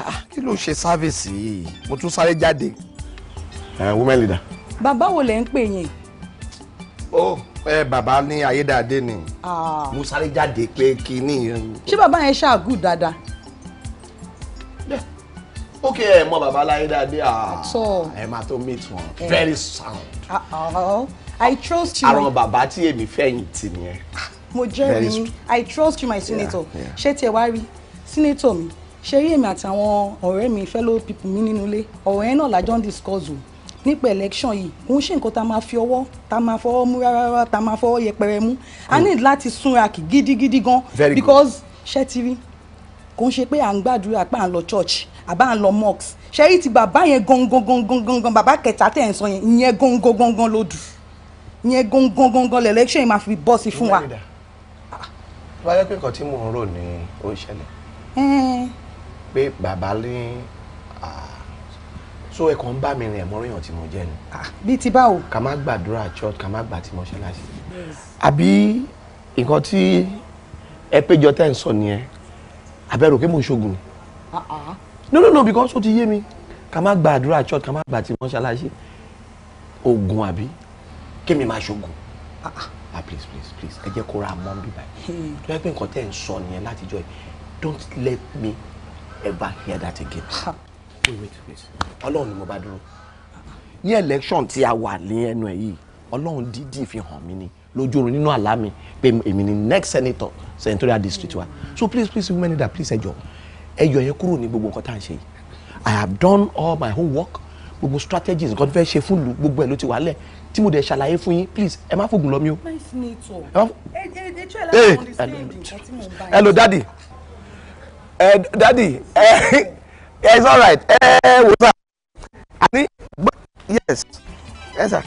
ah, kí ló ṣe sáfèsì yìí mo tún sáré jáde. women leader. bàbá wo lẹ ń pè yẹn. ó ẹ bàbá ní ayédáadé ni ah. mo sáré jáde pé kínní. ṣé bàbá yẹn ṣáàgùn dáadáa. ok ẹ mọ bàbá láyédáadé ah, ẹ máa tó meet wọn eh. very sound. Uh -oh. I trust you. àwọn bàbá tí èmi fẹ̀yìntì nìyẹn. mo jẹ́rìí I trust you my senator ṣé tiẹ̀ wá rí senator mi ṣe rí èmi àtàwọn ọ̀rẹ́ mi fellow people mi nínú ilé ọ̀rọ̀ yẹn náà la ń discuss o nípa election yìí òun ṣe nǹkan tá a máa fi ọwọ́ tá máa fọwọ́ mú rárá tá a máa fọwọ́ yẹpẹrẹ mú a mm. ní láti súnra kì gidigidi gan because ṣé ti rí kò ń ṣe pé à ń gbàdúrà pé à ń lọ church àbá ń lọ mosque ṣe rí ti bàbá yẹn gangan gangan gangan bàbá kẹta tẹ̀ ń sọ yẹn ìyẹn gangan gangan ló dùn yẹn gangan gangan lẹ̀ election yìí máa fi bọ́ sí fún wa. tó bá yẹ pé nǹkan tí mò ń rò ní ó ṣẹlẹ̀ pé bàbá ní so ẹ̀kan ń bá mi rìn ẹ̀mọ́ ríyàn tí mo jẹ́ ni. bíi ti báwo. ká má gbàdúrà church ká má gbà tí mọ́ṣáláṣí. àbí nǹkan tí ẹ péjọ tẹ́ ń sọ nìyẹn abẹ́rò pé mo ṣoògùn. Ah, ah. no no no because ó ti yé mi ká má gbàdúrà church ká má gbà tí mọ́ṣáláṣí oògùn àbí kémi máa ṣoògùn ah, ah. ah please please please ẹ jẹ́ kó ra mọ́ bíbá yìí hmm. tó yẹ pé nǹkan tẹ́ ń sọ nìyẹn látijọ́ yìí don't let me ever hear that again wait wait wait ọlọ́run ni mo bá dúró ní election tí a wà ní ẹnu ẹ̀ yìí ọlọ́run dídì fi hàn mí ni lójú oorun nínú àlá mi pé èmi ni next senator senatorial district wa so please please women leader please ẹ jọ̀ọ́ ẹ yọ yẹn kúrò ní gbogbo nǹkan tá à ń ṣe yìí i have done all my homework gbogbo strategies nǹkan tó fẹ́ ṣe fún gbogbo ẹ̀ ló ti wà lẹ̀ tí mo dẹ̀ ṣàlàyé fún yín please ẹ má fògùn lọ mí o. ẹ lo dadi ẹ dadi ẹ it's alright ẹ eh, wò sá àní yes ẹ sá.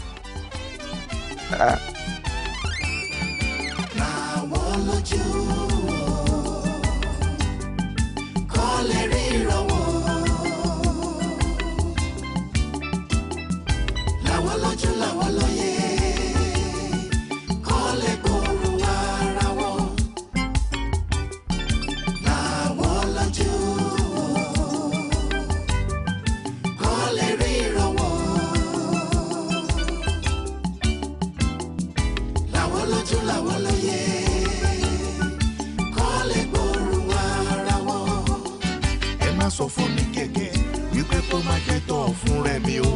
Ah. àwọn lójú sọ fún ní gègé wípé kó má gbé tọ̀ fún rẹ̀ mi o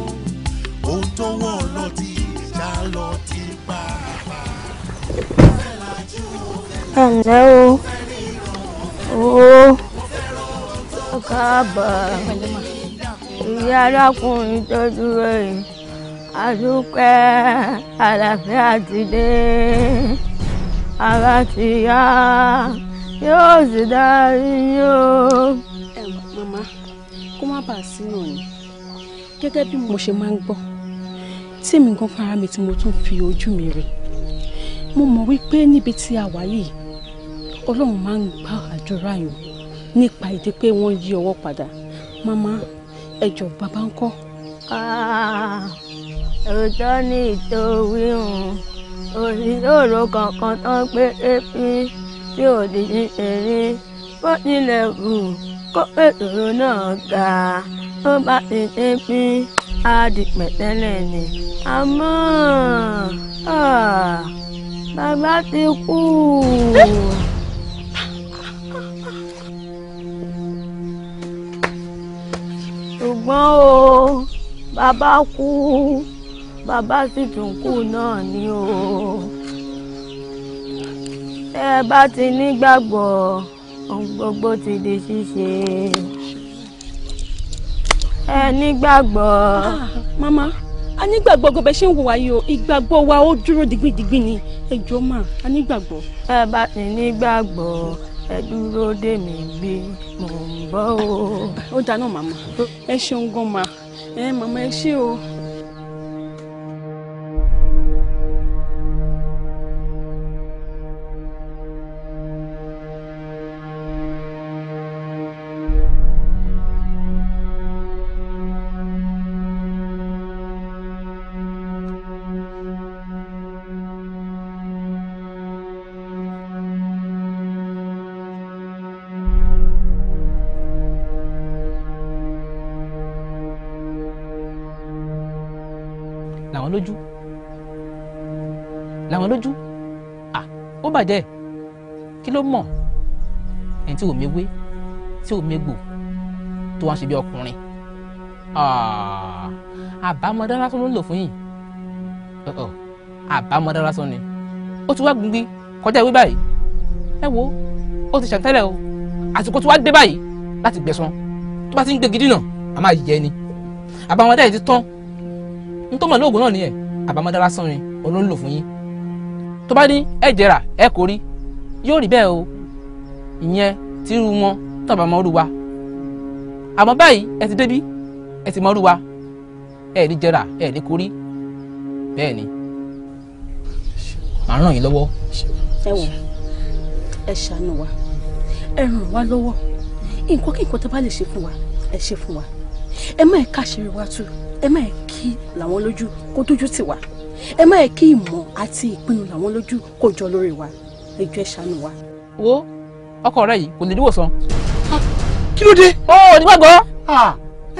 ó tọwọ́ ọlọ́tí ìjà lọ ti pàápàá. ẹ ǹlẹ́ o ó káàbọ̀ ìyá arákùnrin tó dúró àdúpẹ́ àlàáfíà ti dé ara ti yá yóò sì dárí yóò kó má bàa sí náà ni gẹ́gẹ́ bí mo ṣe máa ń gbọ́ tí èmi gan fara mi tí mo tún fi ojú mi rí mo mọ̀ wípé níbi tí a wà yìí ọlọ́run máa ń gba àdúrà yìí nípa ìdí pé wọ́n yí ọwọ́ padà màmá ẹjọ́ bàbá ń kọ́. Ah, òótọ́ ni ìtòwí hàn òṣìṣòro kankan tán pé é pín tí ò lè ṣe eré bó tilẹ̀ wù kó pẹ̀tùrú náà ga ó bá ti dé pín á di pẹ̀tẹ́lẹ̀ ni àmọ́ bàbá ti kú. ṣùgbọ́n o bàbá kú bàbá sì tún kú náà ni o ẹ bá ti nígbàgbọ́ ohun gbogbo ti di ṣíṣe ẹ nígbàgbọ́. Ah, mama a nígbàgbọ́ gọ́bẹ̀ ṣé ń wò wáyé o ìgbàgbọ́ wa ó dúró digbídigbí ni ẹ jọ̀ọ́ mà a nígbàgbọ́. ẹ bá ti nígbàgbọ́ ẹ dúró dè mí bí mò ń bọ̀ o. ó dáná màmá ẹ ṣeun gan ma ẹ màmá ẹ ṣé o. wọn lójú à ó bàjẹ́ kí ló mọ̀ ẹni tí ò mewé tí ò megbò tó wá ń ṣe bí ọkùnrin ah, àbámọ̀dá lásán ló ń lò fún yìí àbámọ̀dá lásán ni ó ti wá gbìngbì kọjá ìwé báyìí ẹ wo ó ti ṣàǹtẹ́lẹ̀ o àsìkò tí wàá dé báyìí láti gbẹ̀san tó bá ti ń gbé gidi náà a máa yẹ ni àbámọ̀dá yìí ti tán n tó mọ̀ lóògùn náà nìyẹn àbámọ̀dá lásán ni olóńlò fún yín tó bá ní ẹ jẹrà ẹ kò rí yóò rí bẹ́ẹ̀ o ìyẹn ti rú wọn tó bá mọ rú wa àmọ́ báyìí ẹ ti débí ẹ ti mọ rú wa ẹ ní jẹrà ẹ ní kò rí bẹ́ẹ̀ ni màá ràn yín lọ́wọ́. ẹ wò ẹ ṣàánú wa ẹ ràn wá lọ́wọ́ nǹkan kí nǹkan tó bá lè ṣe fún wa ẹ ṣe fún wa ẹ má ẹ káṣírí wa tú ẹ má ẹ kí làwọn lójú kó dójú tì wá ẹ má yẹ kí ìmọ̀ àti ìpinnu làwọn lójú kò jọ lórí wa ẹ jọ̀ọ́ ẹ ṣàánú wa. wo ọkọ rẹ yìí kò lè díwòsàn. kí ló dé. ó onígbàgbọ́.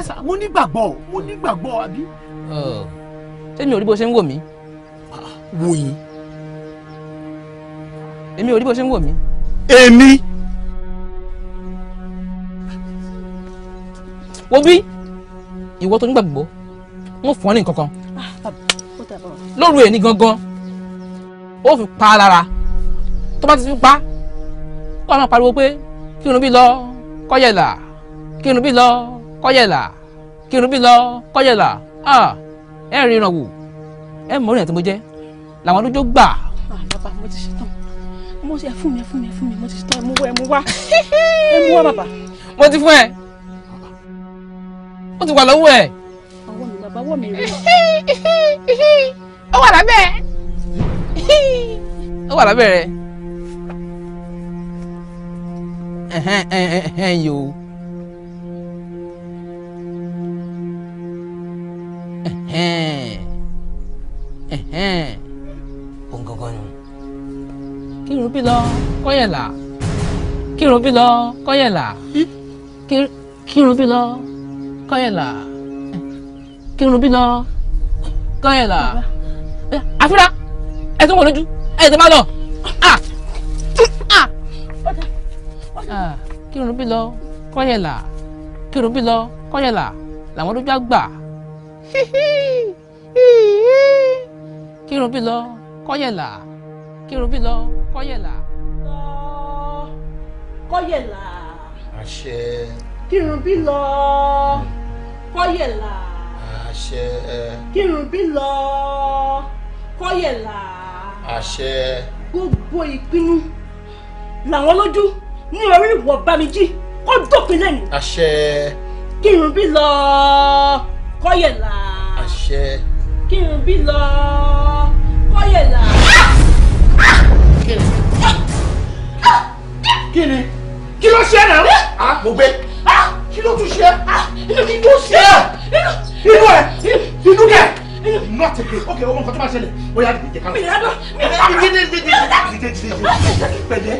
ẹ̀sà mo nígbàgbọ́ mo nígbàgbọ́ àbí. ṣé mi ò rí bó ṣe ń wò mí. wò yín. èmi ò rí bó ṣe ń wò mí. èmi. wo bí ìwọ tó nígbàgbọ́ wọn fún ọ ní nǹkan kan. Ah, lóru ẹ̀ ní gangan ó fi pa á lára tó bá ti fi pa kó àwọn pariwo pé kí irun bí lọ kọ́yẹ̀là kí irun bí lọ kọ́yẹ̀là kí irun bí lọ kọ́yẹ̀là ẹ rí ìrànwọ́ ẹ mọ̀ orin ẹ̀ tí mo jẹ́ làwọn lójó gbà. Ah, bàbá mo ti ṣetán mo ti ẹ fún mi ẹ fún mi ẹ fún mi mo ti ṣetán ẹ mú wá ẹ wá ẹ wá bàbá. mo ti fún ẹ ó ti wà lọ́wọ́ ẹ. ọwọ́ mi bàbá ọwọ́ mi rè ó wà lábẹ́ ó wà lábẹ́ rẹ ẹ̀hẹ́n yòó òǹgangan nù. kírun bí lọ kọ́yẹ̀là kírun bí lọ kọ́yẹ̀là kírun bí lọ kọ́yẹ̀là kírun bí lọ kọ́yẹ̀là àfúrá ẹ tún wọ lójú ẹ tẹ má lọ kírun bí lọ kọ́yẹ̀là kírun bí lọ kọ́yẹ̀là làwọn lójú àgbà kírun bí lọ kọ́yẹ̀là kírun bí lọ kọ́yẹ̀là. kọ́yẹ̀là. àṣẹ. kírun bí lọ kọ́yẹ̀là. àṣẹ. kírun bí lọ kọ́yẹ̀lá. àṣẹ. gbogbo ìpinnu làwọn lójú ní orí ìwọ̀ bámijí kó dópin lẹ́nu. àṣẹ. kírun bí lọ kọ́yẹ̀lá. àṣẹ. kírun bí lọ kọ́yẹ̀lá. kí ni kí ló ṣe náà. Ah, mo gbé ah, kí ló tún ṣe ah, inú kí ló ṣe inú ẹ inú kẹ not okay. okay ọmọ nǹkan tó máa ṣẹlẹ̀ ó yá dìde ká lọ. mi ìyá lọ mi ìyá lọ dìde dìde dìde dìde pẹ̀lẹ́.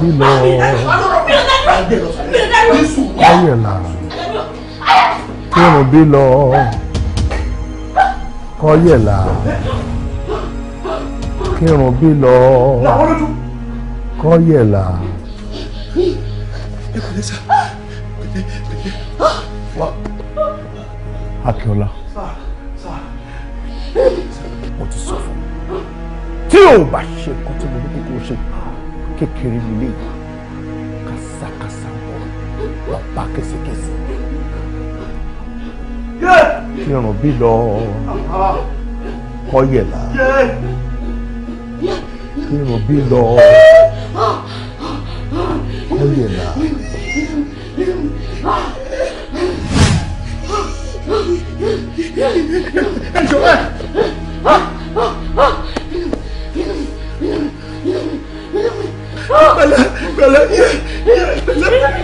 mi ò bí lọ. mi ò dájú. mi ò dájú. mi ò bí lọ. kọ́yẹ̀ là kírun bí lọ kọ́yẹ̀ là. Akíọ́lá mo ti sọ fún un tí o bá ṣe nǹkan tí mo ní kókó ṣe kékeré nílé kásákásá wọn wọn bá kẹsẹkẹsẹ kí irun bí lọ kọyẹlá kí irun bí lọ kọyẹlá ẹ jọ ẹ. pẹ̀lẹ́ pẹ̀lẹ́ pẹ̀lẹ́ pẹ̀lẹ́ yàrá.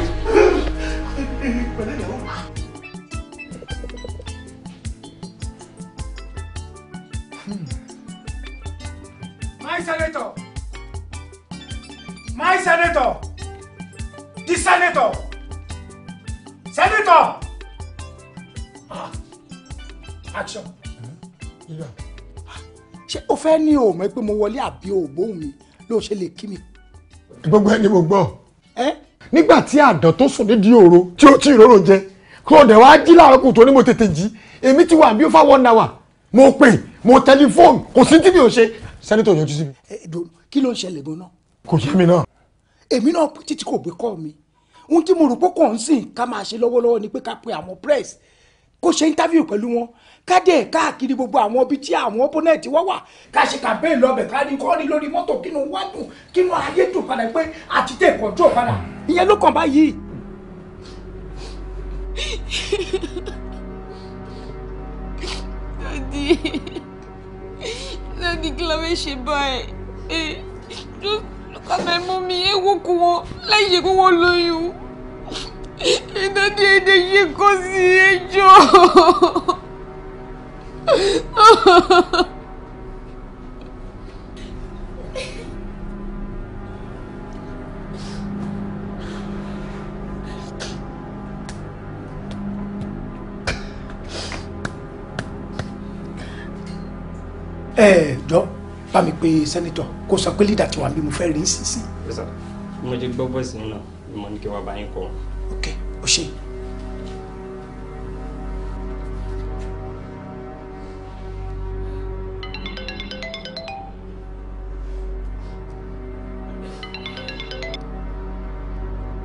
My senator, my senator, the senator, senator. Ah action. Mm-hmm. Ah, ṣé o fẹ́ ní o mọ̀ pé mo wọlé àbí o bóun mi ló ṣe lè kí mi. gbogbo ẹni mo gbọ́. nígbà tí àdán tó sùn nídìí òru tí ó tí ìrorò jẹ kó o dẹ̀ wá jí láàárọ̀ kùtù ní mo tètè jí èmi ti wà bí ó fà one hour mo pè mo tẹlifóònù kò sí tí mi ò ṣe sẹ́nitọ̀ yọjú sí mi. kí ló ń ṣẹlẹ̀ gan-an. kò yé mi náà. èmi náà títí kò gbé kọ́ mi ohun tí mo rò pé kò ń sìn ká máa ṣe lọ́wọ́lọ́wọ́ ni pé ká pe àwọn press kó ṣe interview pẹ̀lú wọn kádé káàkiri gbogbo àwọn ibi tí àwọn opponent wọ́n wà ká ṣe campaign lọ́bẹ̀ ká ní kọ́ ní lórí mọ́tò kínú wá dùn kínú ayé dùn padà pé àti tẹ̀ control padà ìyẹn ló kàn báyìí. dadi dadi kí ló fẹ́ ṣe báyìí lọ́kàtà ẹ̀mọ́ mi ewu kù wọn láyé eh, kó wọ́n lóyún ìdádì èdè yìí kò sí ẹjọ́ ẹ jọ bá mi pe sẹ́nitọ̀ kó sọ pé lídà tí wà bí mo fẹ́ rí sísí. mo ti gbọ́ bọ́ọ̀sì náà ni mo ní kí wàá bá yín kọ́. ok o ṣe.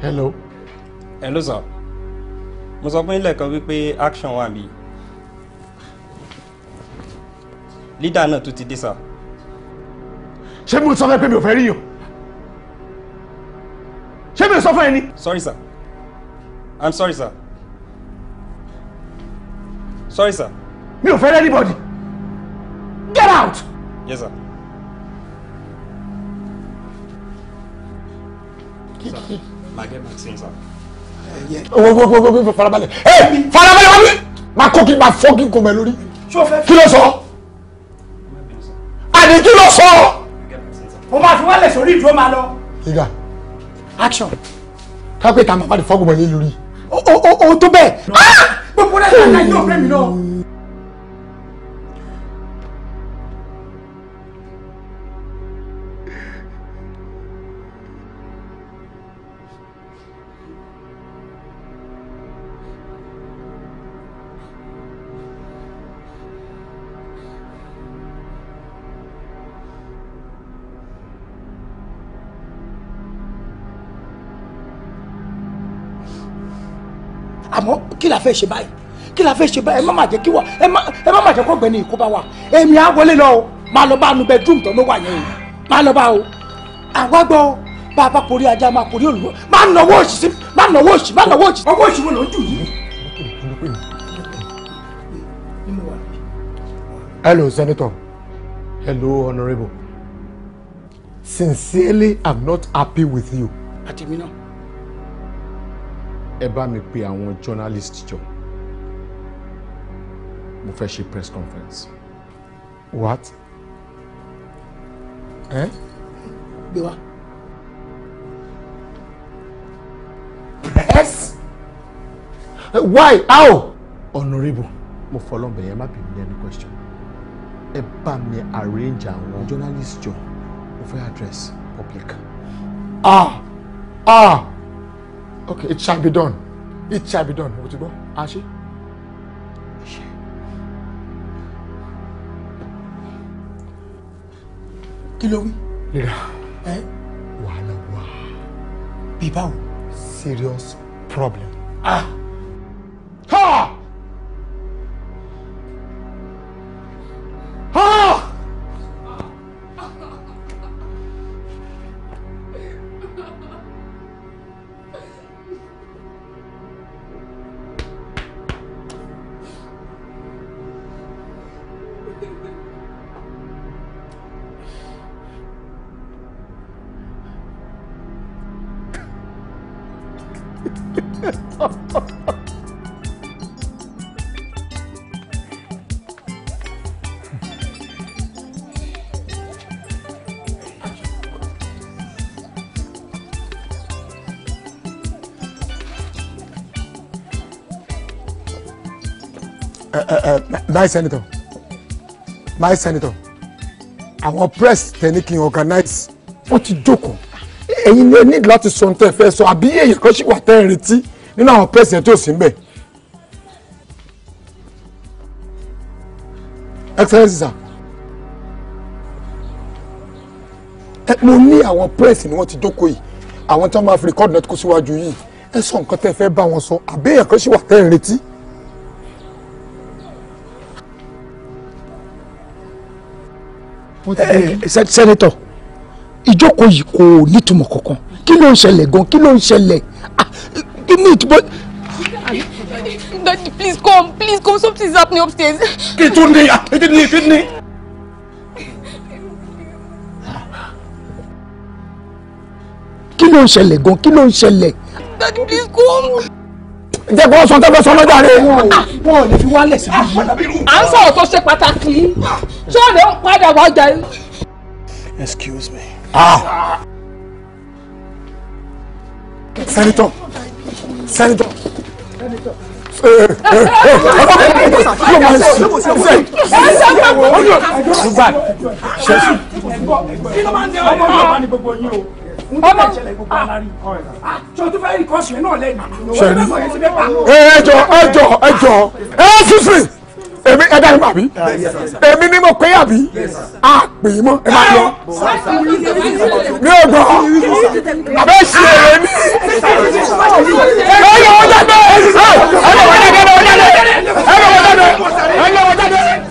hello. hello sir mo sọ fún ilẹ̀ kan wípé action wà mí leader náà tún ti dé sir. ṣé mo sọ fún ẹ pé mi ò fẹ́ rí yàn ṣé mi ò sọ fún ẹ ni. sorry sir i'm sorry sir sorry sir. mi ò fẹ́ rí anybody get out. yes sir. Sir máa get back same time. owó owó owó owó farabalẹ̀ ẹ farabalẹ̀ wá mi máa kó kí n máa fọ́ kí n kò mẹ́ lórí kí ló sọ àní ló sọ. mo máa fi wálẹ̀ sórí ìdúró máa lọ. ìgbà action kápẹ́tà máa bá di fọ́gùnmọ̀ lé lórí o o o tó bẹ́ẹ̀. Ah! fẹ́ ṣe báyìí kí la fẹ́ ṣe báyìí ẹ má má jẹ́ kí wà ẹ má má jẹ́ kó gbẹ̀ni ìkó bá wà èmi á wọlé lọ o máa lọ bá nu bedroom tó ló wà yẹn o máa lọ bá o àwa gbọ́ bá a bá porí ajá máa porí olùwọ́ máa nọwọ́ òsì sí máa nọwọ́ òsì máa nọwọ́ òsì ọwọ́ òsì wo ló ń jù yìí. hello senator hello honourable sincerely i'm not happy with you. àtẹ̀mí náà ẹ bá mi pe àwọn journalist jọ mo fẹ́ ṣe press conference. what? ẹ. Eh? gbé wá. press? Eh, why? how? honourable mo fọlọ́nbẹ̀ yẹn má bí mi any question ẹ bá mi arrange àwọn journalist jọ mo fẹ́ address public. ah ah okay it shall be done it shall be done mo ti gbọ́ a ṣe. kí ló wí. rírà wàhálà wà. bí báwo. serious problem. ah. ha! my senator my senator our press tẹ̀lé kí organize wọ́n ti jókòó ẹ̀yin ló ní láti sọ ohun tẹ́ fẹ́ sọ àbí èyí kan ṣì wà tẹ́ ẹ retí nínú àwọn press yẹn tó sì ń bẹ̀. excellency sir ẹ mo ní àwọn press ni wọ́n ti jókòó yìí àwọn tí wọ́n máa fi record náà kó síwájú yìí ẹ sọ nǹkan tẹ́ fẹ́ bá wọn sọ àbí èyí kan ṣì wà tẹ́ ẹ retí. Eh, eh, sẹ́nitọ̀ ìjókòó yìí kò nítumọ̀ kankan kí ló ń ṣẹlẹ̀ gan kí ló ń ṣẹlẹ̀ ah, kí ni ìtumọ̀. Daddy, please come, please come. Something is happening upstairs. Kidney, kidney, kidney. Kí ló ń ṣẹlẹ̀ gan? Kí ló ń ṣẹlẹ̀? Daddy, please come jẹ́ kó sọ tẹ́fẹ́ sọ lọ́jà rẹ̀. wọn ò lè fi wálẹ̀ sí i. à ń sọ̀rọ̀ tó ṣe pàtàkì sọ̀rọ̀ padà wá jà. excuse me. sẹ́nitọ̀ sẹ́nitọ̀ ṣẹ́sù ẹjọ ẹjọ ẹjọ ẹ sísè èmi ẹ dáhùn àbí ah, èmi ni mo pé àbí a pè é mọ ẹ máa lọ mi ò gbọ́ àbẹ ṣe é ní. ẹ yọ wọ́n jáde ẹ yọ wọ́n jáde ẹ yọ wọ́n jáde ẹ yọ wọ́n jáde ẹ yọ wọ́n jáde.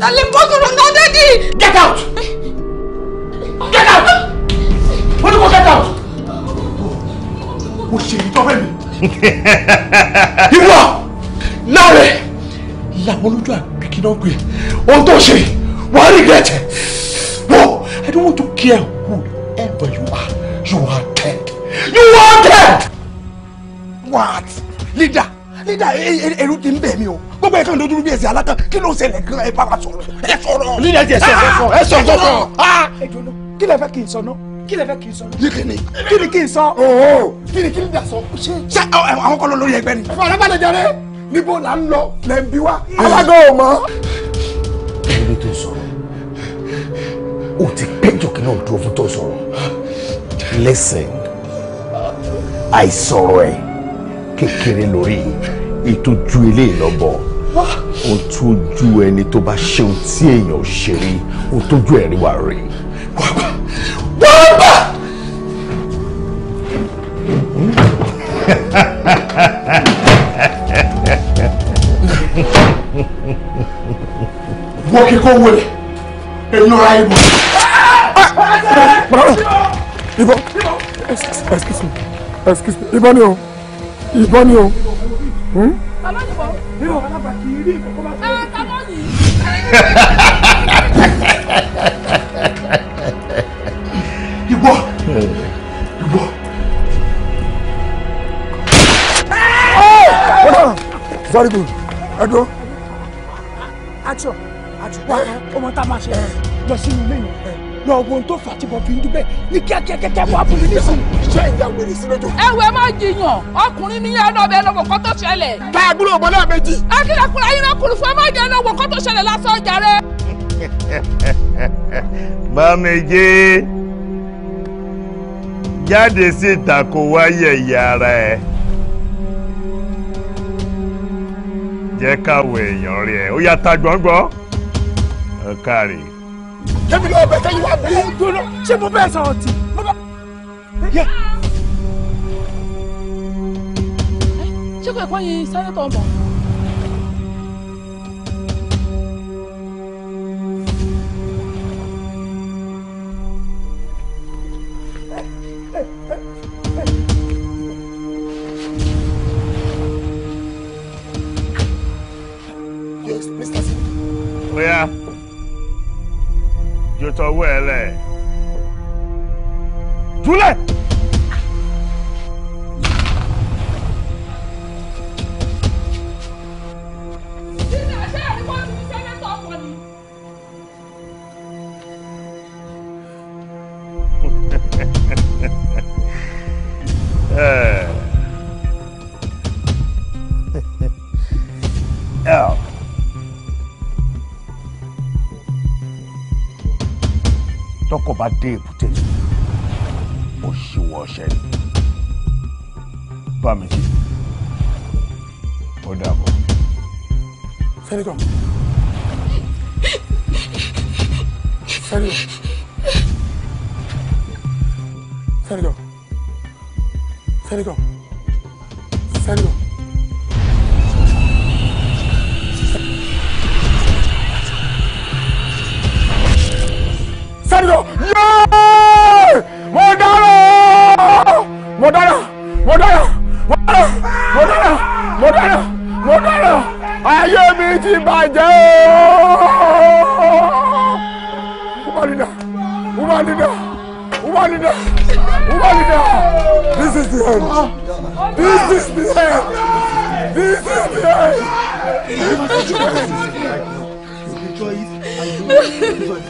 Dale, Kotoro, no, Daddy! Get out! Get out! do you kò get out! What's ṣe ìtọ́fẹ́ mi. Ìwọ! Láre! Làwọn olójú àbíkí náà pè. Ohun tó ṣe, wàá No, I don't want to care whoever you are. You are dead. You are dead! What? Leader! dídà e, e, ẹrú ti ń bẹ̀ mí o gbogbo ẹ̀kan dojúrú bí ẹ̀sìn aláta kí ló ń ṣẹlẹ̀ gan ẹ bá wa sọ̀rọ̀ ẹ sọ̀rọ̀. lílẹ̀ jẹ sọ sọ ẹ sọ sọ sọ. ẹ ah! jọ̀nà kí lẹ fẹ́ kí n sọ ná kí lẹ fẹ́ kí n sọ ná. kí ni kí ni kí n sọ. kí ni kí ni dà sọ. ṣé àwọn kọ́ ló lórí ẹgbẹ́ ni. fara balẹ̀ jàre níbo là ń lọ lẹ́ o ti péjọ kí náà dúró fún tó listen àìsọ̀rọ̀ ẹ̀ kékeré lórí yìí ìtọ́jú ilé ìlọ́bọ̀ ó tọ́jú ẹni tó bá ṣe ohun tí èèyàn ò ṣe rí ó tọ́jú ẹ̀rí wa rí. wàá gbà wàá gbà. wọ́n kíkọ́ wẹ̀rẹ̀ ẹ̀yìn ọ̀rá ìbò. ìbọn excuse me excuse me ìbọn ni o ìbọn ni o ìwọ ìwọ. very good ẹ dúró. action action ọmọ tá a máa ṣe lọ sínú ilé yìí lọ wo tó fà tìbọn fi ń dúpẹ́ ní kíákíá kẹ́kẹ́ bọ́ àbúrò ní ṣé ìyá wèrè sí lójú. ẹ wẹ má jiyàn ọkùnrin ní yàrá ọbẹ lọ́wọ́ kó tó ṣẹlẹ̀. tá a gbúdọ̀ bọ́lá méjì. akíkà kúrò ayé náà kùrù fún ẹ má jẹ lọ́wọ́ kó tó ṣẹlẹ̀ lásán jàre. bámejì jáde síta kó wá yẹ̀yẹ́ ara ẹ̀. káwọ èèyàn rẹ̀ ó yá ta gbọ́ngbọ́n. ọ̀kàrẹ̀ kẹ́mi lọ bẹ kẹ́yìn wá bí. dúró ṣé mo bẹ́ẹ̀ sọ̀rọ̀ tì. ṣé kò ẹ̀kọ́ yẹn sáré tó ń bọ̀. tọwọ́ ẹ lẹ̀ bá dé èbúté ó ṣíwọ́ ọṣẹ ni bá mi jí ó dàbọ̀. sẹ́nitọ̀ sẹ́nitọ̀ sẹ́nitọ̀ sẹ́nitọ̀ sẹ́nitọ̀. mo dára mo dára mo dára mo dára mo dára mo dára ayé mi ti bàjẹ́ ooo umanida umanida umanida umanida this is the end this is the end this is the end. This is the end.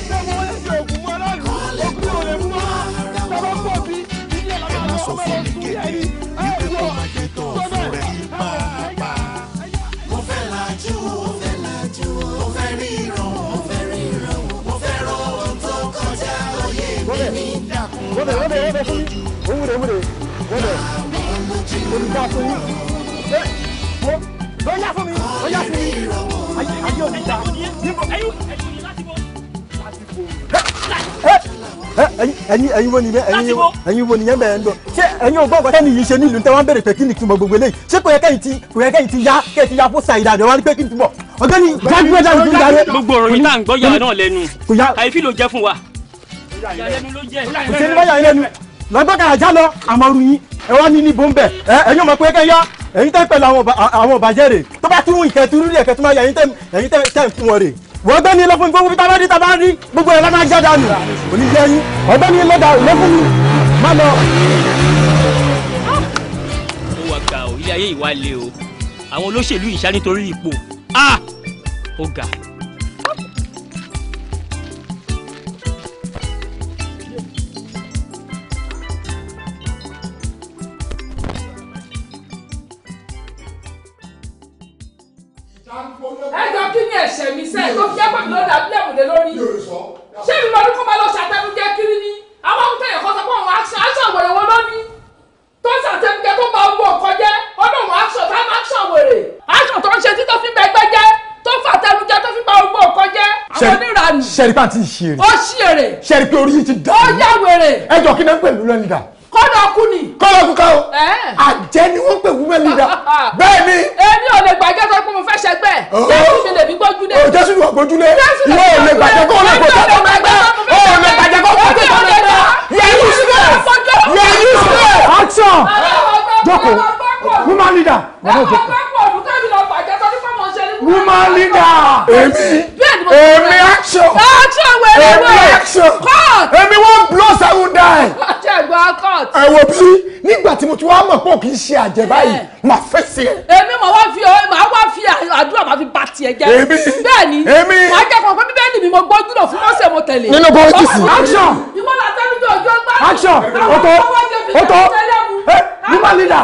olùdá ẹyin ẹyin wo nìyẹn ẹyin ń lọ ṣé ẹyin ò gbọ́ ọ̀gá yìí ṣe nílùú tẹ́wọ́n bèrè pé kí ni túmọ̀ gbogbo eléyìí ṣé kò kẹ́yìn ti kò kẹ́yìn ti ya kẹ́yìn ti ya fún sa ìdàdọ̀ wọn pé kí ni túmọ̀ ọ̀gbẹ́ni jágbé ọjà ìdí ìyá gbogbo ọ̀rọ̀ yìí tá à ń gbọ́ yàrá náà lẹ́nu kàyéfì ló jẹ́ fún wa. ìyàlẹ́nu ló jẹ́ lọ́gbọ́kàrà já lọ àmọ́ ru yín ẹ wá ní níbo ń bẹ̀ ẹ ẹ̀yin ọmọ pé kẹ́ yá ẹ̀yin tẹ́ pẹ̀lú àwọn ọ̀bàjẹ́ rè tó bá tún ìkẹtùrú rẹ̀ kẹtùmá yẹ ẹ̀yin tẹ́ fún wọn rè wọ́n gbé ní lọ́fún gbogbo bíi tábàdí tábàdí gbogbo ẹ̀ lọ́nà jáde àná òní jẹ́ yín ọgbẹ́ ní lọ́dà lọ́fún mi má lọ. ó wà gà ó ilé ayé ìwà le o àwọn olóṣèlú ìṣá nítorí ipò ah! ó ga. tó fi jẹ́ pé mi ló dà bílẹ̀mù lé lórí ṣé mi lọ́dún kó máa lọ ṣàtẹnujẹ́ kiri ni àwọn akúntẹ̀ yẹn kan sọ pé àwọn action action wèrè wọn lónìí tó ṣàtẹnujẹ́ tó máa wọ ọkọ jẹ́ ọdún àwọn action time action wèrè action tó ń ṣe títọ́ fi bẹ́gbẹ́ jẹ́ tó fà tẹnujẹ́ tó fi máa wọ ọkọ jẹ́ àwọn oníranù ṣẹ̀rí pé orí yìí kọ́dọ̀ kú ni. kọ́dọ̀ kú ká o àjẹ́ ni wọ́n pè women leader bẹ́ẹ̀ ni. èmi ò lè gbàjẹ́ sọ pé mo fẹ́ ṣẹgbẹ́ oh. jésù mi lè mi gbójúlé. o oh, jésù mi ò gbójúlé ìwọ ò lè gbàjẹ́ kó o lè gbòjá tó máa gbá o ò lè gbàjẹ́ kó o lè gbòjá tó máa gbá yẹ useless yẹ useless action jókòó woman leader woman leader. èmi èmi action. action wẹ̀rẹ̀ wẹ̀. èmi action. court. èmi one blow seven die. àjẹgbọ́ court. ẹ wo bí nígbà tí mo ti wá mọ̀ pé kì í ṣe àjẹ báyìí mà fẹ́ sí ẹ. èmi mo wá fi màá wá fi àdúrà màá fi bà tiẹ̀ jẹ́. èmi bẹ́ẹ̀ni èmi màá jẹ́ kàn pé bíbélì mi mo gbójú lọ fún mọ́sẹ̀ mo tẹ̀lé. nínú pọ́lítíìsì. action. ìmọ̀lá tẹ́lẹ̀ mi ò jó gbádùn. action ọ̀tọ̀ ọ̀tọ̀ ẹ woman leader.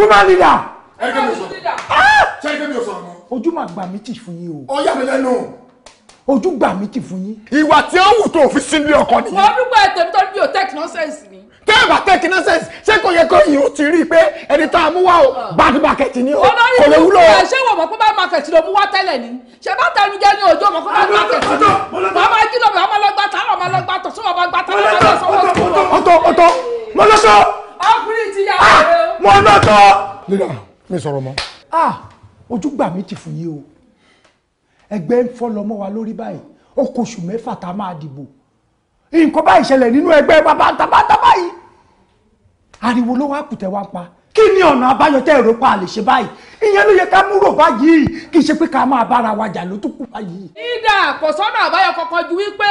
woman leader ẹ kẹ́ mi sọ ṣe kẹ́ mi sọ ah! ọ̀nà. ojú gbà mí tì fún yín o. ó yà mí lẹ́nu. ojú gbà mí tì fún yín. ìwà tí ó wù tó fi sílé ọkọ nìyẹn. wọ́n dúpọ̀ ètò mi tó bí o tech nonsense ni. tẹ́ ẹ bá tech nonsense ṣé kò yẹ kó yìí ó ti rí i pé ẹni tá a mú wá o ah. bad market ni o kò lè wúlò o. ṣé wọ́n mọ̀ pé bad market ló mú wá tẹ́lẹ̀ ni ṣe bá tẹnu jẹ́ ní ojú ọmọ kó bad market ni wọ́n máa jí lọ́mọ ọmọ lọ́gbà tá ọmọ lọ́gbà tó sọ́wọ́ bá gbà tá ọmọ lọ́gbà sọ́wọ́ tó lọ. ọ̀tọ̀ ọ̀tọ̀ mọ́lọ́sọ. ọkùnrin ti yà á. Ah! mọ́lọ́tọ̀ mi sọ̀rọ̀ mọ́ ah ojú gbà mí ti fún yín o ẹgbẹ́ ń fọ́ lọ́mọ wa lórí báyìí ó kó oṣù mẹ́fà tá a máa dìbò nǹkan báyìí ṣẹlẹ̀ nínú ẹgbẹ́ bàbáńtàbáńtà báyìí ariwo ló wá kùtẹ̀ wá pa kí ni ọ̀nà àbáyọ tẹ́ ẹ̀rọ pa lè ṣe báyìí ìyẹn ló yẹ ká múrò báyìí kì í ṣe pé ká máa bára wa jà ló tún kù báyìí. ìdá kò sọ́nà àbáyọ kankan ju wípé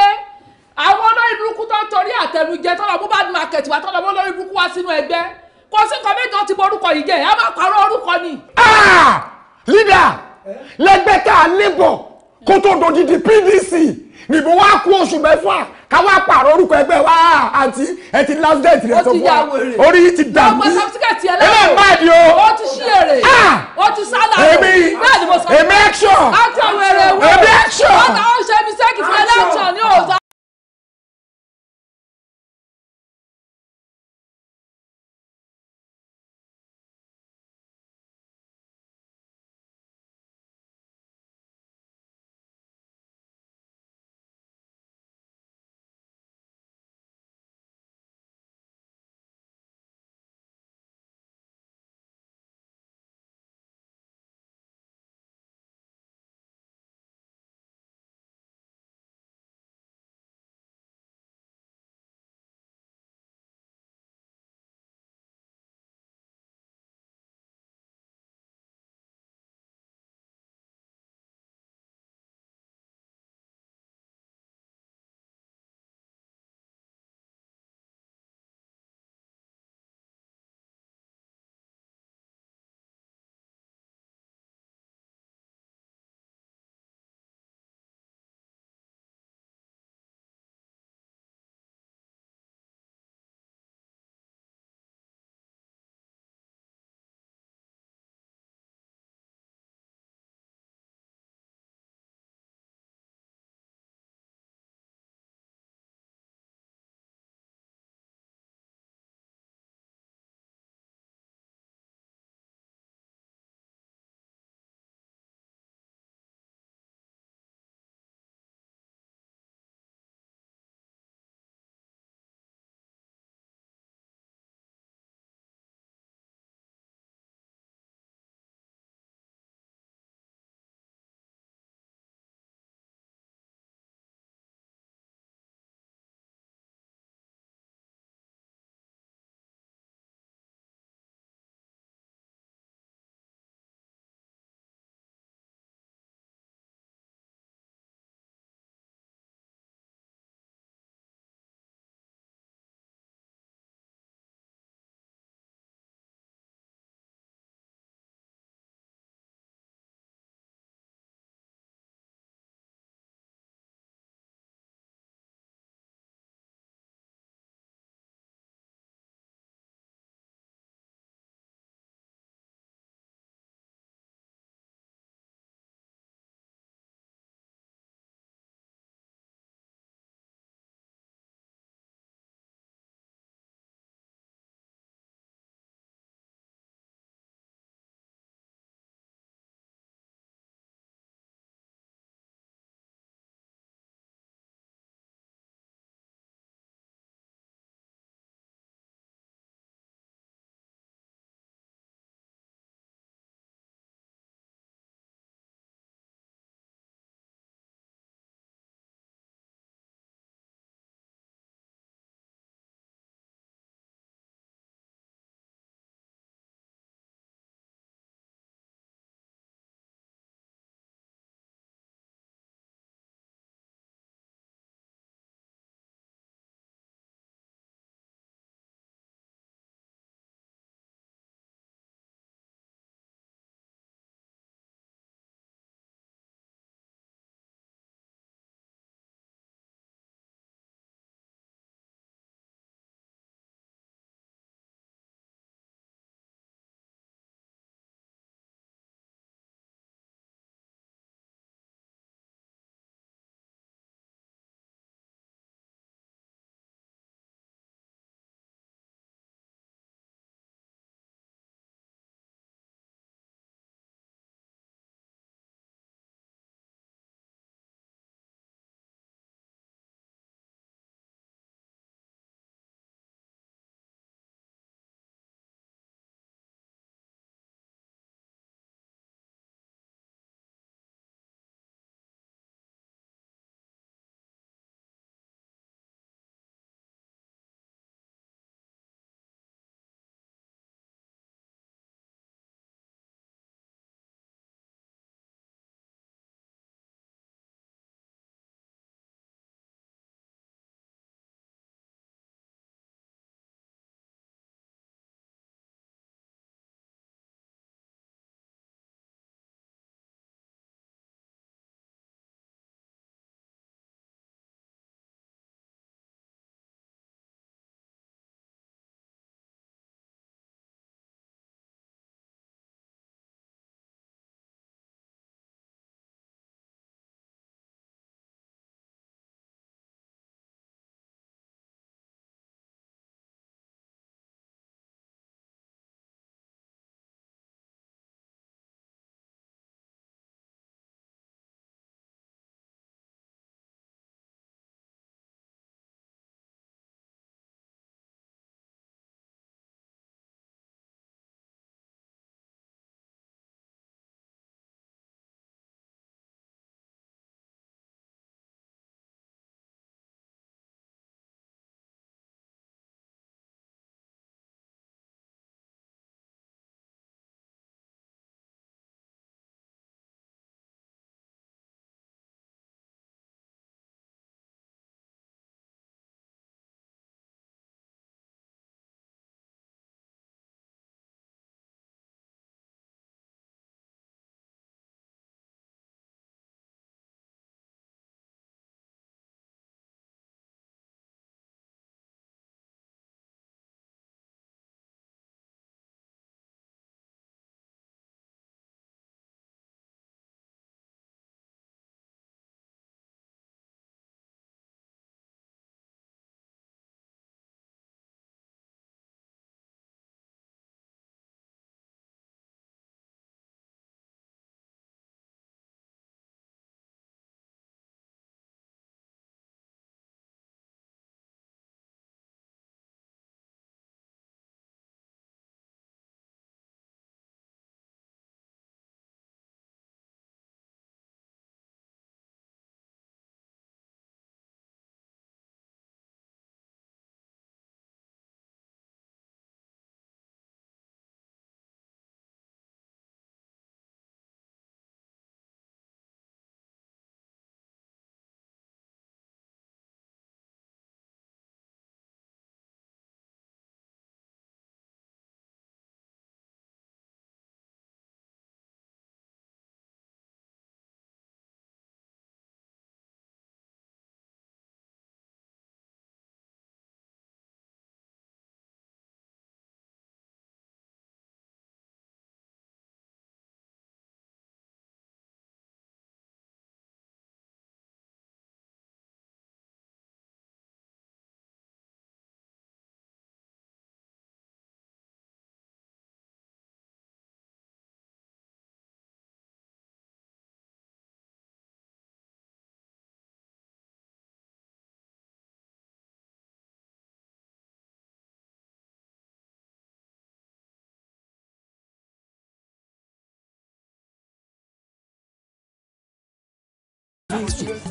àwọn olórí burúkú tó ń torí àtẹnujẹ tọ́lọ́mú bá market wá tọ́lọ́mú olórí burúkú wá sínú ẹgbẹ́ kò sí nǹkan méjì ti borúkọ yìí jẹ ẹ má parọ́ orúkọ ni. Ah! leader lẹgbẹ́ tá a labour kó tó dòdìdì PDC nìbò wá kú oṣù mẹ́fà káwá pààrọ̀ orúkọ ẹgbẹ́ wa ah, àǹtí ẹ ti lásìkẹ́tì rẹ tó fún wa orí yìí ti dà mí ẹ bẹ́ẹ̀ má di o ó ti ṣí èrè ah! ó ti sálà ó èmi èmi action èmi action. ọ̀tá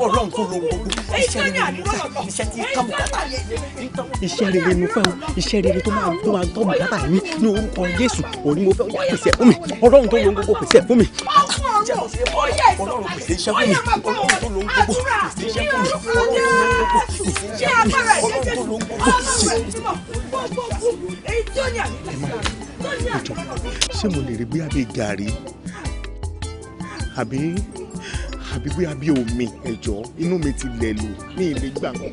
ọlọ́run kò lo gbogbo iṣẹ́ rere ni mo fẹ́ iṣẹ́ tí ká bùkátà iṣẹ́ rere ni mo fẹ́ iṣẹ́ rere tó máa tó máa tọ́ bùkátà yín ní orúkọ Jésù òní mo fẹ́ wá pèsè fún mi ọlọ́run tó lo gbogbo pèsè fún mi ọlọ́run pèsè iṣẹ́ fún mi ọlọ́run tó lo gbogbo pèsè iṣẹ́ fún mi ọlọ́run tó lo gbogbo pèsè iṣẹ́ fún mi ẹ má ẹ jọ ṣé mo lè rí bí abẹ gàrí àbí àbí bóyá bí omi ẹ̀jọ̀ inú mi ti lẹ̀ lò ní ilé gbà kan.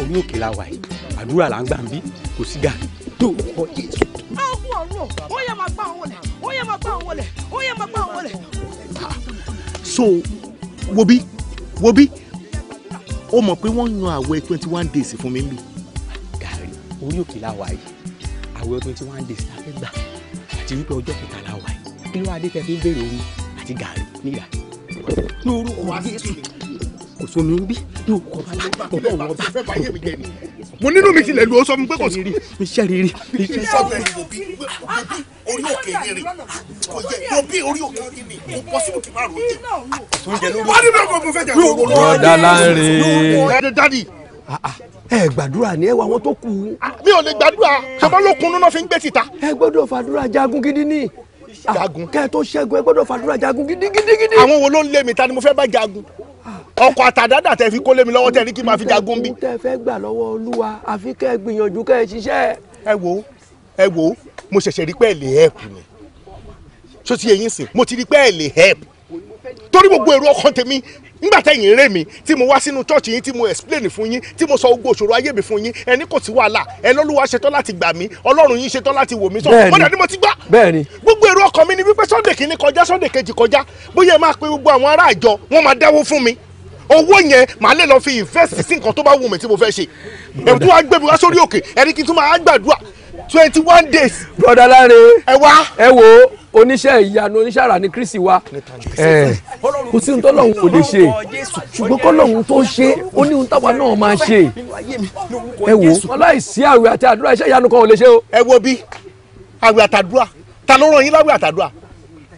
orí òkè la wà yìí àdúrà là ń gbà ń bí kò sí gà tó kọ Jésù. ọ̀hún ọ̀run ó yẹ máa gbá àwọn lẹ̀ ó yẹ máa gbá àwọn lẹ̀ ó yẹ máa gbá àwọn lẹ̀. so wo bí wo bí ó mọ̀ pé wọ́n yan àwẹ̀ twenty one days fún mi bí. gàrí orí òkè la wà yìí àwẹ̀ twenty one days la fẹ́ gbà àti wípé ọjọ́ kẹta la wà yìí kí ló wá dé tẹ fi ń béèrè omi àti gàrí nígbà yìí lórúkọ Jésù kò sómi ń bí ní òkò bàbá ọmọ ọba mo nínú mi tilẹ̀ lu ọsọ mi pé kò sí rí iṣẹ́ rírí iṣẹ́ sọ́bẹ̀ orí òkè yìí rí kò yẹ kò bí orí òkè yìí rí kò pọ̀ síbi kì máa rò jẹ. wọ́n ní bẹ́ẹ̀ kò fẹ́ jẹ kó wọ́n. ọ̀dà láńre. ẹ gbàdúrà ni ẹ wá àwọn tó kù. mi ò lè gbàdúrà ṣọmọ lókun náà fi ń gbé síta. ẹ gbọ́dọ̀ fàdúrà jagun gidi ni jagun. kẹ́ ẹ tó ṣẹ́gun ẹ gbọ́dọ̀ fàdúrà jagun gidigidigidi. àwọn wo ló ń lé mi ta ni mo fẹ́ bá jagun ọkọ̀ àtàdádà tẹ fi kó lé mi lọ́wọ́ tẹ ní kí n máa fi jagun bí. tẹ fẹ́ gbà lọ́wọ́ olúwa àfi kẹ́ gbìyànjú kẹ́ ẹ ẹ wo ẹ wo mo ṣẹ̀ṣẹ̀ rí pé ẹ mi ṣó ti yẹ yín sìn mo ti rí pé ẹ torí gbogbo èrò ọkàn tèmi nígbà tẹ̀yìn rẹ̀ mi tí mo wá sínú church yín tí mo explain fún yín tí mo sọ gbogbo òṣòro ayé mi fún yín ẹni kò sí wàhálà ẹ lọ́lúwa ṣetán láti gbà mí ọlọ́run yín ṣetán láti wò mí sọ mo dàdí mo ti gbà gbogbo èrò ọkàn mi ni wípé sunday kìíní kọjá sunday kejì kọjá bóyá ẹ máa pe gbogbo àwọn ará àjọ wọn máa dáwó fún mi owó yẹn màá lè lọ fi invest sí nǹkan tó bá wù mí tí mo fẹ́ ṣe ẹ̀kú wa gbẹ̀bù wá sórí òkè ẹ̀rí tún máa gbàdúrà twenty one days. brother Lanre ẹ wá ẹ wo oníṣẹ́ ìyanu oníṣẹ́ àrà ni kristi wa kò sí ohun tó lọ́hùn kò lè ṣe ṣùgbọ́n kọ́ lọ́hùn tó ṣe ó ní ohun táwa náà máa ṣe ẹ wo aláìsí àwẹ̀ àti àdúrà iṣẹ́ ìyanu kan ò lè ṣe o. ẹ wo bi? àwẹ̀ àtàdúrà ta ló ràn yín láwẹ̀ àtàdúrà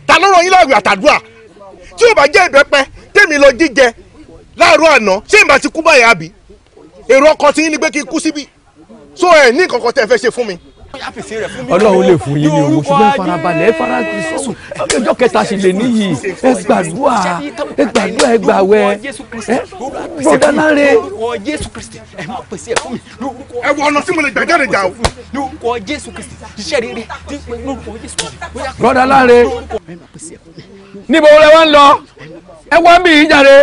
ta ló ràn yín láwẹ̀ àtàdúrà tí ó bá jẹ́ ìbẹ́pẹ tèmi lọ jíjẹ láàárọ̀ àná ṣé ìbá ti kú báyà àbí èrò ọkọ ti yín ni pé kí n kú síbí so ẹ ní nǹkan kan tẹ́ fẹ́ ṣe fún mi ọlọ́run lè fún yín ní owó ṣùgbọ́n farabalẹ̀ fara ti sọ́sùn ọjọ́ kẹta sì lè níyì ẹ gbàdúrà ẹ gbàdúrà ẹ gbàwẹ̀ ẹ bọ̀dá láre. ẹ wọ ọ̀nà tí mo lè gbà jáde jà o. bọ̀dá láre níbo lẹ wá ń lọ ẹ wá ń bì í jáde.